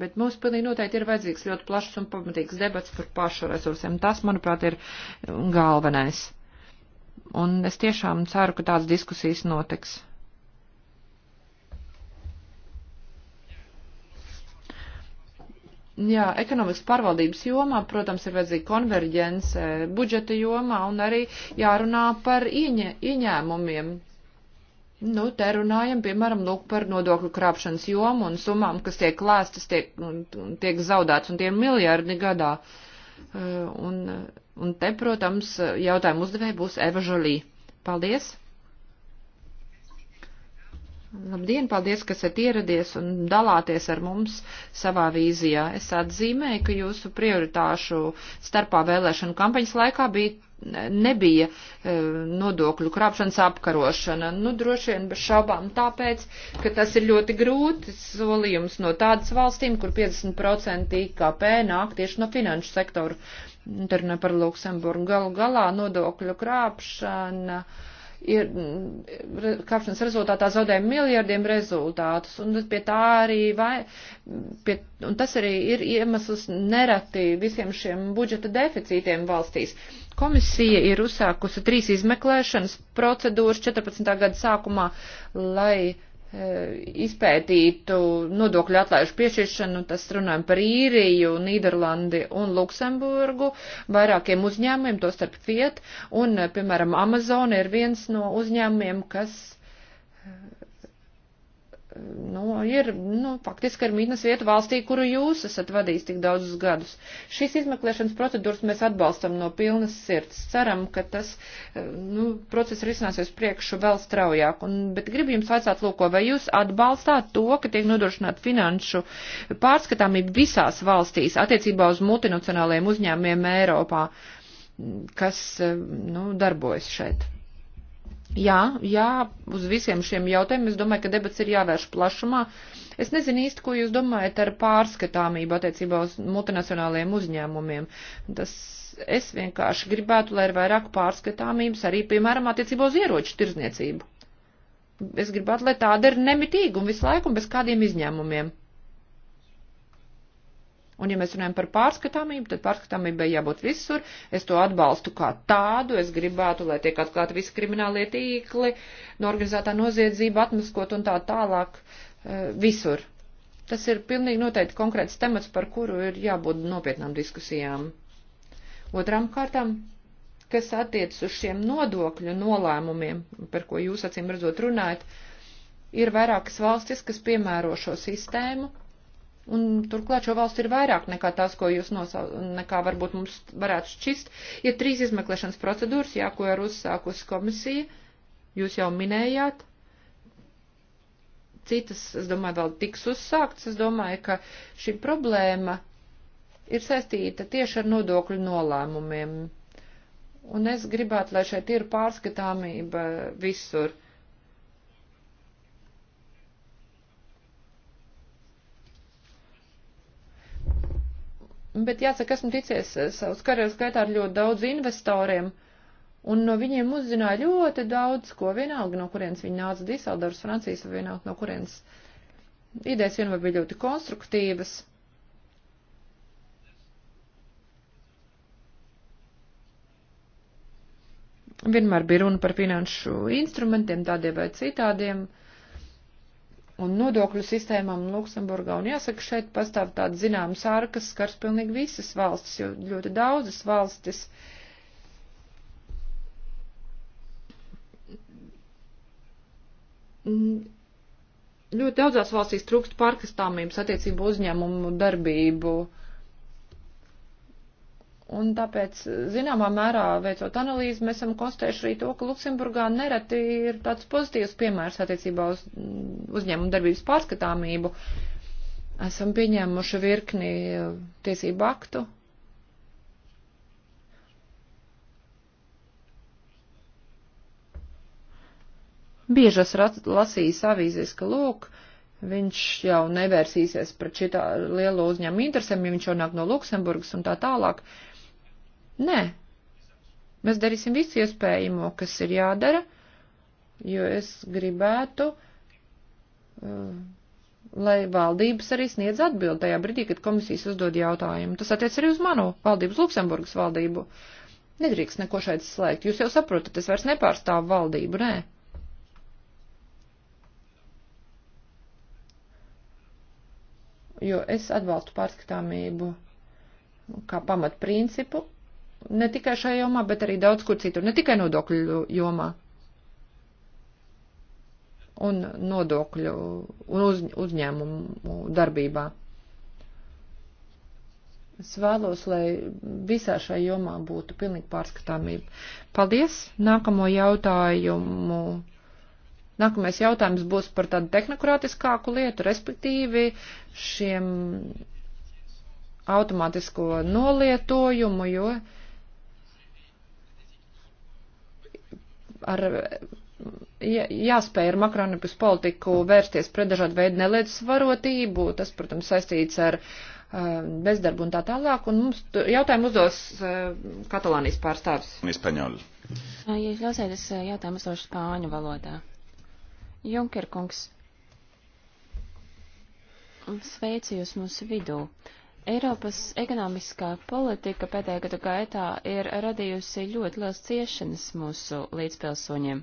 Bet mums pilnīgi noteikti ir vajadzīgs ļoti plašs un pamatīgs debats par pašu resursiem. Tas, manuprāt, ir galvenais un es tiešām ceru, ka tādas diskusijas notiks. Jā, ekonomikas pārvaldības jomā, protams, ir vajadzīga konverģence budžeta jomā un arī jārunā par ieņē, ieņēmumiem. Nu, te runājam, piemēram, lūk par nodokļu krāpšanas jomu un summām, kas tiek lēstas, tiek, tiek zaudēts un tie miljardi gadā. Uh, un Un te, protams, jautājumu uzdevēja būs Eva Žolī. Paldies! Labdien, paldies, ka esat ieradies un dalāties ar mums savā vīzijā. Es atzīmēju, ka jūsu prioritāšu starpā vēlēšanu kampaņas laikā bija nebija eh, nodokļu krāpšanas apkarošana. Nu, droši vien bez šaubām tāpēc, ka tas ir ļoti grūti solījums no tādas valstīm, kur 50% IKP nāk tieši no finanšu sektoru. Tur ne par Luksemburgu galu galā nodokļu krāpšana. Uh, ir kāpšanas rezultātā zaudēja miljardiem rezultātus, un pie tā arī vai, pie, un tas arī ir iemesls nereti visiem šiem budžeta deficītiem valstīs. Komisija ir uzsākusi trīs izmeklēšanas procedūras 14. gada sākumā, lai E, izpētītu nodokļu atlaižu piešķiršanu, tas runājam par īriju, Nīderlandi un Luksemburgu, vairākiem uzņēmumiem, to starp Fiat, un, e, piemēram, Amazon ir viens no uzņēmumiem, kas nu, ir, nu, faktiski ar mītnes vietu valstī, kuru jūs esat vadījis tik daudzus gadus. Šīs izmeklēšanas procedūras mēs atbalstam no pilnas sirds. Ceram, ka tas, eh, nu, process risināsies priekšu vēl straujāk. Un, bet gribu jums vaicāt, lūko, vai jūs atbalstāt to, ka tiek nodrošināt finanšu pārskatāmību visās valstīs attiecībā uz multinacionālajiem uzņēmumiem Eiropā, kas, eh, nu, darbojas šeit? Jā, jā, uz visiem šiem jautājumiem es domāju, ka debats ir jāvērš plašumā. Es nezinu īsti, ko jūs domājat ar pārskatāmību attiecībā uz multinacionāliem uzņēmumiem. Tas es vienkārši gribētu, lai ir vairāk pārskatāmības arī, piemēram, attiecībā uz ieroču tirzniecību. Es gribētu, lai tāda ir nemitīga un visu laiku un bez kādiem izņēmumiem. Un ja mēs runājam par pārskatāmību, tad pārskatāmībai jābūt visur. Es to atbalstu kā tādu. Es gribētu, lai tiek atklāti visi kriminālie tīkli, no organizētā noziedzība atmaskot un tā tālāk eh, visur. Tas ir pilnīgi noteikti konkrēts temats, par kuru ir jābūt nopietnām diskusijām. Otrām kārtām, kas attiec uz šiem nodokļu nolēmumiem, par ko jūs acīm redzot runājat, ir vairākas valstis, kas piemēro šo sistēmu un turklāt šo valstu ir vairāk nekā tās, ko jūs nosau, nekā varbūt mums varētu šķist. Ir trīs izmeklēšanas procedūras, jā, ko ir uzsākusi komisija, jūs jau minējāt. Citas, es domāju, vēl tiks uzsākts. Es domāju, ka šī problēma ir saistīta tieši ar nodokļu nolēmumiem. Un es gribētu, lai šeit ir pārskatāmība visur. Uh, Bet jāsaka, esmu ticies eh, savas karjeras gaitā ar ļoti daudz investoriem, un no viņiem uzzināju ļoti daudz, ko vienalga, no kurienes viņi nāca Dīseldors, Francijas, vai vienalga, no kurienes idejas vienmēr bija ļoti konstruktīvas. vienmēr bija runa par finanšu instrumentiem, tādiem vai citādiem. Uh, un nodokļu sistēmām Luksemburgā. Un jāsaka, šeit pastāv tāda zināma sāra, kas skars pilnīgi visas valstis, jo ļoti daudzas valstis. Ļoti daudzās valstīs trūkst pārkastāmības attiecību uzņēmumu darbību. Uh, Un tāpēc, zināmā mērā, veicot analīzi, mēs esam konstatējuši arī to, ka Luksemburgā nereti ir tāds pozitīvs piemērs attiecībā uz mm, uzņēmumu darbības pārskatāmību. Esam pieņēmuši virkni eh, tiesību aktu. Bieži esmu lasījis avīzēs, ka lūk, viņš jau nevērsīsies pret šitā lielo uzņēmumu interesēm, ja viņš jau nāk no Luksemburgas un tā tālāk. Uh, Nē. Mēs darīsim visu iespējamo, kas ir jādara, jo es gribētu, uh, lai valdības arī sniedz atbildi tajā brīdī, kad komisijas uzdod jautājumu. Tas attiec arī uz manu valdības, Luksemburgas valdību. Nedrīkst neko šeit slēgt. Jūs jau saprotat, es vairs nepārstāvu valdību, nē. Jo es atbalstu pārskatāmību kā pamatprincipu ne tikai šajā jomā, bet arī daudz kur citur, ne tikai nodokļu jomā. Un nodokļu un uz, uzņēmumu darbībā. Es vēlos, lai visā šajā jomā būtu pilnīgi pārskatāmība. Paldies! Nākamo jautājumu. Nākamais jautājums būs par tādu tehnokrātiskāku lietu, respektīvi šiem automātisko nolietojumu, jo ar jāspēj ar makroekonomikas politiku vērsties pret dažādu veidu neliedsvarotību, tas, protams, saistīts ar um, bezdarbu un tā tālāk, un mums jautājumu uzdos um, Katalānijas pārstāvis. Nispaņoļu. Ja jūs ļausiet, es uh, jautājumu uzdošu spāņu valodā. Junkerkungs, sveicu jūs mūsu vidū. Uh, Eiropas ekonomiskā politika pēdējā gada gaitā ir radījusi ļoti liels ciešanas mūsu līdzpilsoņiem.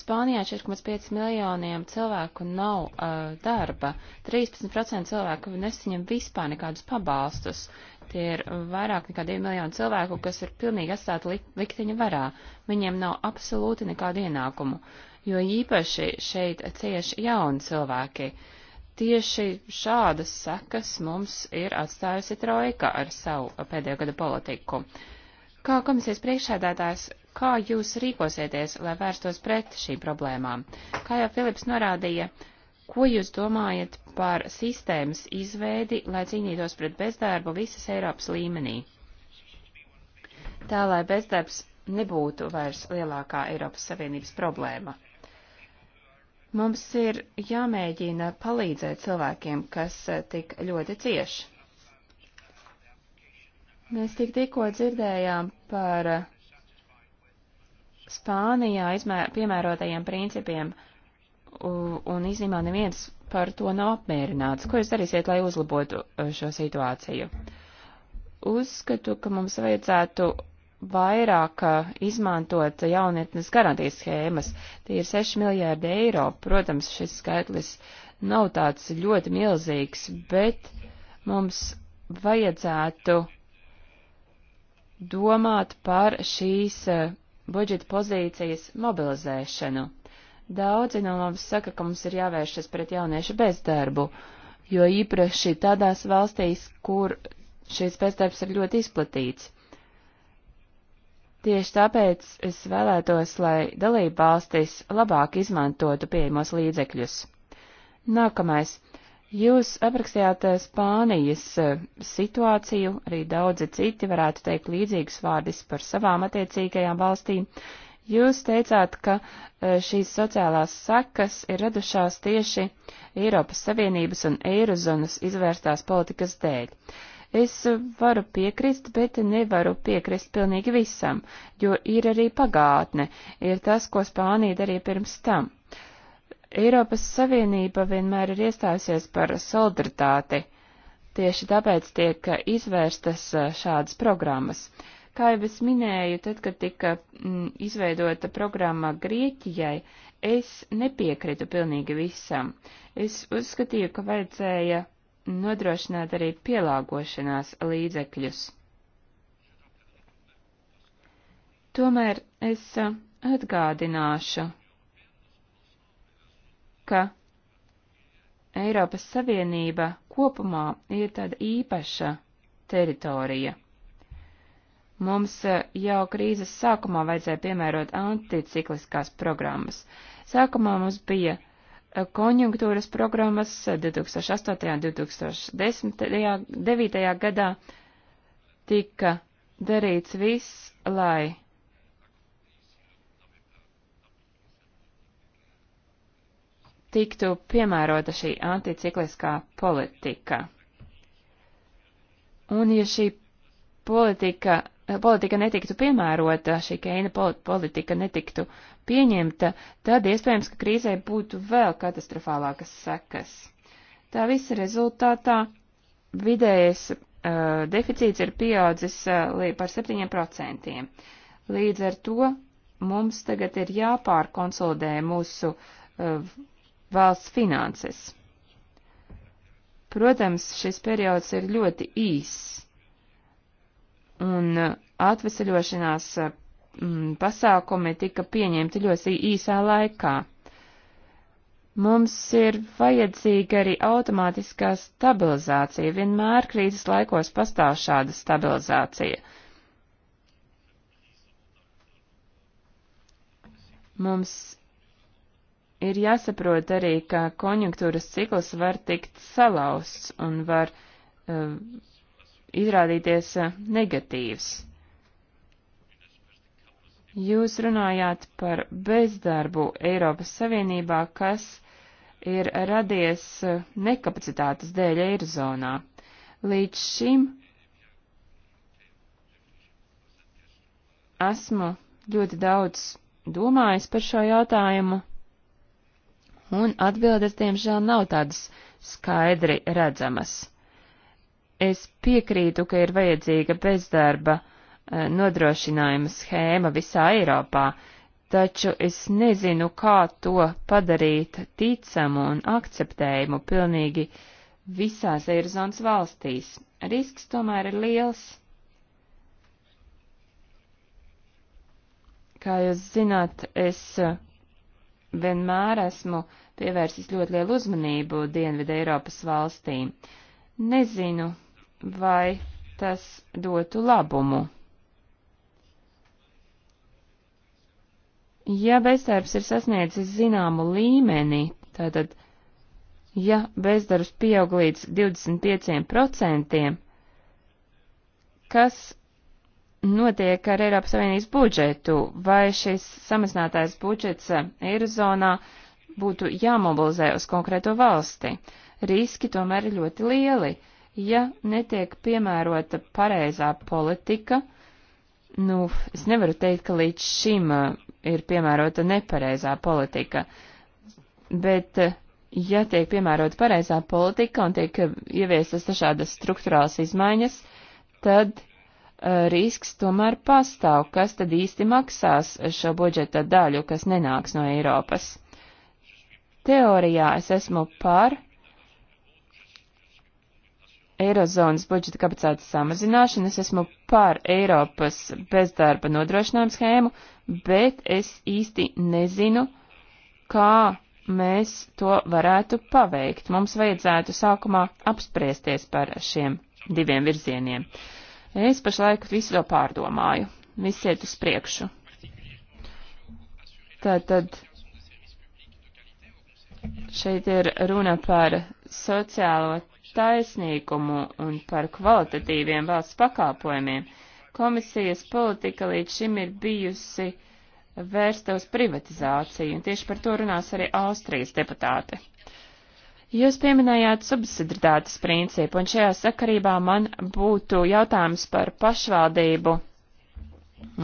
Spānijā 4,5 miljoniem cilvēku nav uh, darba, 13% cilvēku nesaņem vispār nekādus pabalstus. Tie ir vairāk nekā 2 miljoni cilvēku, kas ir pilnīgi atstāti li likteņa varā. Viņiem nav absolūti nekādu ienākumu, jo īpaši šeit cieši jauni cilvēki. Uh, tieši šādas sekas mums ir atstājusi trojka ar savu pēdējo gada politiku. Kā komisijas priekšsēdētājs, kā jūs rīkosieties, lai vērstos pret šīm problēmām? Kā jau Filips norādīja, ko jūs domājat par sistēmas izveidi, lai cīnītos pret bezdarbu visas Eiropas līmenī? Tā, lai bezdarbs nebūtu vairs lielākā Eiropas Savienības problēma. Mums ir jāmēģina palīdzēt cilvēkiem, kas eh, tik ļoti cieši. Mēs tik tikko dzirdējām par eh, Spānijā izmēr, piemērotajiem principiem, un īstenībā neviens par to nav apmierināts. Ko jūs darīsiet, lai uzlabotu eh, šo situāciju? Uzskatu, ka mums vajadzētu vairāk eh, izmantot jaunietnes garantijas schēmas. Tie ir 6 miljārdi eiro. Protams, šis skaitlis nav tāds ļoti milzīgs, bet mums vajadzētu domāt par šīs eh, budžeta pozīcijas mobilizēšanu. Daudzi no mums saka, ka mums ir jāvēršas pret jauniešu bezdarbu, jo īpaši tādās valstīs, kur šis bezdarbs ir ļoti izplatīts. Tieši tāpēc es vēlētos, lai dalība valstis labāk izmantotu pieejamos līdzekļus. Nākamais. Jūs aprakstījāt eh, Spānijas eh, situāciju, arī daudzi citi varētu teikt līdzīgus vārdus par savām attiecīgajām valstīm. Jūs teicāt, ka eh, šīs sociālās sekas ir radušās tieši Eiropas Savienības un Eirozonas izvērstās politikas dēļ. Es varu piekrist, bet nevaru piekrist pilnīgi visam, jo ir arī pagātne, ir tas, ko Spānija darīja pirms tam. Eiropas Savienība vienmēr ir iestājusies par solidaritāti, tieši tāpēc tiek izvērstas šādas programmas. Kā jau es minēju, tad, kad tika mm, izveidota programma Grieķijai, es nepiekritu pilnīgi visam. Es uzskatīju, ka vajadzēja nodrošināt arī pielāgošanās līdzekļus. Tomēr es atgādināšu, ka Eiropas Savienība kopumā ir tāda īpaša teritorija. Mums jau krīzes sākumā vajadzēja piemērot anticikliskās programmas. Sākumā mums bija konjunktūras programmas 2008. un 2009. gadā tika darīts viss, lai tiktu piemērota šī anticikliskā politika. Un ja šī politika politika netiktu piemērota, šī Keina politika netiktu pieņemta, tad iespējams, ka krīzē būtu vēl katastrofālākas sekas. Tā visa rezultātā vidējais uh, deficīts ir pieaudzis uh, par 7%. Līdz ar to mums tagad ir jāpārkonsolidē mūsu uh, valsts finanses. Protams, šis periods ir ļoti īss un uh, atveseļošanās uh, mm, pasākumi tika pieņemti ļoti īsā laikā. Mums ir vajadzīga arī automātiskā stabilizācija. Vienmēr krīzes laikos pastāv šāda stabilizācija. Mums ir jāsaprot arī, ka konjunktūras cikls var tikt salausts un var uh, izrādīties eh, negatīvs. Jūs runājāt par bezdarbu Eiropas Savienībā, kas ir radies eh, nekapacitātes dēļ Eirozonā. Līdz šim esmu ļoti daudz domājis par šo jautājumu, un atbildes, diemžēl, nav tādas skaidri redzamas. Es piekrītu, ka ir vajadzīga bezdarba eh, nodrošinājuma schēma visā Eiropā, taču es nezinu, kā to padarīt ticamu un akceptējumu pilnīgi visās Eirozonas valstīs. Risks tomēr ir liels. Kā jūs zināt, es eh, vienmēr esmu pievērsis ļoti lielu uzmanību Dienvidu Eiropas valstīm. Nezinu, vai tas dotu labumu. Ja bezdarbs ir sasniedzis zināmu līmeni, tātad, ja bezdarbs pieaug līdz 25%, kas notiek ar Eiropas Savienības budžetu? Vai šis samazinātais budžets Eirozonā būtu jāmobilizē uz konkrēto valsti? Riski tomēr ir ļoti lieli. Uh, ja netiek piemērota pareizā politika, nu, es nevaru teikt, ka līdz šim eh, ir piemērota nepareizā politika, bet eh, ja tiek piemērota pareizā politika un tiek ieviestas dažādas struktūrāls izmaiņas, tad uh, risks tomēr pastāv, kas tad īsti maksās šo budžeta daļu, kas nenāks no Eiropas. Teorijā es esmu par Eirozonas budžeta kapacitātes samazināšanu, es esmu par Eiropas bezdarba nodrošinājumu schēmu, bet es īsti nezinu, kā mēs to varētu paveikt. Mums vajadzētu sākumā apspriesties par šiem diviem virzieniem. Es pašlaik visu to pārdomāju. Viss iet uz priekšu. Tātad šeit ir runa par sociālo taisnīgumu un par kvalitatīviem valsts pakāpojumiem. Komisijas politika līdz šim ir bijusi vērsta uz privatizāciju, un tieši par to runās arī Austrijas deputāte. Jūs pieminējāt subsidiritātes principu, un šajā sakarībā man būtu jautājums par pašvaldību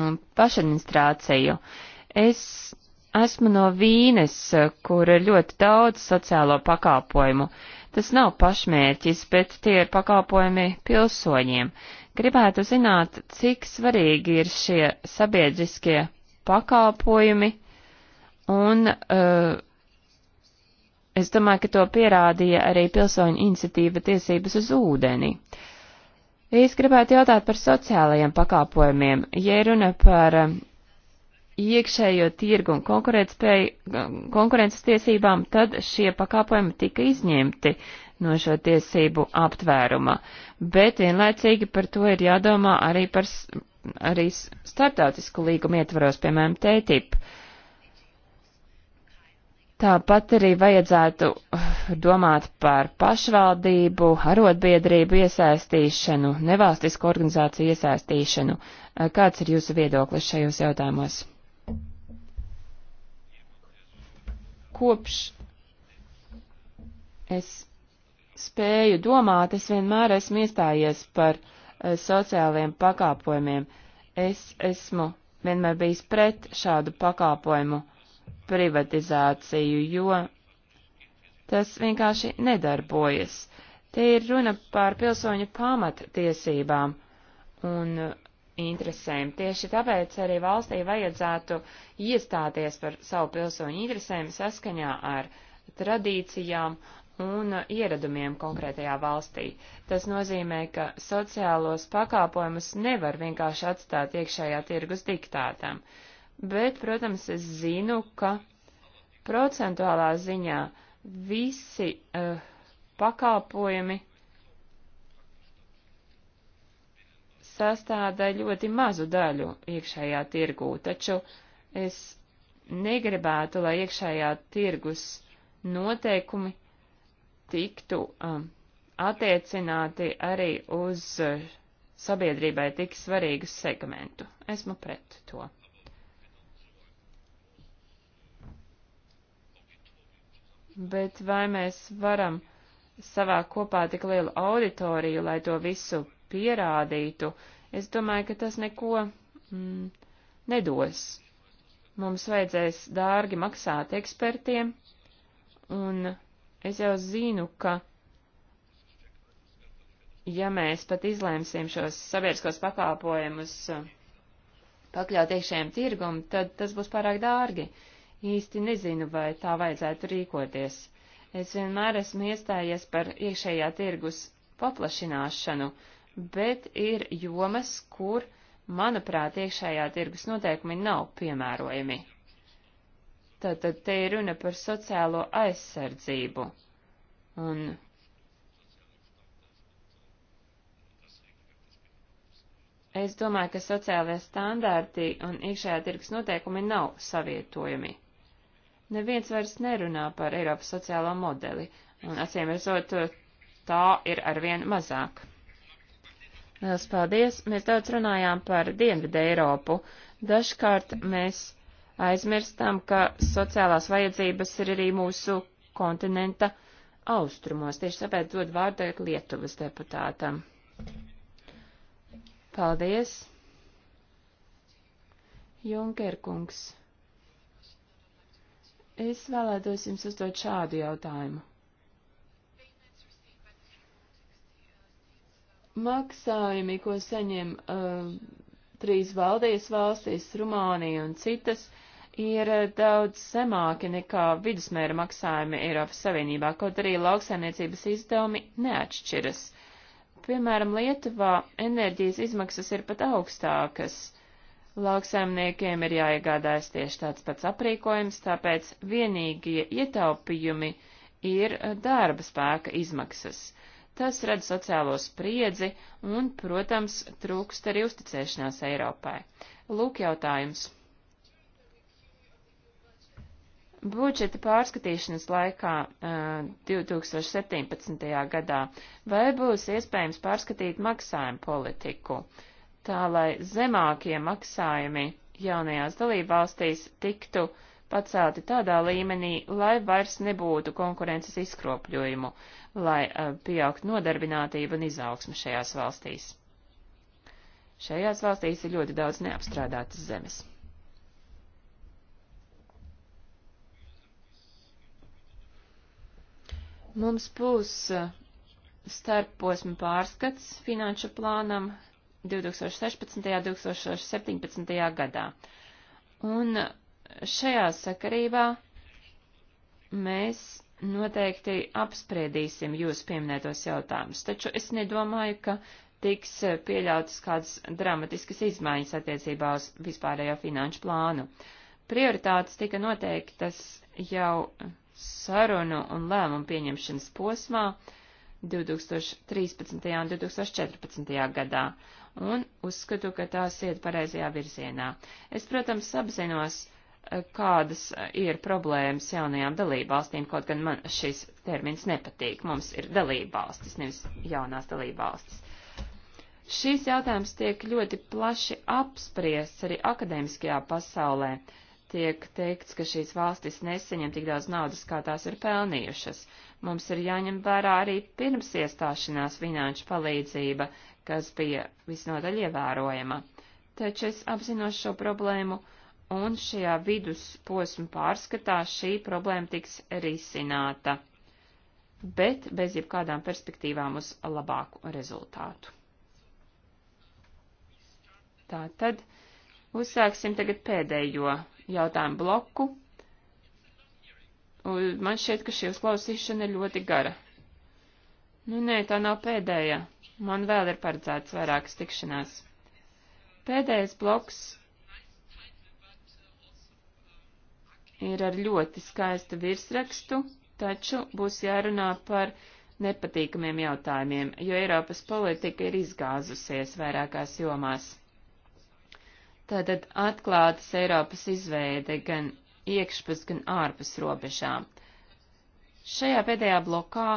un pašadministrāciju. Es esmu no Vīnes, kur ir ļoti daudz sociālo pakalpojumu. Tas nav pašmērķis, bet tie ir pakalpojumi pilsoņiem. Gribētu zināt, cik svarīgi ir šie sabiedriskie pakalpojumi, un uh, es domāju, ka to pierādīja arī pilsoņu iniciatīva tiesības uz ūdeni. Es gribētu jautāt par sociālajiem pakalpojumiem. Ja runa par iekšējo tirgu un konkurences tiesībām, tad šie pakāpojumi tika izņemti no šo tiesību aptvēruma. Bet vienlaicīgi par to ir jādomā arī par arī startautisku līgumu ietvaros, piemēram, TTIP. Tāpat arī vajadzētu uh, domāt par pašvaldību, arotbiedrību iesaistīšanu, nevalstisku organizāciju iesaistīšanu. Kāds ir jūsu viedoklis šajos jautājumos? Kopš es spēju domāt, es vienmēr esmu iestājies par uh, sociālajiem pakāpojumiem. Es esmu vienmēr bijis pret šādu pakāpojumu privatizāciju, jo tas vienkārši nedarbojas. Te ir runa par pilsoņu pamattiesībām, un interesēm. Tieši tāpēc arī valstī vajadzētu iestāties par savu pilsoņu interesēm saskaņā ar tradīcijām un ieradumiem konkrētajā valstī. Tas nozīmē, ka sociālos pakāpojumus nevar vienkārši atstāt iekšējā tirgus diktātam. Bet, protams, es zinu, ka procentuālā ziņā visi uh, pakāpojumi sastāda ļoti mazu daļu iekšējā tirgū, taču es negribētu, lai iekšējā tirgus noteikumi tiktu um, attiecināti arī uz uh, sabiedrībai tik svarīgu segmentu. Esmu pret to. Bet vai mēs varam savā kopā tik lielu auditoriju, lai to visu pierādītu, es domāju, ka tas neko mm, nedos. Mums vajadzēs dārgi maksāt ekspertiem, un es jau zinu, ka ja mēs pat izlēmsim šos sabiedriskos pakalpojumus uh, pakļaut iekšējiem tirgum, tad tas būs pārāk dārgi. Īsti nezinu, vai tā vajadzētu rīkoties. Es vienmēr esmu iestājies par iekšējā tirgus paplašināšanu, bet ir jomas, kur, manuprāt, iekšējā tirgus noteikumi nav piemērojami. Tātad te ir runa par sociālo aizsardzību. Un es domāju, ka sociālajie standārti un iekšējā tirgus noteikumi nav savietojami. Neviens vairs nerunā par Eiropas sociālo modeli, un acīm redzot, tā ir arvien mazāk. Lielas paldies! Mēs daudz runājām par Dienvidu Eiropu. Dažkārt mēs aizmirstam, ka sociālās vajadzības ir arī mūsu kontinenta austrumos. Tieši tāpēc dod vārdu Lietuvas deputātam. Paldies! Junkerkungs, es vēlētos jums uzdot šādu jautājumu. Maksājumi, ko saņem uh, trīs valdības valstis, Rumānija un citas, ir uh, daudz zemāki nekā vidusmēra maksājumi Eiropas Savienībā, kaut arī lauksaimniecības izdevumi neatšķiras. Piemēram, Lietuvā enerģijas izmaksas ir pat augstākas. Lauksaimniekiem ir jāiegādājas tieši tāds pats aprīkojums, tāpēc vienīgie ietaupījumi ir uh, darba spēka izmaksas. Tas rada sociālo spriedzi un, protams, trūkst arī uzticēšanās Eiropai. Lūk jautājums. Budžeta pārskatīšanas laikā uh, eh, 2017. gadā vai būs iespējams pārskatīt maksājumu politiku, tā lai zemākie maksājumi jaunajās dalībvalstīs tiktu uh, pacelti tādā līmenī, lai vairs nebūtu konkurences izkropļojumu, lai uh, pieaugt nodarbinātība un izaugsme šajās valstīs. Šajās valstīs ir ļoti daudz neapstrādātas zemes. Mums būs eh, starpposma pārskats finanšu plānam 2016. un 2017. gadā. Un šajā sakarībā mēs noteikti apspriedīsim jūs pieminētos jautājumus, taču es nedomāju, ka tiks pieļautas kādas dramatiskas izmaiņas attiecībā uz vispārējo finanšu plānu. Prioritātes tika noteiktas jau sarunu un lēmumu pieņemšanas posmā 2013. un 2014. gadā, un uzskatu, ka tās iet pareizajā virzienā. Es, protams, apzinos, kādas ir problēmas jaunajām dalībvalstīm, kaut gan man šis termins nepatīk. Mums ir dalībvalstis, nevis jaunās dalībvalstis. Šīs jautājums tiek ļoti plaši apspriests arī akadēmiskajā pasaulē. Tiek teikts, ka šīs valstis neseņem tik daudz naudas, kā tās ir pelnījušas. Mums ir jāņem vērā arī pirms iestāšanās finanšu palīdzība, kas bija visnotaļ ievērojama. Taču es apzinos šo problēmu un šajā vidusposma pārskatā šī problēma tiks risināta, bet bez jebkādām perspektīvām uz labāku rezultātu. Tātad uzsāksim tagad pēdējo jautājumu bloku. Un man šķiet, ka šī uzklausīšana ir ļoti gara. Nu, nē, tā nav pēdējā. Man vēl ir paredzēts vairākas tikšanās. Pēdējais bloks ir ar ļoti skaistu virsrakstu, taču būs jārunā par nepatīkamiem jautājumiem, jo Eiropas politika ir izgāzusies vairākās jomās. Tātad atklātas Eiropas izveide gan iekšpus, gan ārpus robežām. Šajā pēdējā blokā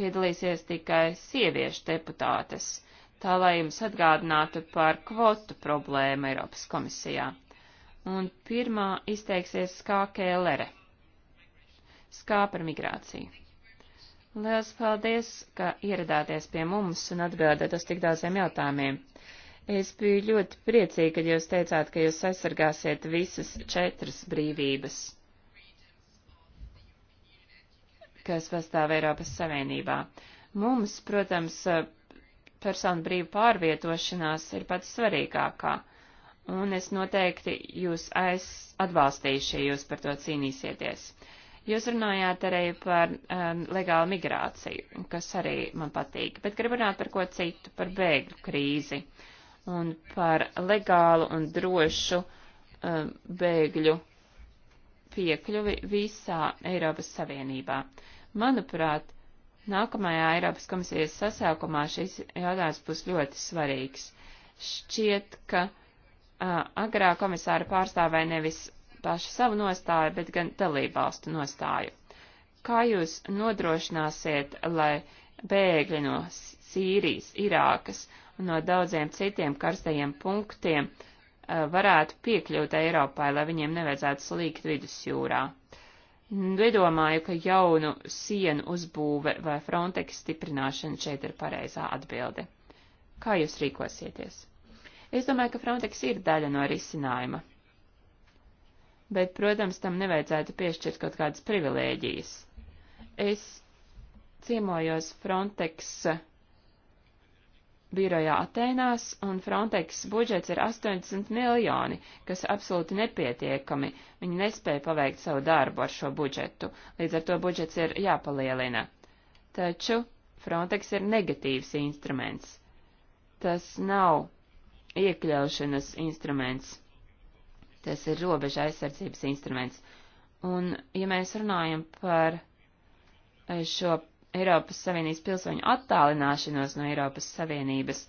piedalīsies tikai sieviešu deputātes, tā lai jums atgādinātu par kvotu problēmu Eiropas komisijā un pirmā izteiksies Skā Kēlere. Skā par migrāciju. Liels paldies, ka ieradāties pie mums un atbildēt uz tik daudziem jautājumiem. Es biju ļoti priecīga, kad jūs teicāt, ka jūs aizsargāsiet visas četras brīvības, kas pastāv Eiropas Savienībā. Mums, protams, personu brīvu pārvietošanās ir pats svarīgākā un es noteikti jūs aiz atbalstīšu, ja jūs par to cīnīsieties. Jūs runājāt arī par um, legālu migrāciju, kas arī man patīk, bet gribu runāt par ko citu, par bēgļu krīzi un par legālu un drošu um, bēgļu piekļuvi visā Eiropas Savienībā. Manuprāt, nākamajā Eiropas komisijas sasaukumā šis jautājums būs ļoti svarīgs. Šķiet, ka uh, agrā komisāra pārstāvēja nevis pašu savu nostāju, bet gan dalībvalstu nostāju. Kā jūs nodrošināsiet, lai bēgļi no Sīrijas, Irākas un no daudziem citiem karstajiem punktiem varētu piekļūt Eiropai, lai viņiem nevajadzētu slīgt vidusjūrā? Nedomāju, ka jaunu sienu uzbūve vai Frontex stiprināšana šeit ir pareizā atbilde. Kā jūs rīkosieties? Es domāju, ka Frontex ir daļa no risinājuma. Bet, protams, tam nevajadzētu piešķirt kaut kādas privilēģijas. Es ciemojos Frontex birojā Atēnās, un Frontex budžets ir 80 miljoni, kas absolūti nepietiekami. Viņi nespēja paveikt savu darbu ar šo budžetu, līdz ar to budžets ir jāpalielina. Taču Frontex ir negatīvs instruments. Tas nav iekļaušanas instruments. Tas ir robeža aizsardzības instruments. Un, ja mēs runājam par eh, šo Eiropas Savienības pilsoņu attālināšanos no Eiropas Savienības,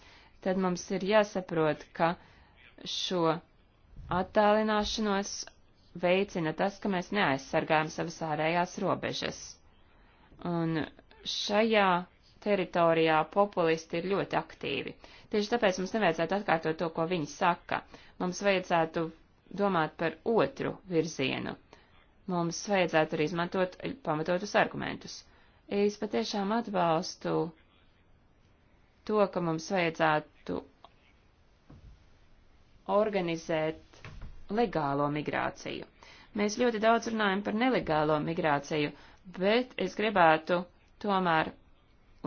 tad mums ir jāsaprot, ka šo attālināšanos veicina tas, ka mēs neaizsargājam savas ārējās robežas. Un šajā teritorijā populisti ir ļoti aktīvi. Tieši tāpēc mums nevajadzētu atkārtot to, ko viņi saka. Mums vajadzētu domāt par otru virzienu. Mums vajadzētu arī izmantot pamatotus argumentus. Es patiešām atbalstu to, ka mums vajadzētu organizēt legālo migrāciju. Mēs ļoti daudz runājam par nelegālo migrāciju, bet es gribētu tomēr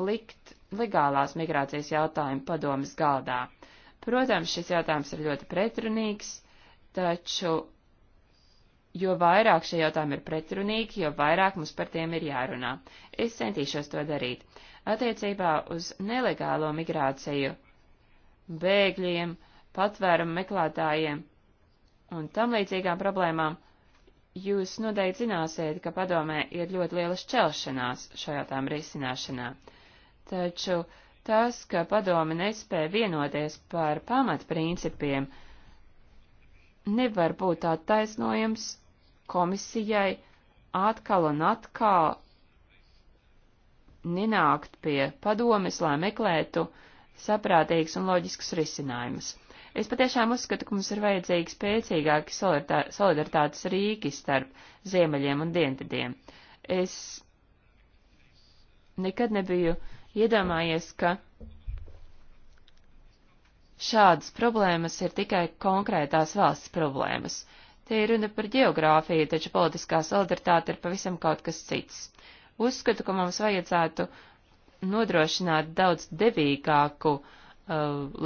likt legālās migrācijas jautājumu padomas galdā. Protams, šis jautājums ir ļoti pretrunīgs, taču jo vairāk šie jautājumi ir pretrunīgi, jo vairāk mums par tiem ir jārunā. Es centīšos to darīt. Attiecībā uz nelegālo migrāciju, bēgļiem, patvērumu meklētājiem un tam līdzīgām problēmām jūs noteikti zināsiet, ka padomē ir ļoti liela šķelšanās šajā tām risināšanā taču tas, ka padome nespēja vienoties par pamatprincipiem, nevar būt attaisnojams komisijai atkal un atkal nenākt pie padomes, lai meklētu saprātīgs un loģisks risinājumus. Es patiešām uzskatu, ka mums ir vajadzīgs spēcīgāki solidaritātes rīki starp ziemeļiem un dienvidiem. Es nekad nebiju uh, iedomājies, ka šādas problēmas ir tikai konkrētās valsts problēmas. Te ir runa par geogrāfiju, taču politiskā solidaritāte ir pavisam kaut kas cits. Uzskatu, ka mums vajadzētu nodrošināt daudz devīgāku uh,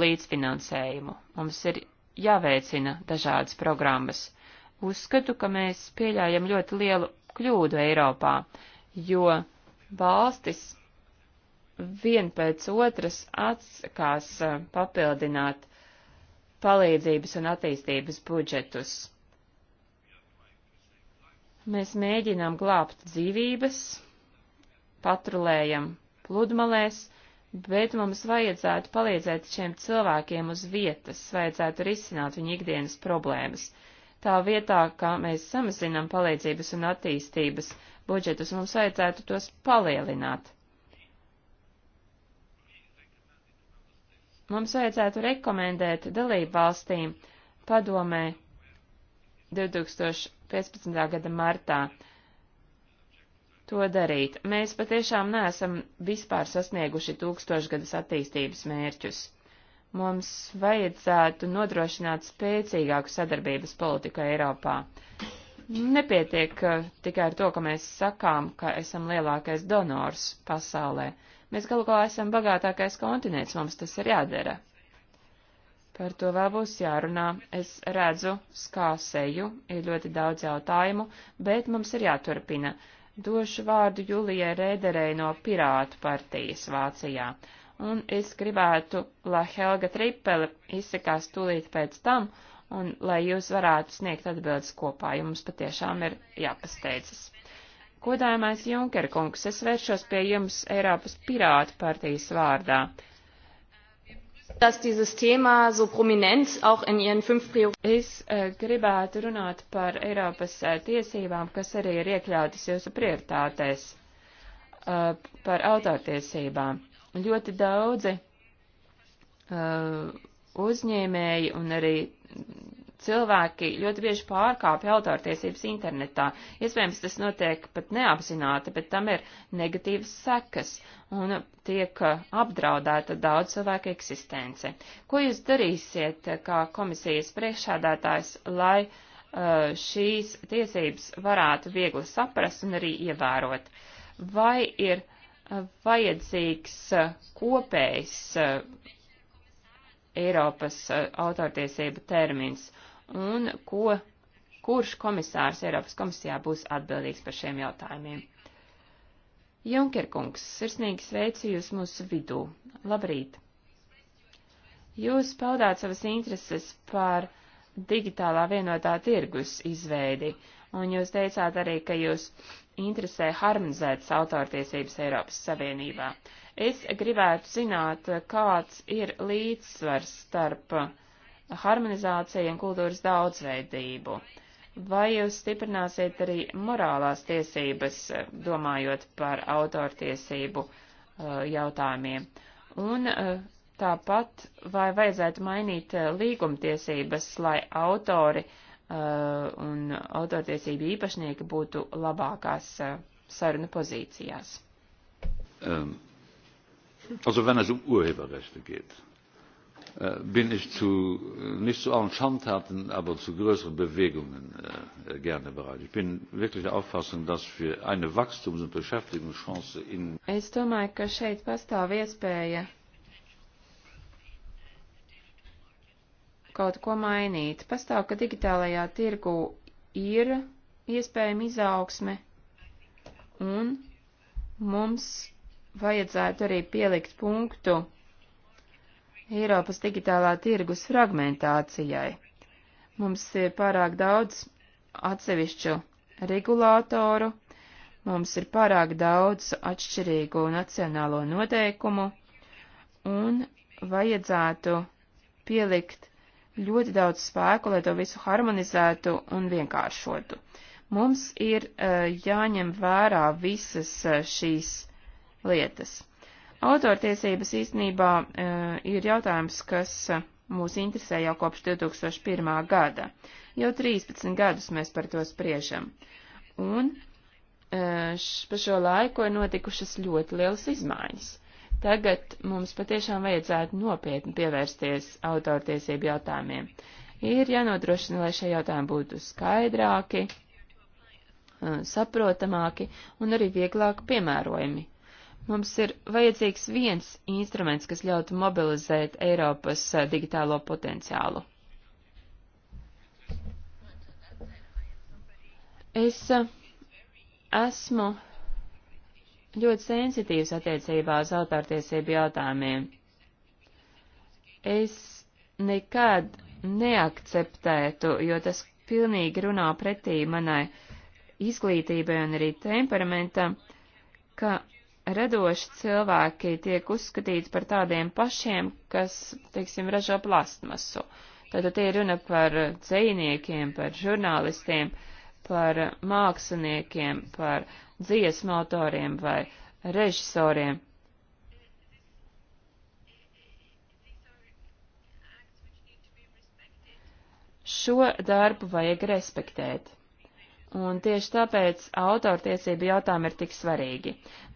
līdzfinansējumu. Mums ir jāveicina dažādas programmas. Uzskatu, ka mēs pieļaujam ļoti lielu kļūdu Eiropā, jo valstis vien pēc otras atskās eh, papildināt palīdzības un attīstības budžetus. Mēs mēģinām glābt dzīvības, patrulējam pludmalēs, bet mums vajadzētu palīdzēt šiem cilvēkiem uz vietas, vajadzētu risināt viņu ikdienas problēmas. Tā vietā, kā mēs samazinām palīdzības un attīstības budžetus, mums vajadzētu tos palielināt. Mums vajadzētu rekomendēt dalību valstīm padomē 2015. gada martā to darīt. Mēs patiešām neesam vispār sasnieguši tūkstošgadas attīstības mērķus. Mums vajadzētu nodrošināt spēcīgāku sadarbības politiku Eiropā. Nepietiek uh, tikai ar to, ka mēs sakām, ka esam lielākais donors pasaulē. Mēs galu galā esam bagātākais kontinents, mums tas ir jādara. Par to vēl būs jārunā. Es redzu, skāseju, ir ļoti daudz jautājumu, bet mums ir jāturpina. Došu vārdu Julijai Rēderei no Pirātu partijas Vācijā. Un es gribētu, lai Helga Tripele izsakās tūlīt pēc tam, un lai jūs varētu sniegt atbildes kopā, jo mums patiešām ir jāpasteidzas. Kodājumais Junkerkungs, es vēršos pie jums Eiropas Pirātu partijas vārdā. Dass dieses Thema so prominent auch in Ihren fünf Es äh, gribētu runāt par Eiropas äh, tiesībām, kas arī ir iekļautas jūsu prioritātēs äh, par autortiesībām. Ļoti daudzi uzņēmēji un arī cilvēki ļoti bieži pārkāpja autortiesības internetā. Iespējams, tas notiek pat neapzināti, bet tam ir negatīvas sekas un tiek apdraudēta daudz cilvēku eksistence. Ko jūs darīsiet kā komisijas priekšādātājs, lai uh, šīs tiesības varētu viegli saprast un arī ievērot? Vai ir uh, vajadzīgs uh, kopējs uh, Eiropas uh, autortiesību termins, un ko, kurš komisārs Eiropas komisijā būs atbildīgs par šiem jautājumiem. Junkerkungs, sirsnīgi sveicu jūs mūsu vidū. Labrīt! Jūs paudāt savas intereses par digitālā vienotā tirgus izveidi, un jūs teicāt arī, ka jūs interesē harmonizētas autortiesības Eiropas Savienībā. Es gribētu zināt, kāds ir līdzsvars starp uh, harmonizāciju un kultūras daudzveidību. Vai jūs stiprināsiet arī morālās tiesības, domājot par autortiesību uh, jautājumiem? Un uh, tāpat, vai vajadzētu mainīt uh, līgumtiesības, lai autori un autortiesību īpašnieki būtu labākās sarunu pozīcijās? Um, also, wenn es um Urheberrechte geht. Äh, bin ich zu, äh, nicht zu allen Schandtaten, aber zu größeren Bewegungen äh, äh gerne bereit. Ich bin wirklich der Auffassung, dass wir eine Wachstums- und Beschäftigungschance in. Es domāju, ka šeit pastāv iespēja kaut ko mainīt. Pastāv, ka digitālajā tirgu ir iespējama izaugsme un mums vajadzētu arī pielikt punktu Eiropas digitālā tirgus fragmentācijai. Mums ir pārāk daudz atsevišķu regulātoru, mums ir pārāk daudz atšķirīgu nacionālo noteikumu, un vajadzētu pielikt ļoti daudz spēku, lai to visu harmonizētu un vienkāršotu. Mums ir uh, jāņem vērā visas uh, šīs lietas. Autortiesības īstenībā e, ir jautājums, kas e, mūs interesē jau kopš 2001. gada. Jau 13 gadus mēs par to spriežam. Un e, š, pa šo laiku ir notikušas ļoti lielas izmaiņas. Tagad mums patiešām vajadzētu nopietni pievērsties autortiesību jautājumiem. Ir jānodrošina, lai šie jautājumi būtu skaidrāki, e, saprotamāki un arī vieglāk piemērojami Mums ir vajadzīgs viens instruments, kas ļautu mobilizēt Eiropas eh, digitālo potenciālu. Es eh, esmu ļoti sensitīvs attiecībā uz autortiesību jautājumiem. Es nekad neakceptētu, jo tas pilnīgi runā pretī manai izglītībai un arī temperamentam, ka radoši cilvēki tiek uzskatīti par tādiem pašiem, kas, teiksim, ražo plastmasu. Tātad tie runa par dzīniekiem, par žurnālistiem, par māksliniekiem, par dziesmu autoriem vai režisoriem. Šo darbu vajag respektēt un tieši tāpēc autortiesību jautājumi ir tik svarīgi.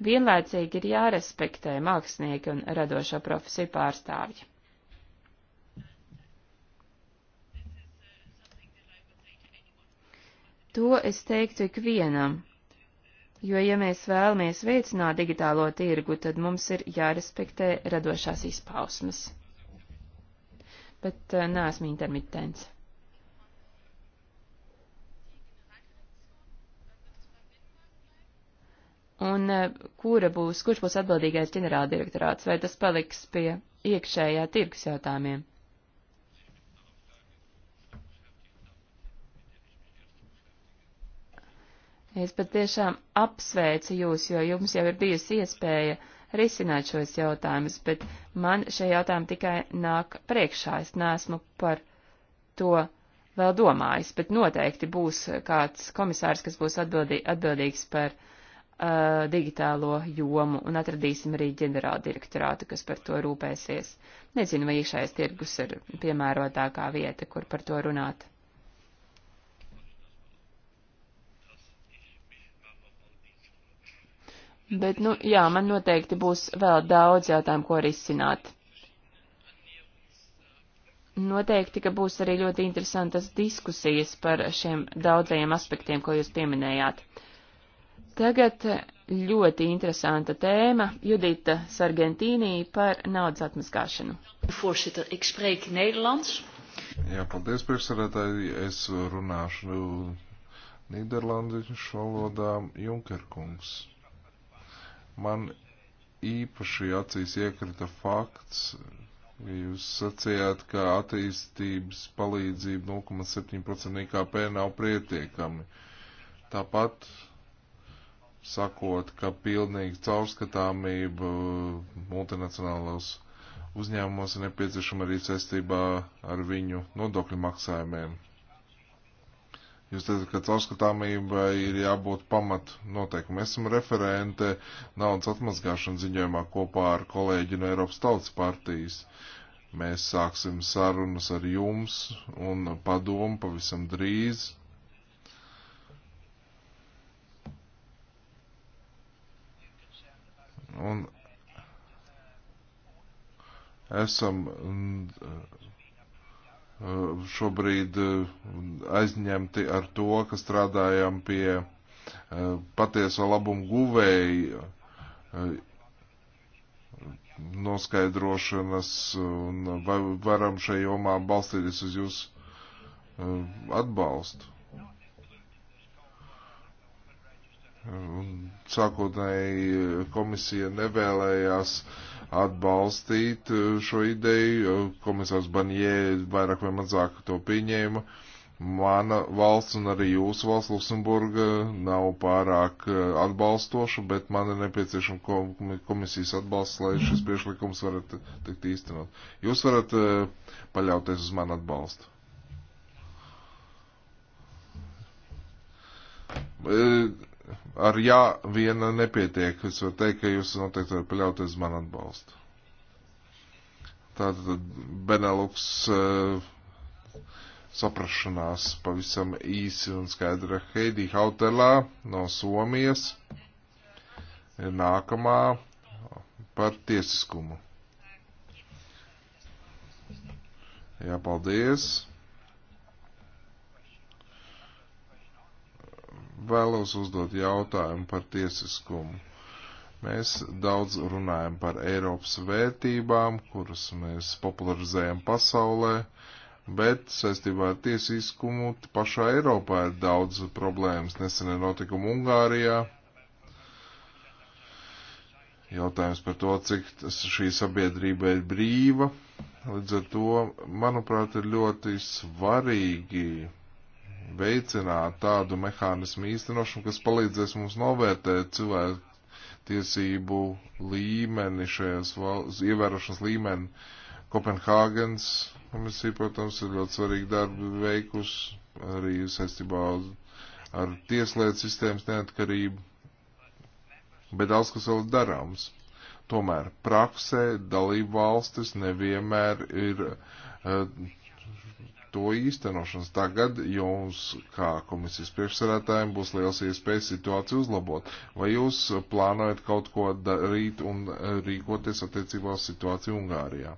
Vienlaicīgi ir jārespektē mākslinieki un radošo profesiju pārstāvji. To es teiktu ikvienam, jo, ja mēs vēlamies veicināt digitālo tirgu, tad mums ir jārespektē radošās izpausmes. Bet uh, eh, nāsmu intermitents. Un eh, kura būs, kurš būs atbildīgais ģenerāldirektorāts, vai tas paliks pie iekšējā tirgus jautājumiem? Es patiešām apsveicu jūs, jo jums jau ir bijusi iespēja risināt šos jautājumus, bet man šie jautājumi tikai nāk priekšā. Es neesmu par to vēl domājis, bet noteikti būs kāds komisārs, kas būs atbildī, atbildīgs par uh, Uh, digitālo jomu un atradīsim arī ģenerāldirektorātu, kas par to rūpēsies. Nezinu, vai iekšējais tirgus ir piemērotākā vieta, kur par to runāt. Bet, nu, jā, man noteikti būs vēl daudz jautājumu, ko risināt. Noteikti, ka būs arī ļoti interesantas diskusijas par šiem daudzajiem aspektiem, ko jūs pieminējāt. Uh, Tagad ļoti interesanta tēma - Judita Sargentīnī par naudas atmaskāšanu. Voorzitter, ik spreek Nederlands. Jā, paldies, priekšsarētāji. Es runāšu Nīderlandiešu valodā Junkerkungs. Man īpaši acīs iekrita fakts, ja jūs sacījāt, ka attīstības palīdzība 0,7% IKP nav pietiekami. Tāpat sakot, ka pilnīgi caurskatāmība multinacionālos uzņēmumos ir nepieciešama arī saistībā ar viņu nodokļu maksājumiem. Jūs teicat, ka caurskatāmībai ir jābūt pamat noteikumi. Esmu referente naudas atmazgāšanas ziņojumā kopā ar kolēģi no Eiropas Tautas partijas. Mēs sāksim sarunas ar jums un padomu pavisam drīz Un esam uh, šobrīd uh, aizņemti ar to, ka strādājam pie uh, patieso labumu guvēju noskaidrošanas un vai varam šajā jomā balstīties uz jūsu atbalstu. Sākotnēji komisija nevēlējās atbalstīt e, šo ideju, komisārs Banjē vairāk vai mazāk to pieņēma. Mana valsts un arī jūsu valsts Luksemburga nav pārāk e, atbalstoša, bet man ir nepieciešama komisijas atbalsts, lai šis priešlikums varētu tikt īstenot. Jūs varat e, paļauties uz manu atbalstu ar jā viena nepietiek. Es varu teikt, ka jūs noteikti varat paļauties man atbalstu. Tātad Benelux uh, eh, saprašanās pavisam īsi un skaidra Heidi Hautelā no Somijas ir nākamā par tiesiskumu. Jā, paldies. Vēlos uzdot jautājumu par tiesiskumu. Mēs daudz runājam par Eiropas vērtībām, kuras mēs popularizējam pasaulē, bet saistībā ar tiesiskumu pašā Eiropā ir daudz problēmas. Nesenie notikumi Ungārijā, jautājums par to, cik šī sabiedrība ir brīva. Līdz ar to, manuprāt, ir ļoti svarīgi veicināt tādu mehānismu īstenošanu, kas palīdzēs mums novērtēt cilvēku tiesību līmeni šajās valsts, ievērošanas līmeni. Kopenhāgens komisija, protams, ir ļoti svarīgi darbi veikus arī saistībā ar tieslietu sistēmas neatkarību, bet daudz kas vēl darāms. Tomēr praksē dalību valstis nevienmēr ir uh, to īstenošanas. Tagad jums, kā komisijas priekšsarētājiem, būs liels iespēja situāciju uzlabot. Vai jūs plānojat kaut ko darīt un rīkoties attiecībā uz situāciju Ungārijā?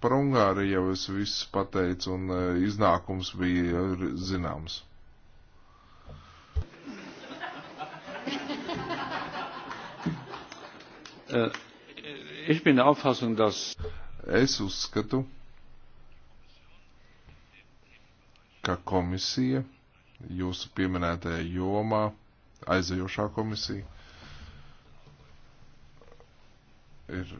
Par Ungāriju jau es viss pateicu un e, iznākums bija zināms. Uh, [laughs] ich e, e, bin der Auffassung, dass es uzskatu, ka komisija jūsu pieminētajā jomā, aizajošā komisija, ir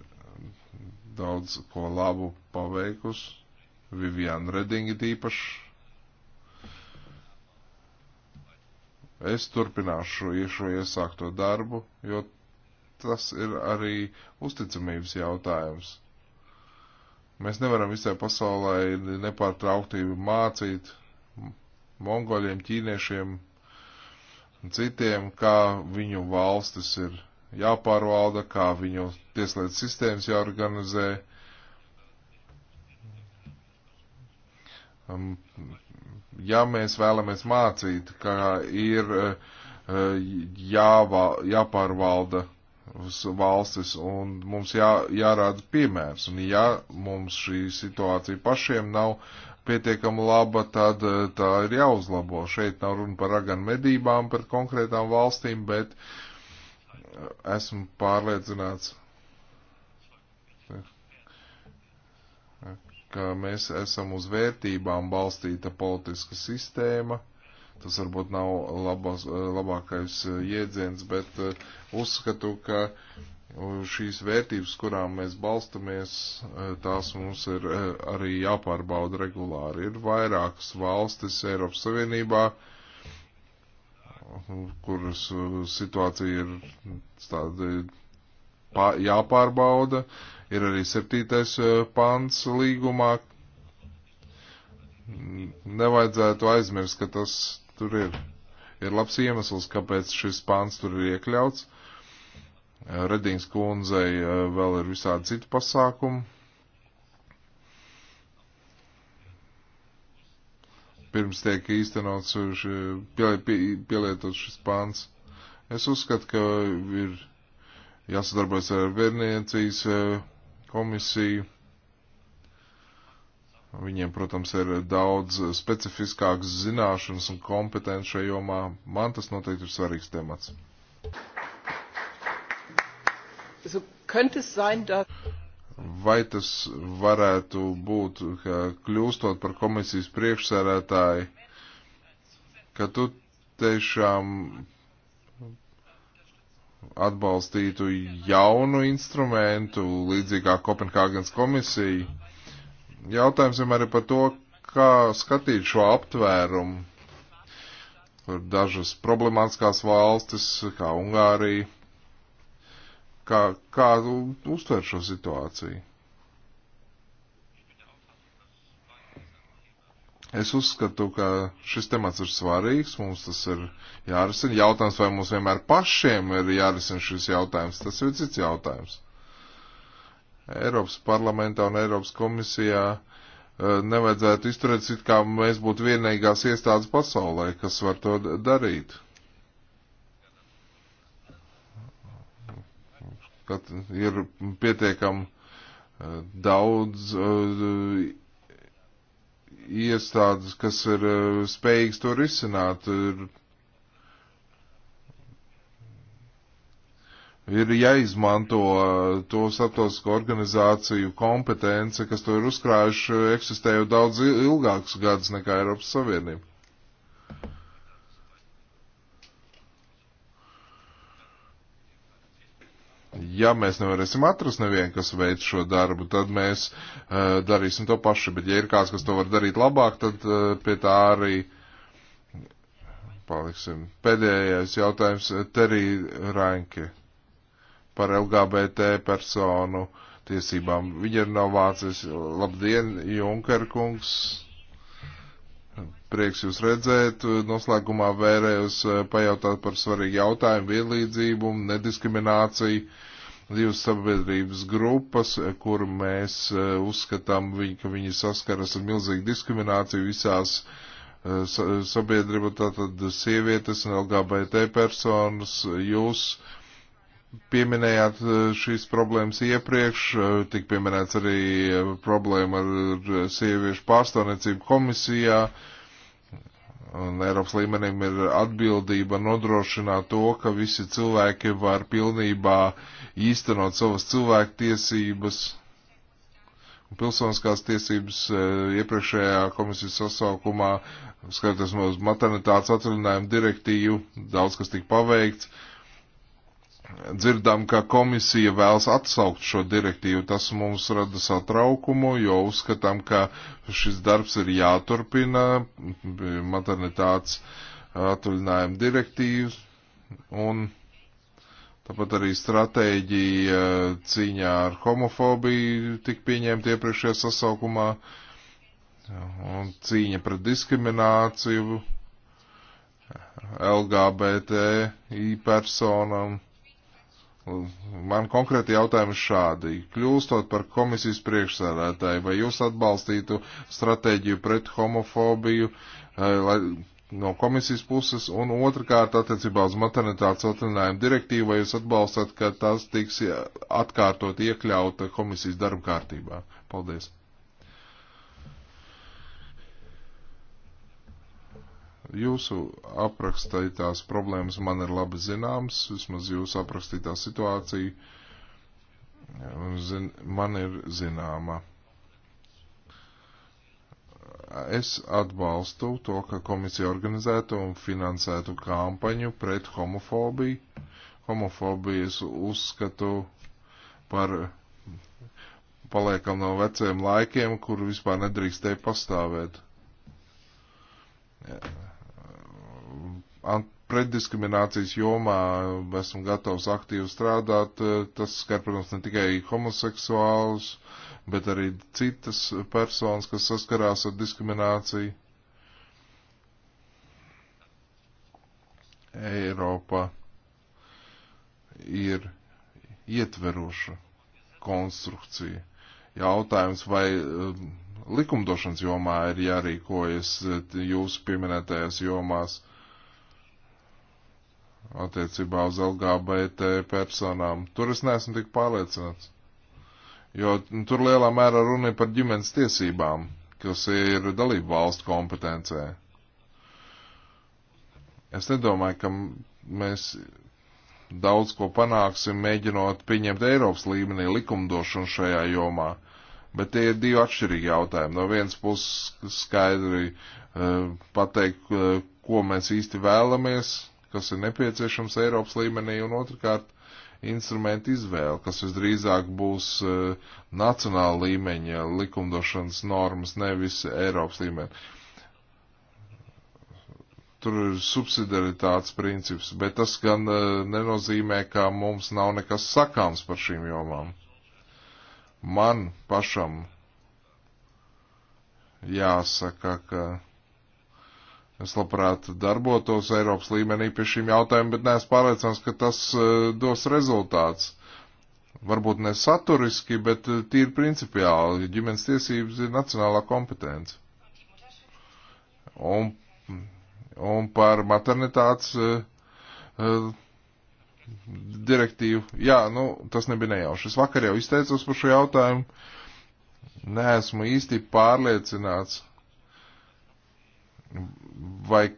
daudz ko labu paveikusi. Viviana Redinga tīpaši. Es turpināšu šo iesākto darbu, jo tas ir arī uzticamības jautājums. Mēs nevaram visai pasaulē nepārtrauktīvi mācīt mongoļiem, ķīniešiem un citiem, kā viņu valstis ir jāpārvalda, kā viņu tieslietu sistēmas jāorganizē. Um, ja mēs vēlamies mācīt, kā ir uh, jāvā, jāpārvalda valstis un mums jā, jārāda piemērs. Un ja mums šī situācija pašiem nav pietiekama laba, tad eh, tā ir jāuzlabo. Šeit nav runa par raganu medībām, par konkrētām valstīm, bet eh, esmu pārliecināts, ka mēs esam uz vērtībām balstīta politiska sistēma. Tas varbūt nav labas, eh, labākais jēdziens, bet uzskatu, ka Šīs vērtības, kurām mēs balstamies, eh, tās mums ir eh, arī jāpārbauda regulāri. Ir vairākas valstis Eiropas Savienībā, kuras eh, situācija ir tāda jāpārbauda. Ir arī septītais pants līgumā. Nevajadzētu aizmirst, ka tas tur ir. Ir labs iemesls, kāpēc šis pants tur ir iekļauts. Redīns kundzei eh, vēl ir visādi citi pasākumi. Pirms tiek īstenots, pielietots šis pāns. Es uzskatu, ka ir jāsadarbojas ar Vērniecijas eh, komisiju. Viņiem, protams, ir daudz specifiskākas zināšanas un kompetenci šajā jomā. Man tas noteikti ir svarīgs temats so könnte es sein, dass. Vai tas varētu būt, ka kļūstot par komisijas priekšsēdētāju, ka tu tiešām atbalstītu jaunu instrumentu, līdzīgi kā Kopenhāgenes komisija? Jautājums vienmēr ir par to, kā skatīt šo aptvērumu, kur dažas problemātiskās valstis, kā Ungārija, kā, kā uztver šo situāciju. Es uzskatu, ka šis temats ir svarīgs, mums tas ir jārisina. Jautājums, vai mums vienmēr pašiem ir jārisina šis jautājums, tas ir cits jautājums. Eiropas parlamentā un Eiropas komisijā e, nevajadzētu izturēt, it kā mēs būtu vienīgās iestādes pasaulē, kas var to darīt. ka ir pietiekami eh, daudz eh, iestādes, kas ir eh, spējīgs to risināt. Ir, ir jāizmanto to starptautisko organizāciju kompetence, kas to ir uzkrājuši, eksistēju daudz ilgākus gadus nekā Eiropas Savienība. Ja mēs nevarēsim atrast nevienu, kas veic šo darbu, tad mēs uh, darīsim to paši. Bet, ja ir kāds, kas to var darīt labāk, tad uh, pie tā arī paliksim. Pēdējais jautājums eh, Terī Ranke par LGBT personu tiesībām. Viņa ir no Vācijas. Labdien, Junker kungs! prieks jūs redzēt. Noslēgumā vērējos eh, pajautāt par svarīgu jautājumu - vienlīdzību, nediskrimināciju. Divas sabiedrības grupas, eh, kur mēs eh, uzskatām, ka viņi saskaras ar milzīgu diskrimināciju visās sabiedrība, tātad sievietes un LGBT personas. Jūs pieminējāt šīs problēmas iepriekš, tik pieminēts arī problēma ar sieviešu pārstāvniecību komisijā. Uh, Un Eiropas līmenim ir atbildība nodrošināt to, ka visi cilvēki var pilnībā īstenot savas cilvēktiesības. Un pilsoniskās tiesības e, iepriekšējā komisijas sasaukumā, skatoties uz maternitātes atvaļinājumu direktīvu, daudz kas tika paveikts. Uh, dzirdam, ka komisija vēlas atsaukt šo direktīvu. Tas mums rada satraukumu, jo uzskatām, ka šis darbs ir jāturpina, maternitātes atvaļinājuma direktīvas, un tāpat arī stratēģija cīņā ar homofobiju tik pieņemta iepriekšējā sasaukumā, un cīņa pret diskrimināciju LGBT personam Man konkrēti jautājumi šādi. Kļūstot par komisijas priekšsēdētāju, vai jūs atbalstītu stratēģiju pret homofobiju eh, lai, no komisijas puses, un otrkārt attiecībā uz maternitātes atrunājumu direktīvu, vai jūs atbalstat, ka tas tiks eh, atkārtot iekļauta komisijas darba kārtībā? Paldies. Jūsu aprakstītās problēmas man ir labi zināmas, vismaz jūsu aprakstītā situācija zin, man ir zināma. Es atbalstu to, ka komisija organizētu un finansētu kampaņu pret homofobiju. Homofobijas uzskatu par paliekam no veciem laikiem, kur vispār nedrīkstēja pastāvēt. Yeah. Preddiskriminācijas jomā esmu gatavs aktīvi strādāt. Eh, tas skar, protams, ne tikai homoseksuālus, bet arī citas personas, kas saskarās ar diskrimināciju. Eiropa ir ietveroša konstrukcija. Jautājums, vai eh, likumdošanas jomā ir jārīkojas eh, jūsu pieminētajās jomās, attiecībā uz LGBT personām. Tur es neesmu tik pārliecināts. Jo tur lielā mērā runa ir par ģimenes tiesībām, kas ir dalību valstu kompetencē. Es nedomāju, ka mēs daudz ko panāksim, mēģinot pieņemt Eiropas līmenī likumdošanu šajā jomā. Bet tie ir divi atšķirīgi jautājumi. No vienas puses skaidri uh, pateikt, uh, ko mēs īsti vēlamies, kas ir nepieciešams Eiropas līmenī, un otrkārt instrumentu izvēle, kas visdrīzāk būs uh, nacionāla līmeņa likumdošanas normas, nevis Eiropas līmeņa. Tur ir subsidiaritātes princips, bet tas gan uh, nenozīmē, ka mums nav nekas sakāms par šīm jomām. Man pašam jāsaka, ka Es labprāt darbotos Eiropas līmenī pie šīm jautājumiem, bet neesmu pārliecināts, ka tas e, dos rezultāts. Varbūt ne saturiski, bet e, tīri principiāli. Ģimenes tiesības ir nacionālā kompetence. Un, un par maternitātes uh, direktīvu. Jā, nu, tas nebija nejauši. Es vakar jau izteicos par šo jautājumu. Neesmu īsti pārliecināts vai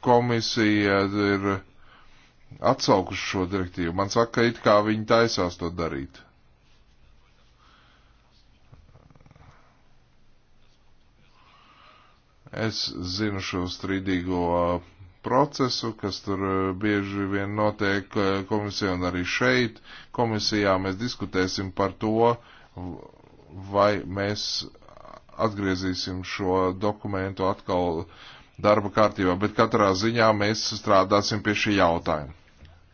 komisija ir atsaukuši šo direktīvu. Man saka, it kā viņi taisās to darīt. Es zinu šo strīdīgo procesu, kas tur eh, bieži vien notiek eh, komisijā un arī šeit. Komisijā mēs diskutēsim par to, vai mēs atgriezīsim šo dokumentu atkal uh, darba kārtībā, bet katrā ziņā mēs strādāsim pie šī jautājuma.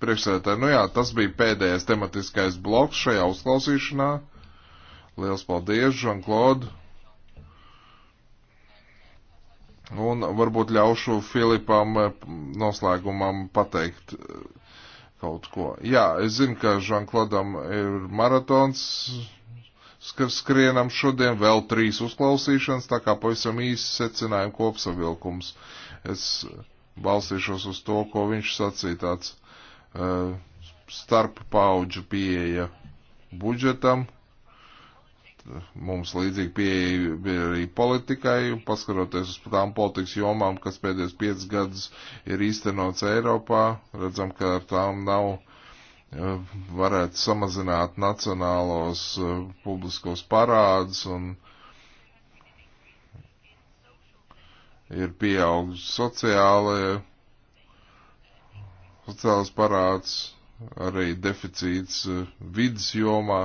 Priekšsēdētāji, nu jā, tas bija pēdējais tematiskais bloks šajā uzklausīšanā. Liels paldies, Žanklod! Un varbūt ļaušu Filipam eh, noslēgumam pateikt eh, kaut ko. Jā, es zinu, ka Žanklodam ir maratons, skrienam šodien, vēl trīs uzklausīšanas, tā kā pavisam īsi secinājuma kopsavilkums. Es balstīšos uz to, ko viņš sacīja tāds uh, eh, starp paudžu pieeja budžetam. Mums līdzīgi pieeja bija arī politikai, paskaroties uz tām politikas jomām, kas pēdējos piecus gadus ir īstenots Eiropā, redzam, ka ar tām nav varētu samazināt nacionālos eh, publiskos parādus un ir pieauguši sociālai, sociāls parāds, arī deficīts eh, vidas jomā.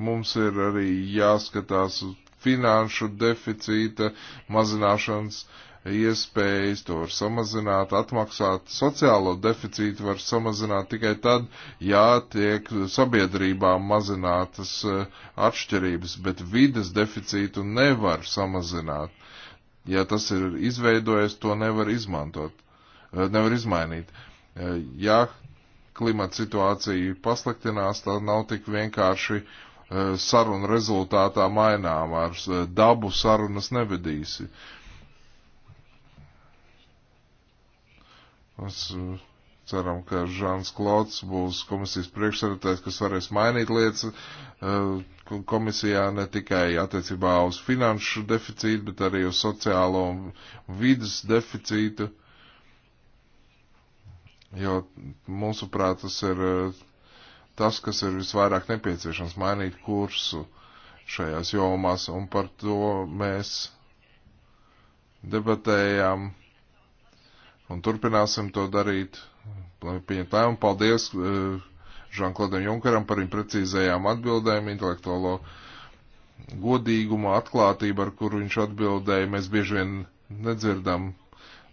Mums ir arī jāskatās finanšu deficīta mazināšanas uh, iespējas, to var samazināt, atmaksāt. Sociālo deficītu var samazināt tikai tad, ja tiek sabiedrībā mazinātas eh, atšķirības, bet vides deficītu nevar samazināt. Ja tas ir izveidojies, to nevar izmantot, eh, nevar izmainīt. Eh, ja klimata situācija pasliktinās, tā nav tik vienkārši sarunu rezultātā mainām, ar dabu sarunas nevedīsi. Uh, Mēs eh, ceram, ka Žāns Klots būs komisijas priekšsēdētājs, kas varēs mainīt lietas eh, komisijā ne tikai attiecībā uz finanšu deficītu, bet arī uz sociālo un vidas deficītu. Jo mūsuprāt, tas ir eh, tas, kas ir visvairāk nepieciešams mainīt kursu šajās jomās, un par to mēs debatējām un turpināsim to darīt, lai pieņemtu lēmumu. Paldies Žanklodam eh, Junkaram par viņu precīzajām atbildēm, intelektuālo godīgumu, atklātību, ar kuru viņš atbildēja. Mēs bieži vien nedzirdam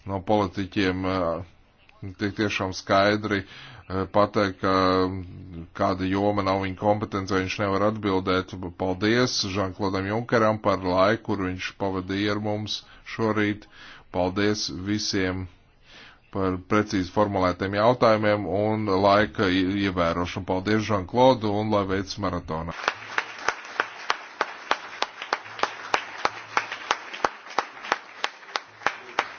no politiķiem eh, tiek tiešām skaidri eh, pateikt, ka kāda joma nav viņa kompetence, viņš nevar atbildēt. Paldies Žanklodam Junkaram par laiku, kur viņš pavadīja ar mums šorīt. Paldies visiem! par precīzi formulētiem jautājumiem un laika ievērošanu. Paldies, Žan Klodu, un lai veids maratonā!